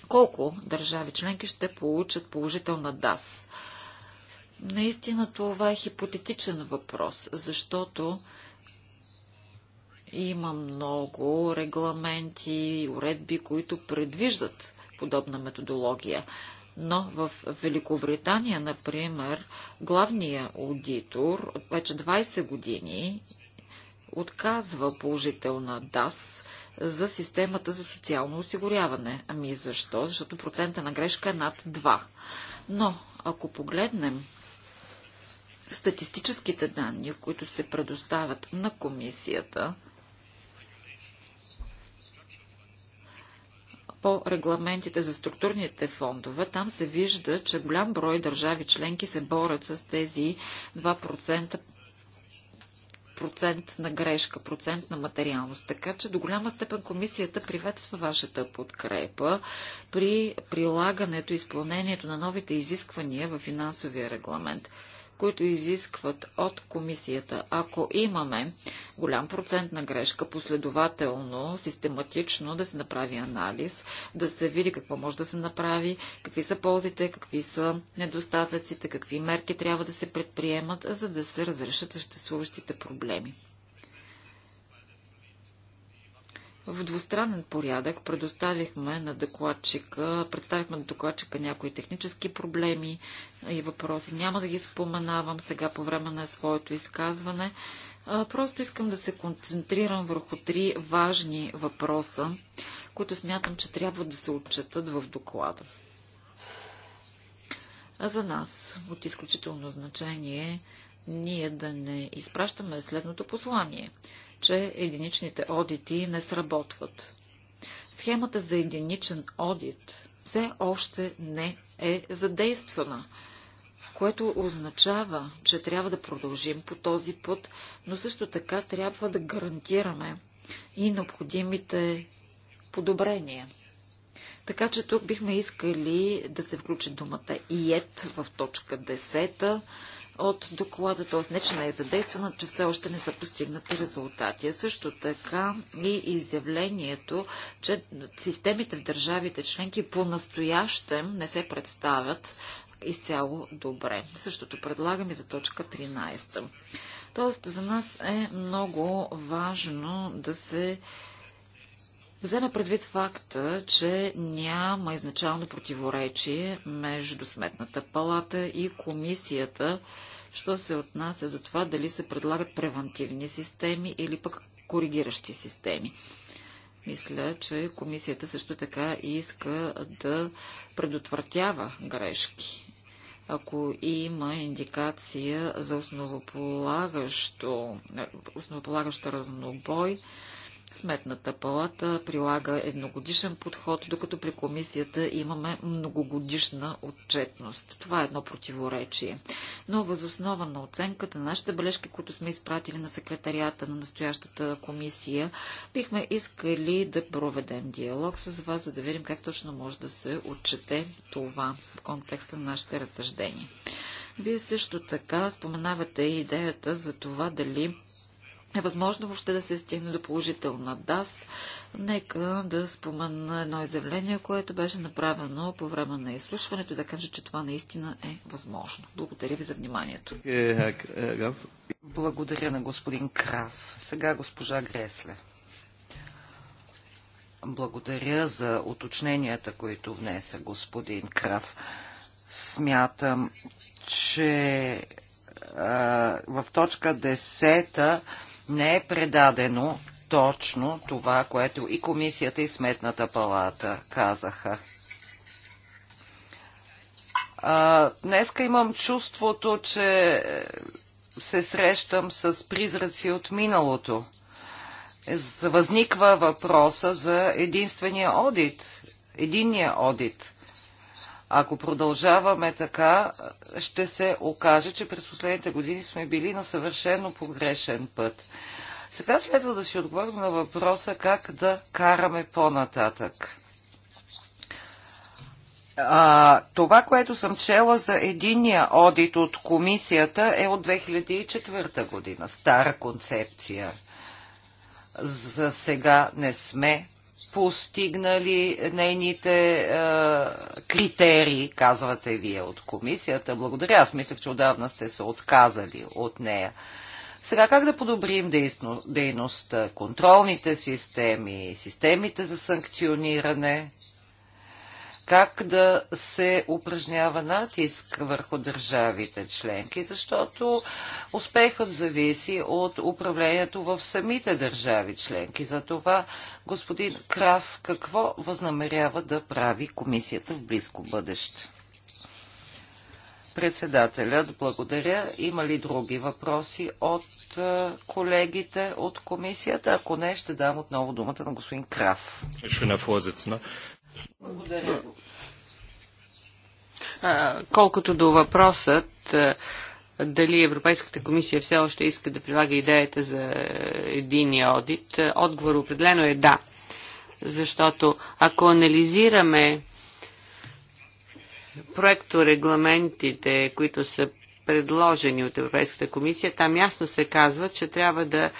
колко държави членки ще получат положителна ДАС? Наистина това е хипотетичен въпрос, защото има много регламенти, и уредби, които предвиждат подобна методология. Но в Великобритания, например, главният аудитор вече 20 години отказва положителна ДАС за системата за социално осигуряване. Ами защо? Защото процента на грешка е над 2. Но ако погледнем статистическите данни, които се предоставят на комисията по регламентите за структурните фондове, там се вижда, че голям брой държави членки се борят с тези 2% процент на грешка, процент на материалност. Така че до голяма степен комисията приветства вашата подкрепа при прилагането и изпълнението на новите изисквания в финансовия регламент които изискват от комисията. Ако имаме голям процент на грешка, последователно, систематично да се направи анализ, да се види какво може да се направи, какви са ползите, какви са недостатъците, какви мерки трябва да се предприемат, за да се разрешат съществуващите проблеми. В двустранен порядък предоставихме на докладчика, представихме на докладчика някои технически проблеми и въпроси. Няма да ги споменавам сега по време на своето изказване. Просто искам да се концентрирам върху три важни въпроса, които смятам, че трябва да се отчетат в доклада. А за нас от изключително значение ние да не изпращаме следното послание – че единичните одити не сработват. Схемата за единичен одит все още не е задействана, което означава, че трябва да продължим по този път, но също така трябва да гарантираме и необходимите подобрения. Така че тук бихме искали да се включи думата ИЕТ в точка 10 от доклада, т.е. не, че не е задействана, че все още не са постигнати резултати. А също така и изявлението, че системите в държавите членки по-настоящем не се представят изцяло добре. Същото предлагам и за точка 13. Тоест, за нас е много важно да се вземе предвид факта, че няма изначално противоречие между Сметната палата и комисията, що се отнася до това дали се предлагат превентивни системи или пък коригиращи системи. Мисля, че комисията също така иска да предотвратява грешки. Ако има индикация за основополагащо, основополагаща разнобой, Сметната палата прилага едногодишен подход, докато при комисията имаме многогодишна отчетност. Това е едно противоречие. Но възоснова на оценката на нашите бележки, които сме изпратили на секретарията на настоящата комисия, бихме искали да проведем диалог с вас, за да видим как точно може да се отчете това в контекста на нашите разсъждения. Вие също така споменавате и идеята за това дали е възможно въобще да се стигне до положителна ДАС. Нека да спомена едно изявление, което беше направено по време на изслушването и да кажа, че това наистина е възможно. Благодаря ви за вниманието. Е, е, е, Благодаря на господин Крав. Сега госпожа Гресле. Благодаря за уточненията, които внесе господин Крав. Смятам, че в точка 10 не е предадено точно това, което и комисията, и сметната палата казаха. А, днеска имам чувството, че се срещам с призраци от миналото. Възниква въпроса за единствения одит, единния одит. Ако продължаваме така, ще се окаже, че през последните години сме били на съвършено погрешен път. Сега следва да си отговорим на въпроса как да караме по-нататък. А, това, което съм чела за единия одит от комисията е от 2004 година. Стара концепция. За сега не сме постигнали нейните е, критерии, казвате вие от комисията. Благодаря, аз мислех, че отдавна сте се отказали от нея. Сега как да подобрим дейността, контролните системи, системите за санкциониране? как да се упражнява натиск върху държавите членки, защото успехът зависи от управлението в самите държави членки. За това, господин Крав, какво възнамерява да прави комисията в близко бъдеще? Председателят, благодаря. Има ли други въпроси от е, колегите от комисията? Ако не, ще дам отново думата на господин Крав. Благодаря. Колкото до въпросът, дали Европейската комисия все още иска да прилага идеята за единия одит, отговор определено е да. Защото ако анализираме проекторегламентите, които са предложени от Европейската комисия, там ясно се казва, че трябва да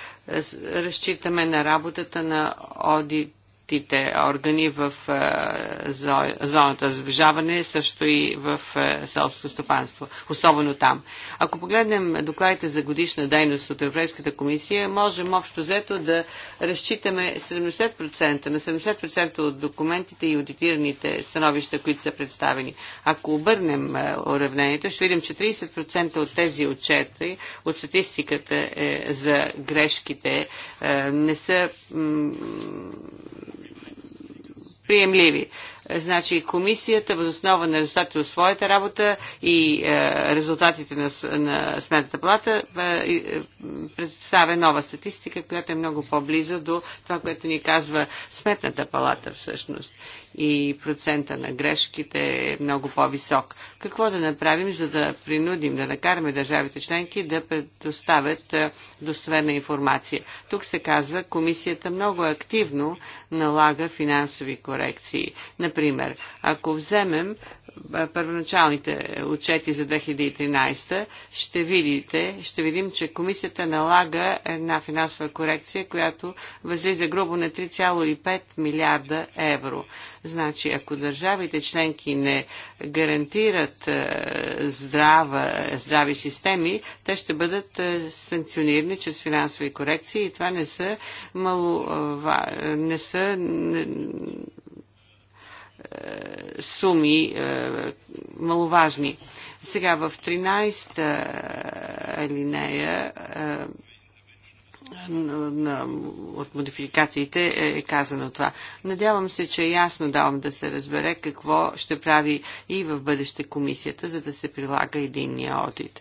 разчитаме на работата на одит компетентните органи в е, зоната за сближаване, също и в е, селското стопанство, особено там. Ако погледнем докладите за годишна дейност от Европейската комисия, можем общо взето да разчитаме 70% на 70% от документите и аудитираните становища, които са представени. Ако обърнем е, уравнението, ще видим, че 30% от тези отчети от статистиката за грешките не са приемливи. Значи комисията, възоснова на резултатите от своята работа и е, резултатите на, на Сметната палата, е, е, представя нова статистика, която е много по-близа до това, което ни казва Сметната палата всъщност. И процента на грешките е много по-висок. Какво да направим, за да принудим, да накараме държавите членки да предоставят е, достоверна информация? Тук се казва, комисията много активно налага финансови корекции. Например, ако вземем е, първоначалните отчети за 2013, ще видите, ще видим, че комисията налага една финансова корекция, която възлиза грубо на 3,5 милиарда евро. Значи, ако държавите членки не гарантират е, здрава, здрави системи, те ще бъдат е, санкционирани чрез финансови корекции и това не са мало, не са е, суми е, маловажни. Сега в 13-та е, алинея е, на, от модификациите е, е казано това. Надявам се, че ясно давам да се разбере какво ще прави и в бъдеще комисията, за да се прилага единния одит.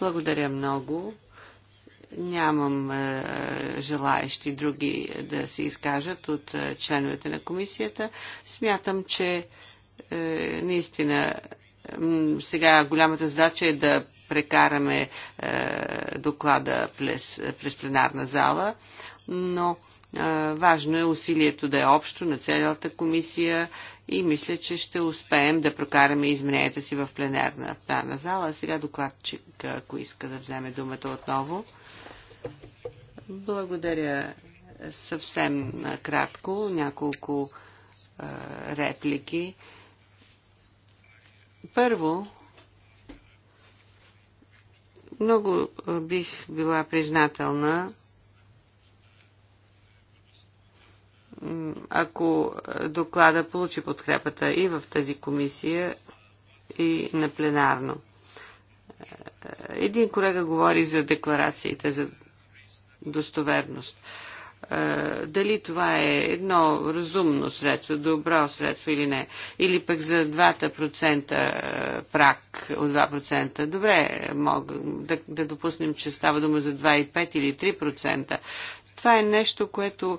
Благодаря много. Нямам е, желаещи други да се изкажат от е, членовете на комисията. Смятам, че е, наистина сега голямата задача е да прекараме е, доклада през, през пленарна зала, но е, важно е усилието да е общо на цялата комисия и мисля, че ще успеем да прокараме измененията си в пленарна, пленарна зала. Сега докладчик, ако иска да вземе думата отново. Благодаря съвсем кратко, няколко реплики. Първо, много бих била признателна, ако доклада получи подкрепата и в тази комисия, и на пленарно. Един колега говори за декларациите за достоверност. Е, дали това е едно разумно средство, добро средство или не, или пък за 2% е, прак от 2%, добре, мога да, да допуснем, че става дума за 2,5 или 3%. Това е нещо, което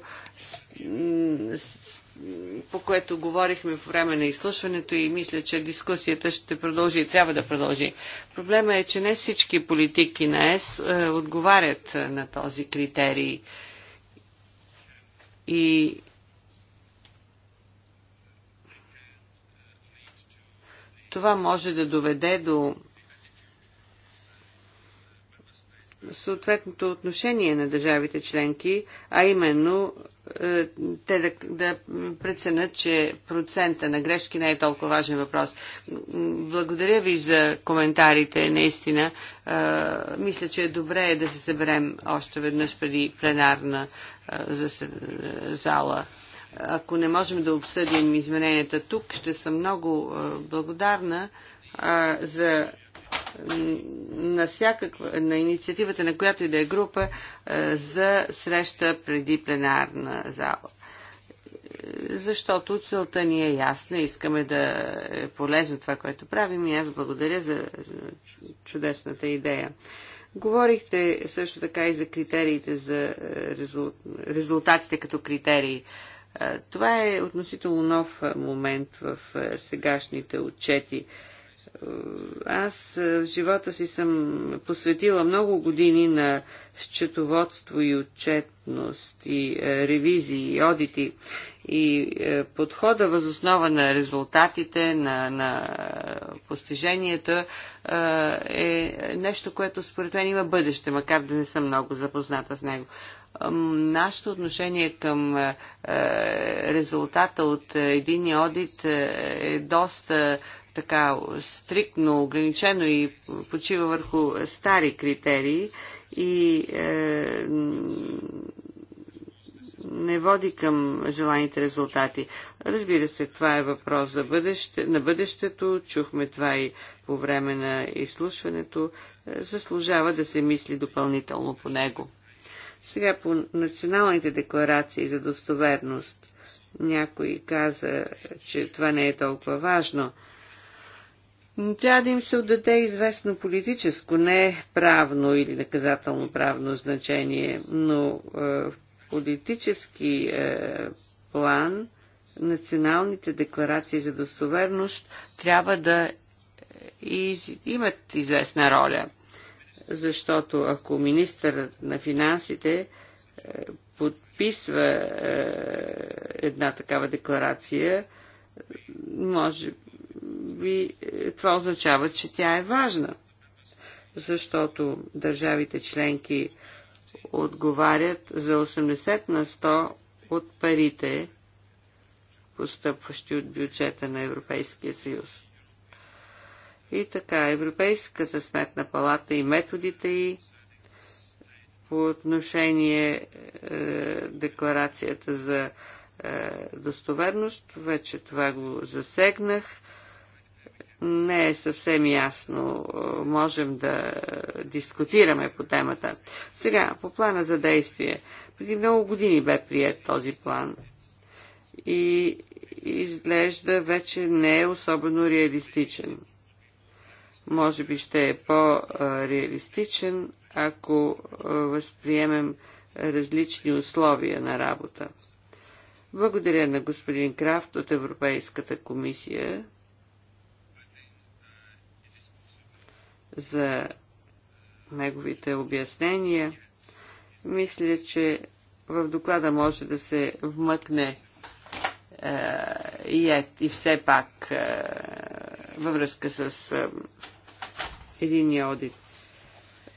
по което говорихме по време на изслушването и мисля, че дискусията ще продължи и трябва да продължи. Проблема е, че не всички политики на ЕС е, отговарят е, на този критерий. И това може да доведе до съответното отношение на държавите членки, а именно е, те да, да преценят, че процента на грешки не е толкова важен въпрос. Благодаря ви за коментарите, наистина. Е, мисля, че е добре е да се съберем още веднъж преди пленарна зала. Ако не можем да обсъдим измененията тук, ще съм много благодарна за на, всякаква, на инициативата на която и да е група е, за среща преди пленарна зала. Е, защото целта ни е ясна, искаме да е полезно това, което правим и аз благодаря за чудесната идея. Говорихте също така и за критериите, за е, резултатите като критерии. Това е относително нов момент в сегашните отчети аз в е, живота си съм посветила много години на счетоводство и отчетност, и е, ревизии, и одити. И е, подхода възоснова на резултатите, на, на постиженията е нещо, което според мен има бъдеще, макар да не съм много запозната с него нашето отношение към е, резултата от един одит е доста така стриктно ограничено и почива върху стари критерии и е, не води към желаните резултати. Разбира се, това е въпрос за бъдеще, на бъдещето. Чухме това и по време на изслушването. Е, заслужава да се мисли допълнително по него. Сега по националните декларации за достоверност. Някой каза, че това не е толкова важно. Трябва да им се отдаде известно политическо, не правно или наказателно правно значение, но в е, политически е, план националните декларации за достоверност трябва да е, из... имат известна роля. Защото ако министърът на финансите подписва една такава декларация, може и е, това означава, че тя е важна, защото държавите членки отговарят за 80 на 100 от парите, постъпващи от бюджета на Европейския съюз. И така, Европейската сметна палата и методите й по отношение е, декларацията за е, достоверност, вече това го засегнах не е съвсем ясно. Можем да дискутираме по темата. Сега, по плана за действие. Преди много години бе прият този план и изглежда вече не е особено реалистичен. Може би ще е по-реалистичен, ако е, възприемем различни условия на работа. Благодаря на господин Крафт от Европейската комисия за неговите обяснения. Мисля, че в доклада може да се вмъкне е, и, е, и все пак е, във връзка с е, единия одит.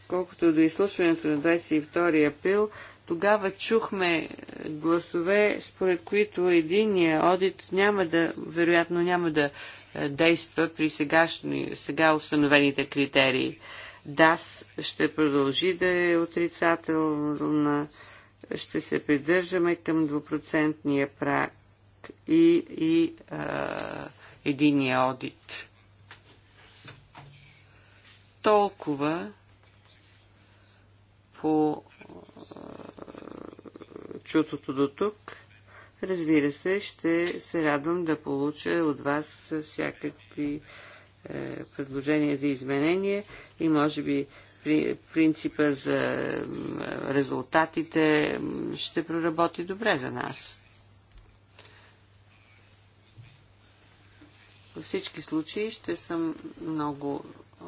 Колкото до изслушването на 22 април, тогава чухме гласове, според които единия одит няма да, вероятно няма да е, действа при сегашни, сега установените критерии. ДАС ще продължи да е отрицателна, ще се придържаме към 2% прак и, и а, единия одит. Толкова по а, чутото до тук. Разбира се, ще се радвам да получа от вас всякакви е, предложения за изменение и може би при, принципа за резултатите ще проработи добре за нас. Във всички случаи ще съм много е,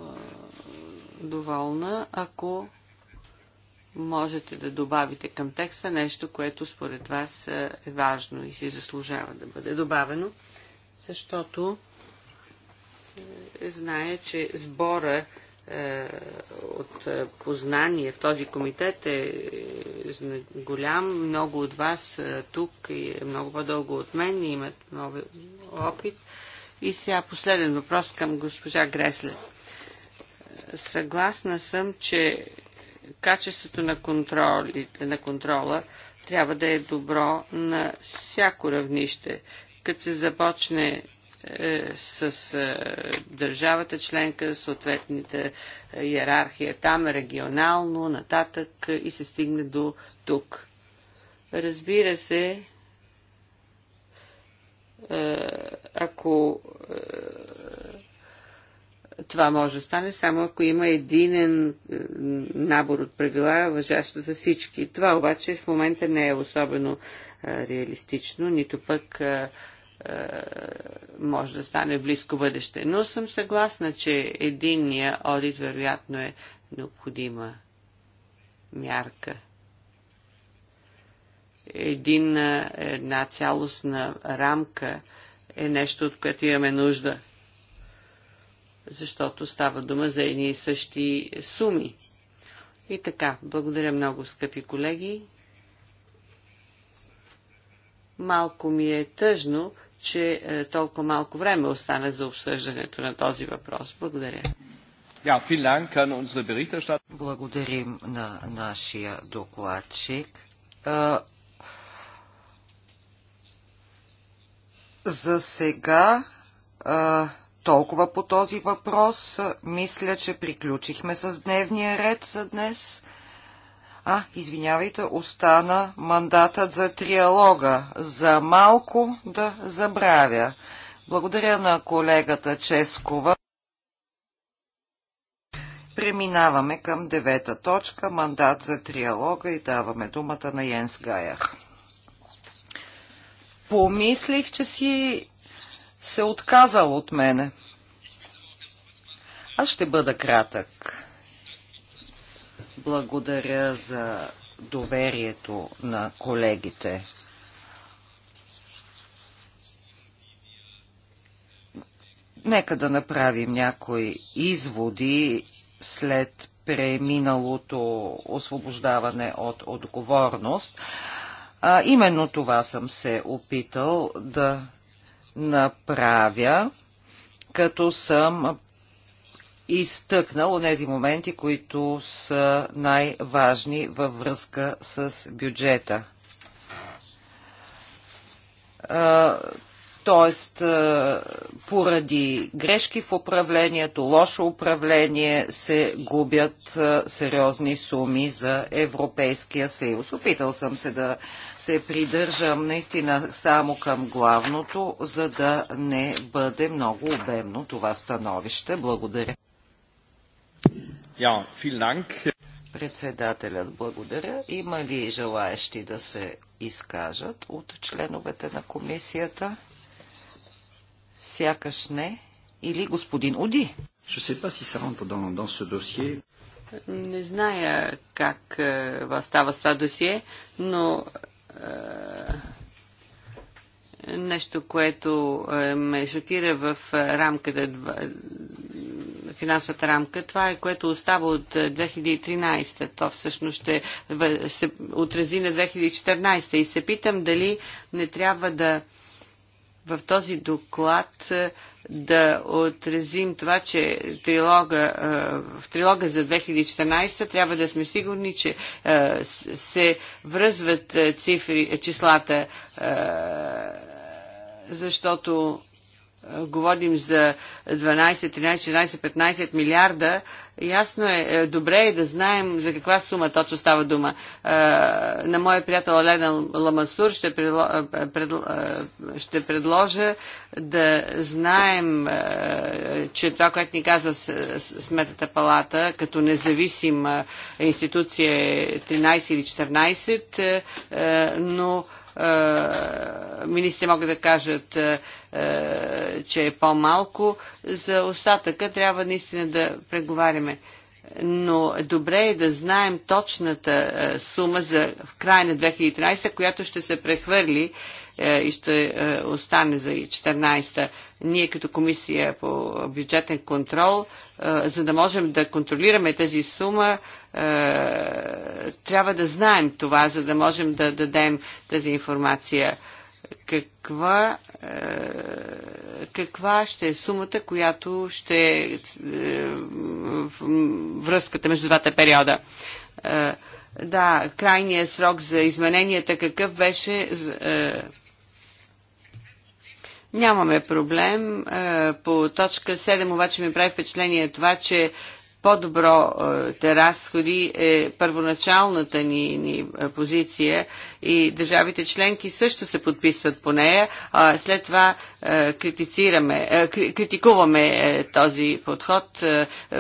доволна, ако можете да добавите към текста нещо, което според вас е, е важно и си заслужава да бъде добавено, защото е, знае, че сбора е, от е, познание в този комитет е голям. Много от вас е, тук и е много по-дълго от мен и имат много опит. И сега последен въпрос към госпожа Гресле. Съгласна съм, че качеството на, контролите, на контрола трябва да е добро на всяко равнище, като се започне е, с е, държавата членка, съответните е, иерархия там, регионално, нататък и се стигне до тук. Разбира се, е, ако е, това може да стане само ако има единен е, набор от правила, въжащ за всички. Това обаче в момента не е особено е, реалистично, нито пък е, може да стане близко бъдеще. Но съм съгласна, че единния одит вероятно е необходима мярка. Един, една цялостна рамка е нещо, от което имаме нужда – защото става дума за едни и същи суми. И така, благодаря много, скъпи колеги. Малко ми е тъжно, че е, толкова малко време остана за обсъждането на този въпрос. Благодаря. Благодарим на нашия докладчик. Е, за сега е, толкова по този въпрос. Мисля, че приключихме с дневния ред за днес. А, извинявайте, остана мандатът за триалога. За малко да забравя. Благодаря на колегата Ческова. Преминаваме към девета точка, мандат за триалога и даваме думата на Йенс Гаях. Помислих, че си се отказал от мене. Аз ще бъда кратък. Благодаря за доверието на колегите. Нека да направим някои изводи след преминалото освобождаване от отговорност. А, именно това съм се опитал да направя, като съм изтъкнал тези моменти, които са най-важни във връзка с бюджета т.е. поради грешки в управлението, лошо управление се губят е, сериозни суми за Европейския съюз. Опитал съм се да се придържам наистина само към главното, за да не бъде много обемно това становище. Благодаря. Dank. Председателят благодаря. Има ли желаещи да се изкажат от членовете на комисията? Сякаш не. Или господин Оди. Не зная как е, става с това досие, но е, нещо, което е, ме шокира в рамката, финансовата рамка, това е което остава от 2013. Е, То всъщност ще се отрази на 2014 и се питам дали не трябва да в този доклад е, да отразим това, че трилога, е, в трилога за 2014 трябва да сме сигурни, че е, се връзват цифри, числата, защото говорим за 12, 13, 14, 15 милиарда, Ясно е, е, добре е да знаем за каква сума точно става дума. Е, на моя приятел Олена Ламасур ще, предло, е, пред, ще предложа да знаем, че това, което ни казва Сметата палата, като независима институция е 13 или 14, но е, министри могат да кажат, е, е, че е по-малко. За остатъка трябва наистина да преговаряме но добре е да знаем точната сума за в края на 2013, която ще се прехвърли и ще остане за 2014. Ние като комисия по бюджетен контрол, за да можем да контролираме тази сума, е, трябва да знаем това, за да можем да дадем тази информация. Каква, е, каква ще е сумата, която ще е връзката между двата периода? Е, да, крайният срок за измененията какъв беше? Нямаме проблем. По точка 7 обаче ми прави впечатление това, че по-добро е, те разходи е първоначалната ни, ни позиция и държавите членки също се подписват по нея. А след това е, критицираме, е, критикуваме е, този подход.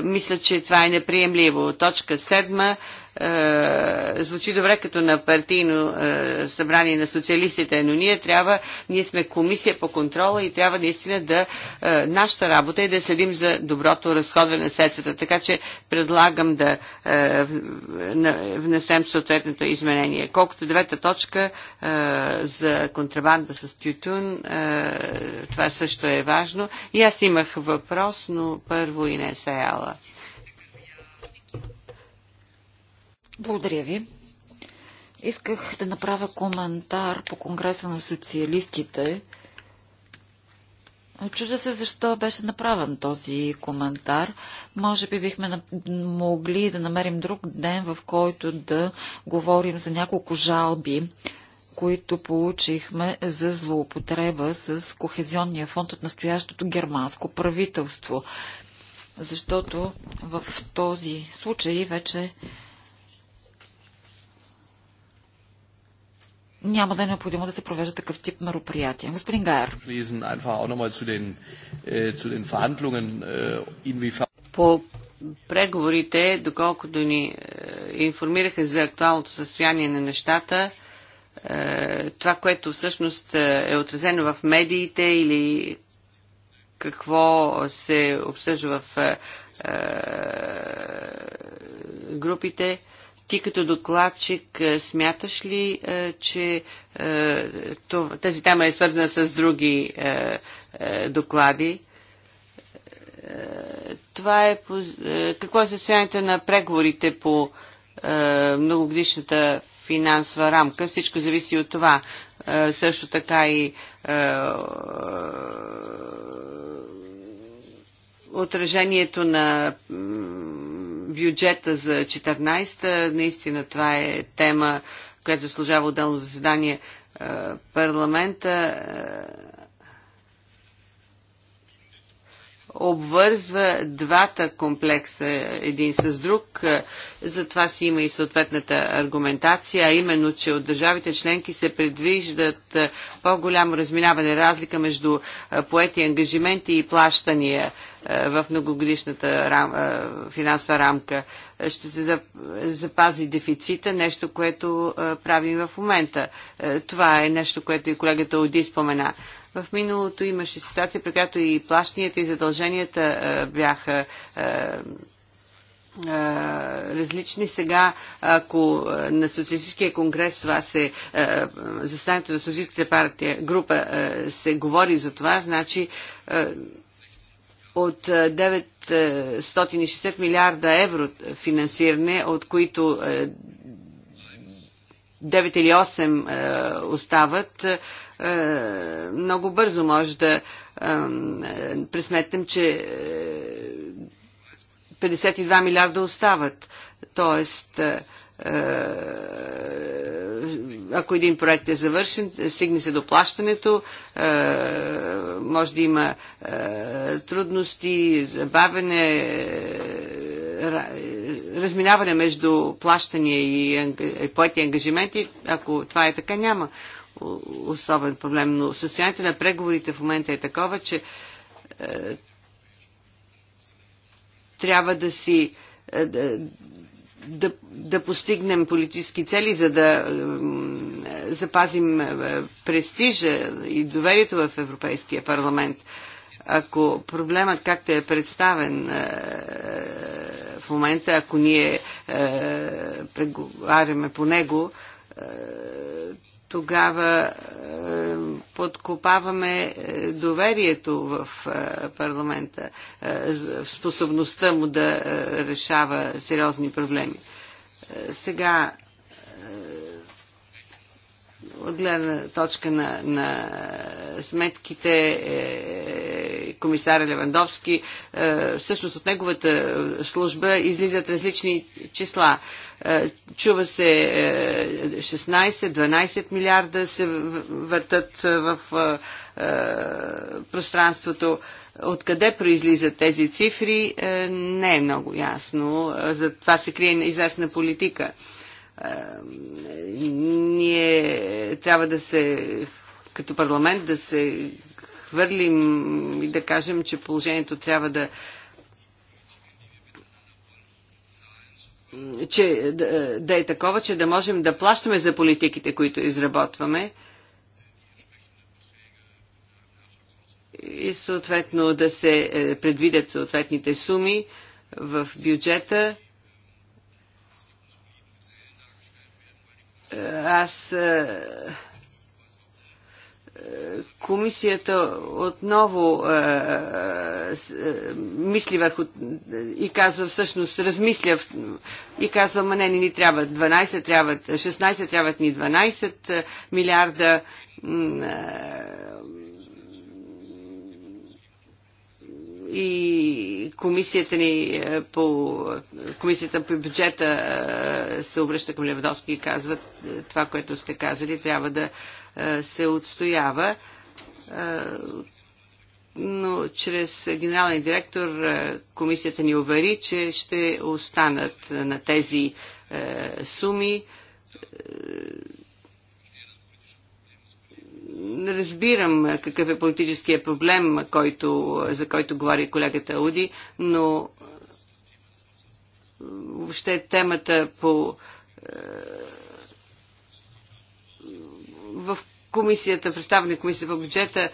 Мисля, че това е неприемливо. Точка седма звучи добре като на партийно събрание на социалистите, но ние трябва, ние сме комисия по контрола и трябва наистина да нашата работа е да следим за доброто разходване на средствата. Така че предлагам да внесем съответното изменение. Колкото девета точка, точка за контрабанда с тютюн. Това също е важно. И аз имах въпрос, но първо и не се яла. Благодаря ви. Исках да направя коментар по Конгреса на социалистите. Чудя се защо беше направен този коментар. Може би бихме могли да намерим друг ден, в който да говорим за няколко жалби, които получихме за злоупотреба с Кохезионния фонд от настоящото германско правителство. Защото в този случай вече няма да е необходимо да се провежда такъв тип мероприятия. Господин Гайер. Äh, äh, По преговорите, доколкото ни э, информираха за актуалното състояние на нещата, э, това, което всъщност э, е отразено в медиите или какво се обсъжда в групите, ти като докладчик е, смяташ ли, е, че е, тази тема е свързана с други доклади? Това е какво е състоянието на преговорите по многогодишната финансова рамка. Всичко зависи от това. Също така и отражението на бюджета за 14-та, наистина това е тема, която заслужава отделно заседание е, парламента е, обвързва двата комплекса един с друг. Е, Затова си има и съответната аргументация, а именно, че от държавите членки се предвиждат по-голямо разминаване разлика между поети ангажименти и плащания е, в многогодишната рам, е, финансова рамка. Е, ще се запази дефицита, нещо, което правим в момента. Това е нещо, което и колегата Оди спомена. В миналото имаше ситуация, при която и плащанията, и задълженията бяха различни. Сега, ако на Социалистическия конгрес това се, заседанието на Социалистическата партия група се говори за това, значи от 960 е, милиарда евро финансиране, от които 9 е, или 8 е, остават, много бързо може да пресметнем, че 52 милиарда остават. Тоест, ако един проект е завършен, стигне се до плащането, е, може да има е, трудности, забавене, е, разминаване между плащания и поети ангажименти. Ако това е така, няма особен проблем. Но състоянието на преговорите в момента е такова, че трябва да си да, да, да постигнем политически цели, за да е, запазим престижа и доверието в Европейския парламент. Ако проблемът, както е представен е, в момента, ако ние е, преговаряме по него, е, тогава е, подкопаваме е, доверието в е, парламента, в способността му да решава сериозни проблеми. Сега от гледна точка на, на сметките е, е комисаря Левандовски, е, всъщност от неговата служба излизат различни числа. Е, чува се 16-12 е, милиарда се въртат в е, пространството. Откъде произлизат тези цифри, не е много ясно. За това се крие известна политика ние трябва да се, като парламент, да се хвърлим и да кажем, че положението трябва да че да, да е такова, че да можем да плащаме за политиките, които изработваме и съответно да се е, предвидят съответните суми в бюджета Аз е, е, комисията отново е, а, е, мисли върху и казва всъщност, размисля и казва, ма не, не ни трябват 12, трябват 16, трябват ни 12 милиарда. и комисията ни е, по комисията по бюджета е, се обръща към Левдовски и казва е, това, което сте казали, трябва да се отстоява. Но чрез генерален директор комисията ни увери, че ще останат на тези суми разбирам какъв е политическия проблем, който, за който говори колегата Ауди, но въобще темата по в комисията, представена комисията по бюджета,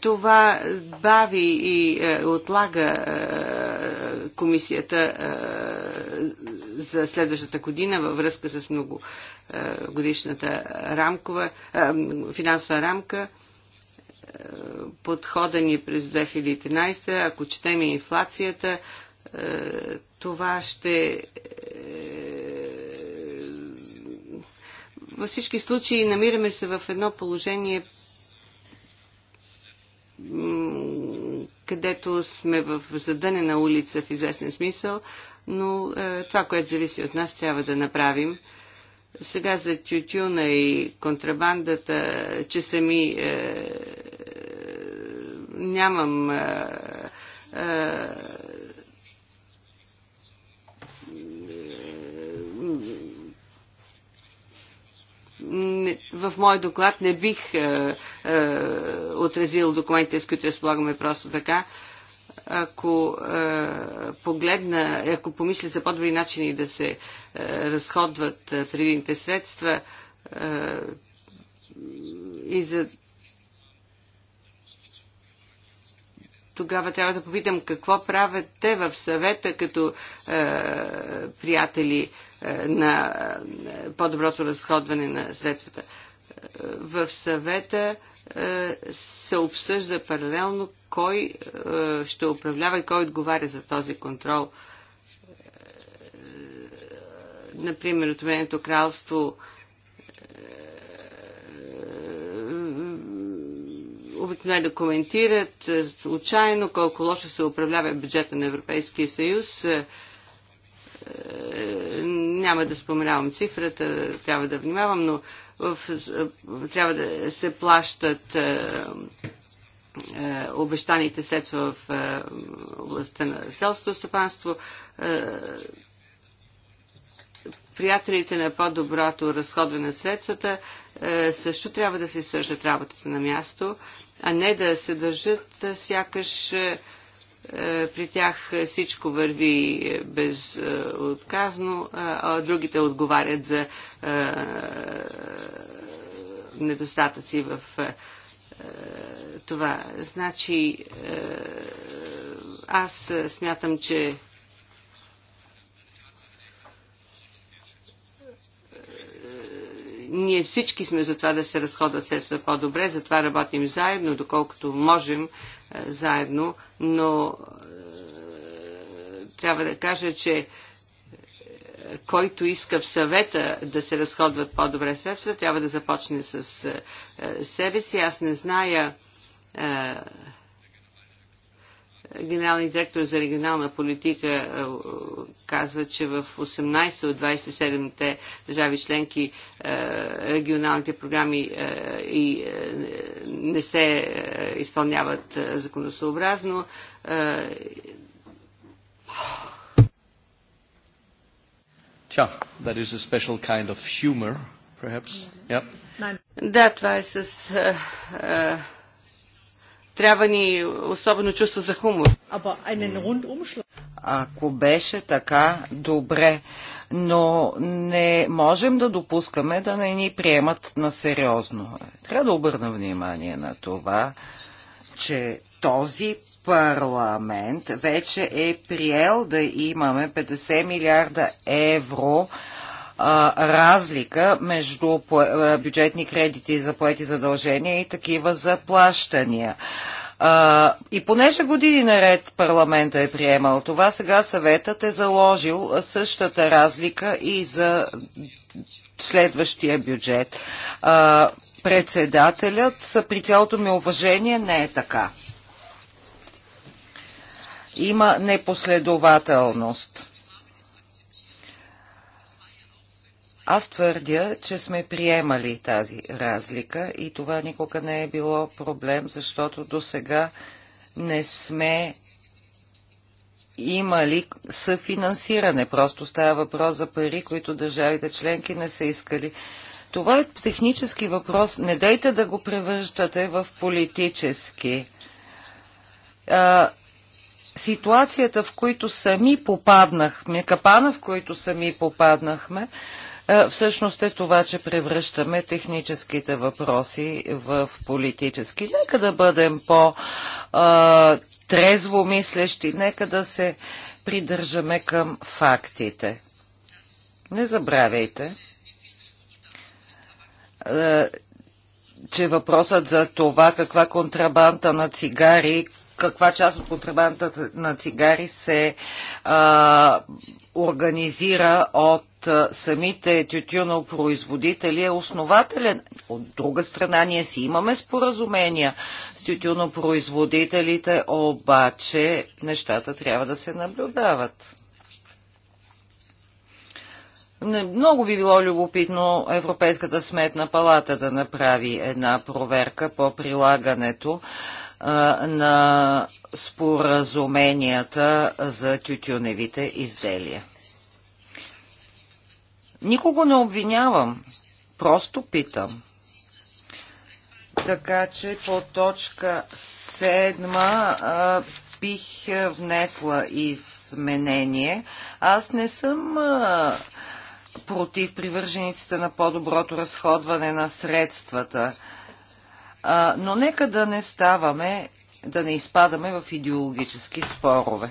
това бави и е, отлага е, комисията е, за следващата година във връзка с много е, годишната рамкова, е, финансова рамка. Е, подхода ни през 2013, ако четем инфлацията, е, това ще е, във всички случаи намираме се в едно положение където сме в задънена улица в известен смисъл, но е, това, което зависи от нас, трябва да направим. Сега за тютюна и контрабандата, че сами е, нямам е, е, в мой доклад не бих е, е, отразил документите, с които разполагаме просто така ако е, погледна, ако помисля за по-добри начини да се е, разходват е, предвидените средства е, и за тогава трябва да попитам какво правят те в съвета като е, приятели е, на е, по-доброто разходване на средствата. Е, в съвета е, се обсъжда паралелно кой е, ще управлява и кой отговаря за този контрол. Е, например, Отмененото кралство обикновено коментират случайно колко лошо се управлява бюджета на Европейския съюз. Няма да споменавам цифрата, трябва да внимавам, но в, трябва да се плащат е, е, обещаните средства в е, областта на селското стопанство. Приятелите на по-доброто разходване на средствата също трябва да се свържат работата на място, а не да се държат сякаш е, при тях всичко върви безотказно, е, а другите отговарят за е, недостатъци в това. Значи, аз смятам, че ние всички сме за това да се разходват средства по-добре, затова работим заедно, доколкото можем заедно, но е, трябва да кажа, че е, който иска в съвета да се разходват по-добре средства, трябва да започне с е, себе си. Аз не зная Генералният директор за регионална политика е, е, каза, че в 18 от 27-те държави членки е, регионалните програми и не се изпълняват законосъобразно. Тя, that is a special kind of humor, perhaps. Yep. Да, това е с трябва ни особено чувство за хумор. Ако беше така, добре. Но не можем да допускаме да не ни приемат на сериозно. Трябва да обърна внимание на това, че този парламент вече е приел да имаме 50 милиарда евро разлика между бюджетни кредити за поети задължения и такива за плащания. и понеже години наред парламента е приемал това, сега съветът е заложил същата разлика и за следващия бюджет. председателят, при цялото ми уважение, не е така. Има непоследователност. Аз твърдя, че сме приемали тази разлика и това никога не е било проблем, защото до сега не сме имали съфинансиране. Просто става въпрос за пари, които държавите членки не са искали. Това е технически въпрос. Не дайте да го превръщате в политически. А, ситуацията, в които сами попаднахме, капана, в които сами попаднахме, всъщност е това, че превръщаме техническите въпроси в политически. Нека да бъдем по-трезво мислещи, нека да се придържаме към фактите. Не забравяйте, че въпросът за това каква контрабанта на цигари, каква част от контрабанта на цигари се а, организира от самите тютюнопроизводители е основателен. От друга страна, ние си имаме споразумения с тютюнопроизводителите, обаче нещата трябва да се наблюдават. Много би било любопитно Европейската сметна палата да направи една проверка по прилагането на споразуменията за тютюневите изделия. Никого не обвинявам, просто питам. Така че по точка 7 бих е, внесла изменение. Аз не съм а, против привържениците на по-доброто разходване на средствата, а, но нека да не ставаме, да не изпадаме в идеологически спорове.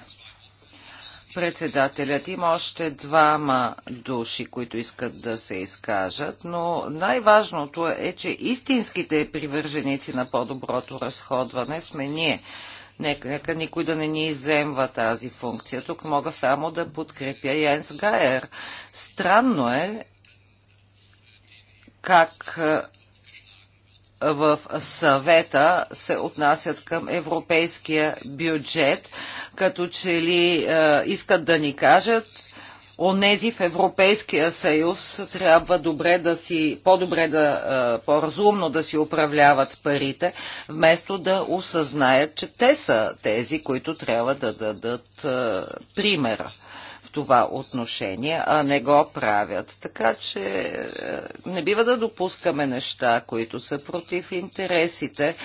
Председателят има още двама души, които искат да се изкажат, но най-важното е, че истинските привърженици на по-доброто разходване сме ние. Нека, нека никой да не ни иземва тази функция. Тук мога само да подкрепя Йенс Гайер. Странно е как в съвета се отнасят към европейския бюджет, като че ли е, искат да ни кажат, онези в Европейския съюз трябва добре да си, по-добре да, е, по-разумно да си управляват парите, вместо да осъзнаят, че те са тези, които трябва да дадат е, примера това отношение, а не го правят. Така че е, не бива да допускаме неща, които са против интересите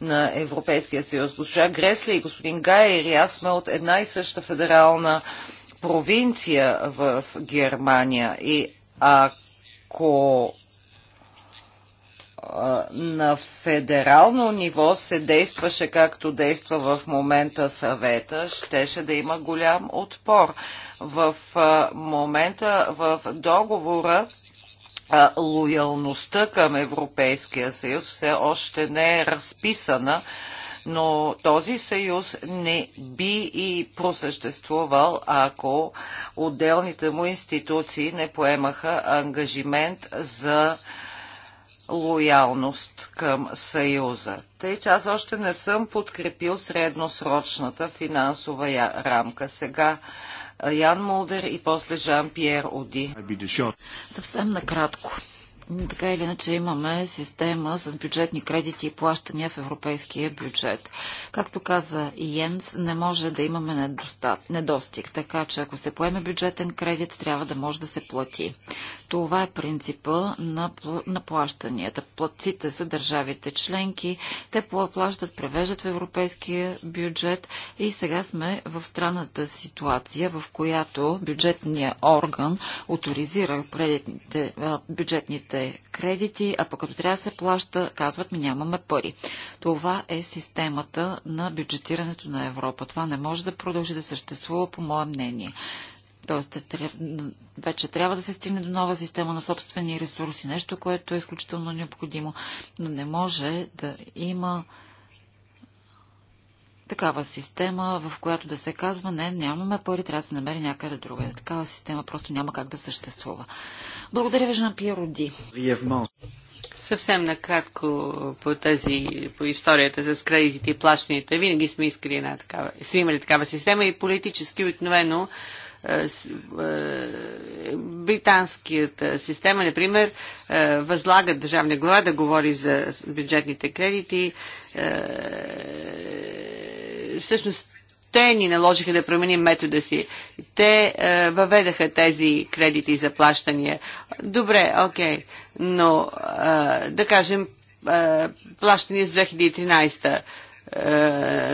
на Европейския съюз. Госпожа Гресли и господин Гайер и аз сме от една и съща федерална провинция в Германия и ако е, на федерално ниво се действаше както действа в момента съвета, щеше да има голям отпор. В момента в договора лоялността към Европейския съюз все още не е разписана, но този съюз не би и просъществувал, ако отделните му институции не поемаха ангажимент за лоялност към Съюза. Тъй, че аз още не съм подкрепил средносрочната финансова рамка. Сега Ян Мулдер и после Жан-Пьер Оди. Съвсем накратко. Така или иначе имаме система с бюджетни кредити и плащания в европейския бюджет. Както каза Йенс, не може да имаме недостат, недостиг, така че ако се поеме бюджетен кредит, трябва да може да се плати. Това е принципа на, на плащанията. Платците са държавите членки. Те плащат, превеждат в европейския бюджет и сега сме в странната ситуация, в която бюджетният орган авторизира кредитните, бюджетните кредити, а пък като трябва да се плаща, казват ми нямаме пари. Това е системата на бюджетирането на Европа. Това не може да продължи да съществува, по мое мнение. Тоест, е вече трябва да се стигне до нова система на собствени ресурси, нещо, което е изключително необходимо, но не може да има такава система, в която да се казва, не, нямаме пари, трябва да се намери някъде друга. Такава система просто няма как да съществува. Благодаря ви, Жан Пиер Роди. Съвсем накратко по тази, по историята с кредитите и плащанията. Винаги сме искали една такава, сме имали такава система и политически обикновено е, е, британската е, система, например, възлагат държавния глава да говори за бюджетните кредити. Всъщност, те ни наложиха да променим метода си. Те е, въведаха тези кредити за плащания. Добре, окей, okay, но е, да кажем е, плащания с 2013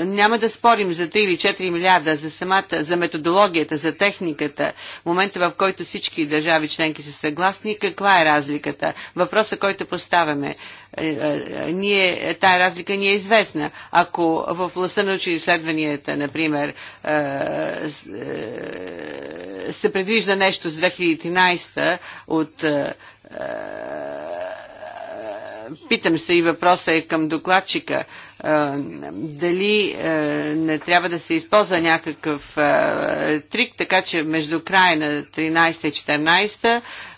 няма да спорим за 3 или 4 милиарда, за самата, за методологията, за техниката, момента в който всички държави членки са съгласни, каква е разликата? Въпроса, който поставяме, е, е, е, ние, тая разлика ни е известна. Ако в областта на учени изследванията, например, се предвижда нещо с 2013 от питам се и въпроса е към докладчика. Дали не трябва да се използва някакъв трик, така че между края на 13 и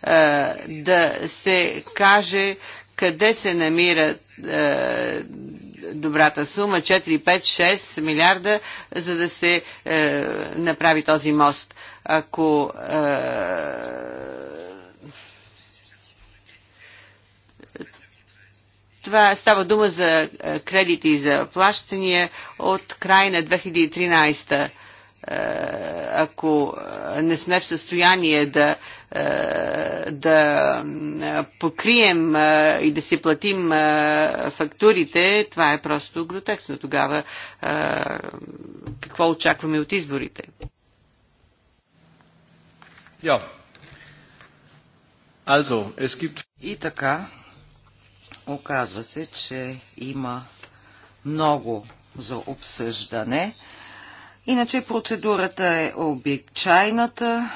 14 да се каже къде се намира добрата сума 4, 5, 6 милиарда, за да се направи този мост. Ако Това става дума за е, кредити и за плащания от край на 2013 е, ако е, не сме в състояние да, да покрием и да си платим фактурите, това е просто гротексно. Тогава какво очакваме от изборите? Yeah. Also, gibt... И така, Оказва се, че има много за обсъждане. Иначе процедурата е обичайната.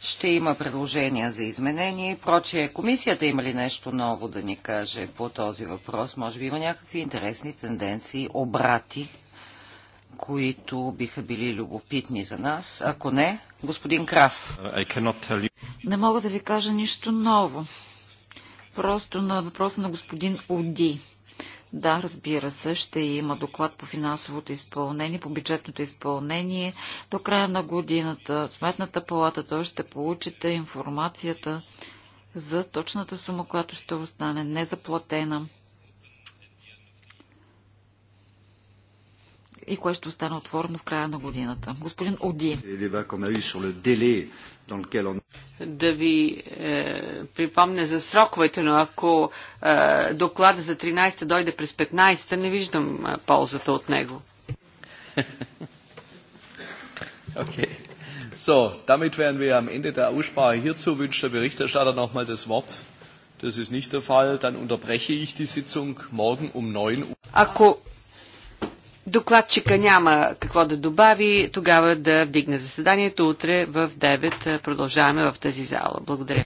Ще има предложения за изменение и прочие. Комисията има ли нещо ново да ни каже по този въпрос? Може би има някакви интересни тенденции, обрати, които биха били любопитни за нас. Ако не, господин Краф. Не мога да ви кажа нищо ново просто на въпроса на господин Оди. Да, разбира се, ще има доклад по финансовото изпълнение, по бюджетното изпълнение. До края на годината Сметната палата той ще получите информацията за точната сума, която ще остане незаплатена. и кое ще остане отворено в края на годината. Господин Оди. Да ви е, припомня за сроковете, но ако е, доклада за 13-та дойде през 15-та, не виждам е, ползата от него. Окей. okay. So, damit wären wir am Ende der Aussprache hierzu. Wünscht der Berichterstatter nochmal das Wort? Das ist nicht der Fall. Dann unterbreche ich die Sitzung morgen um 9 Uhr. Ако Докладчика няма какво да добави, тогава да вдигне заседанието. Утре в 9 продължаваме в тази зала. Благодаря.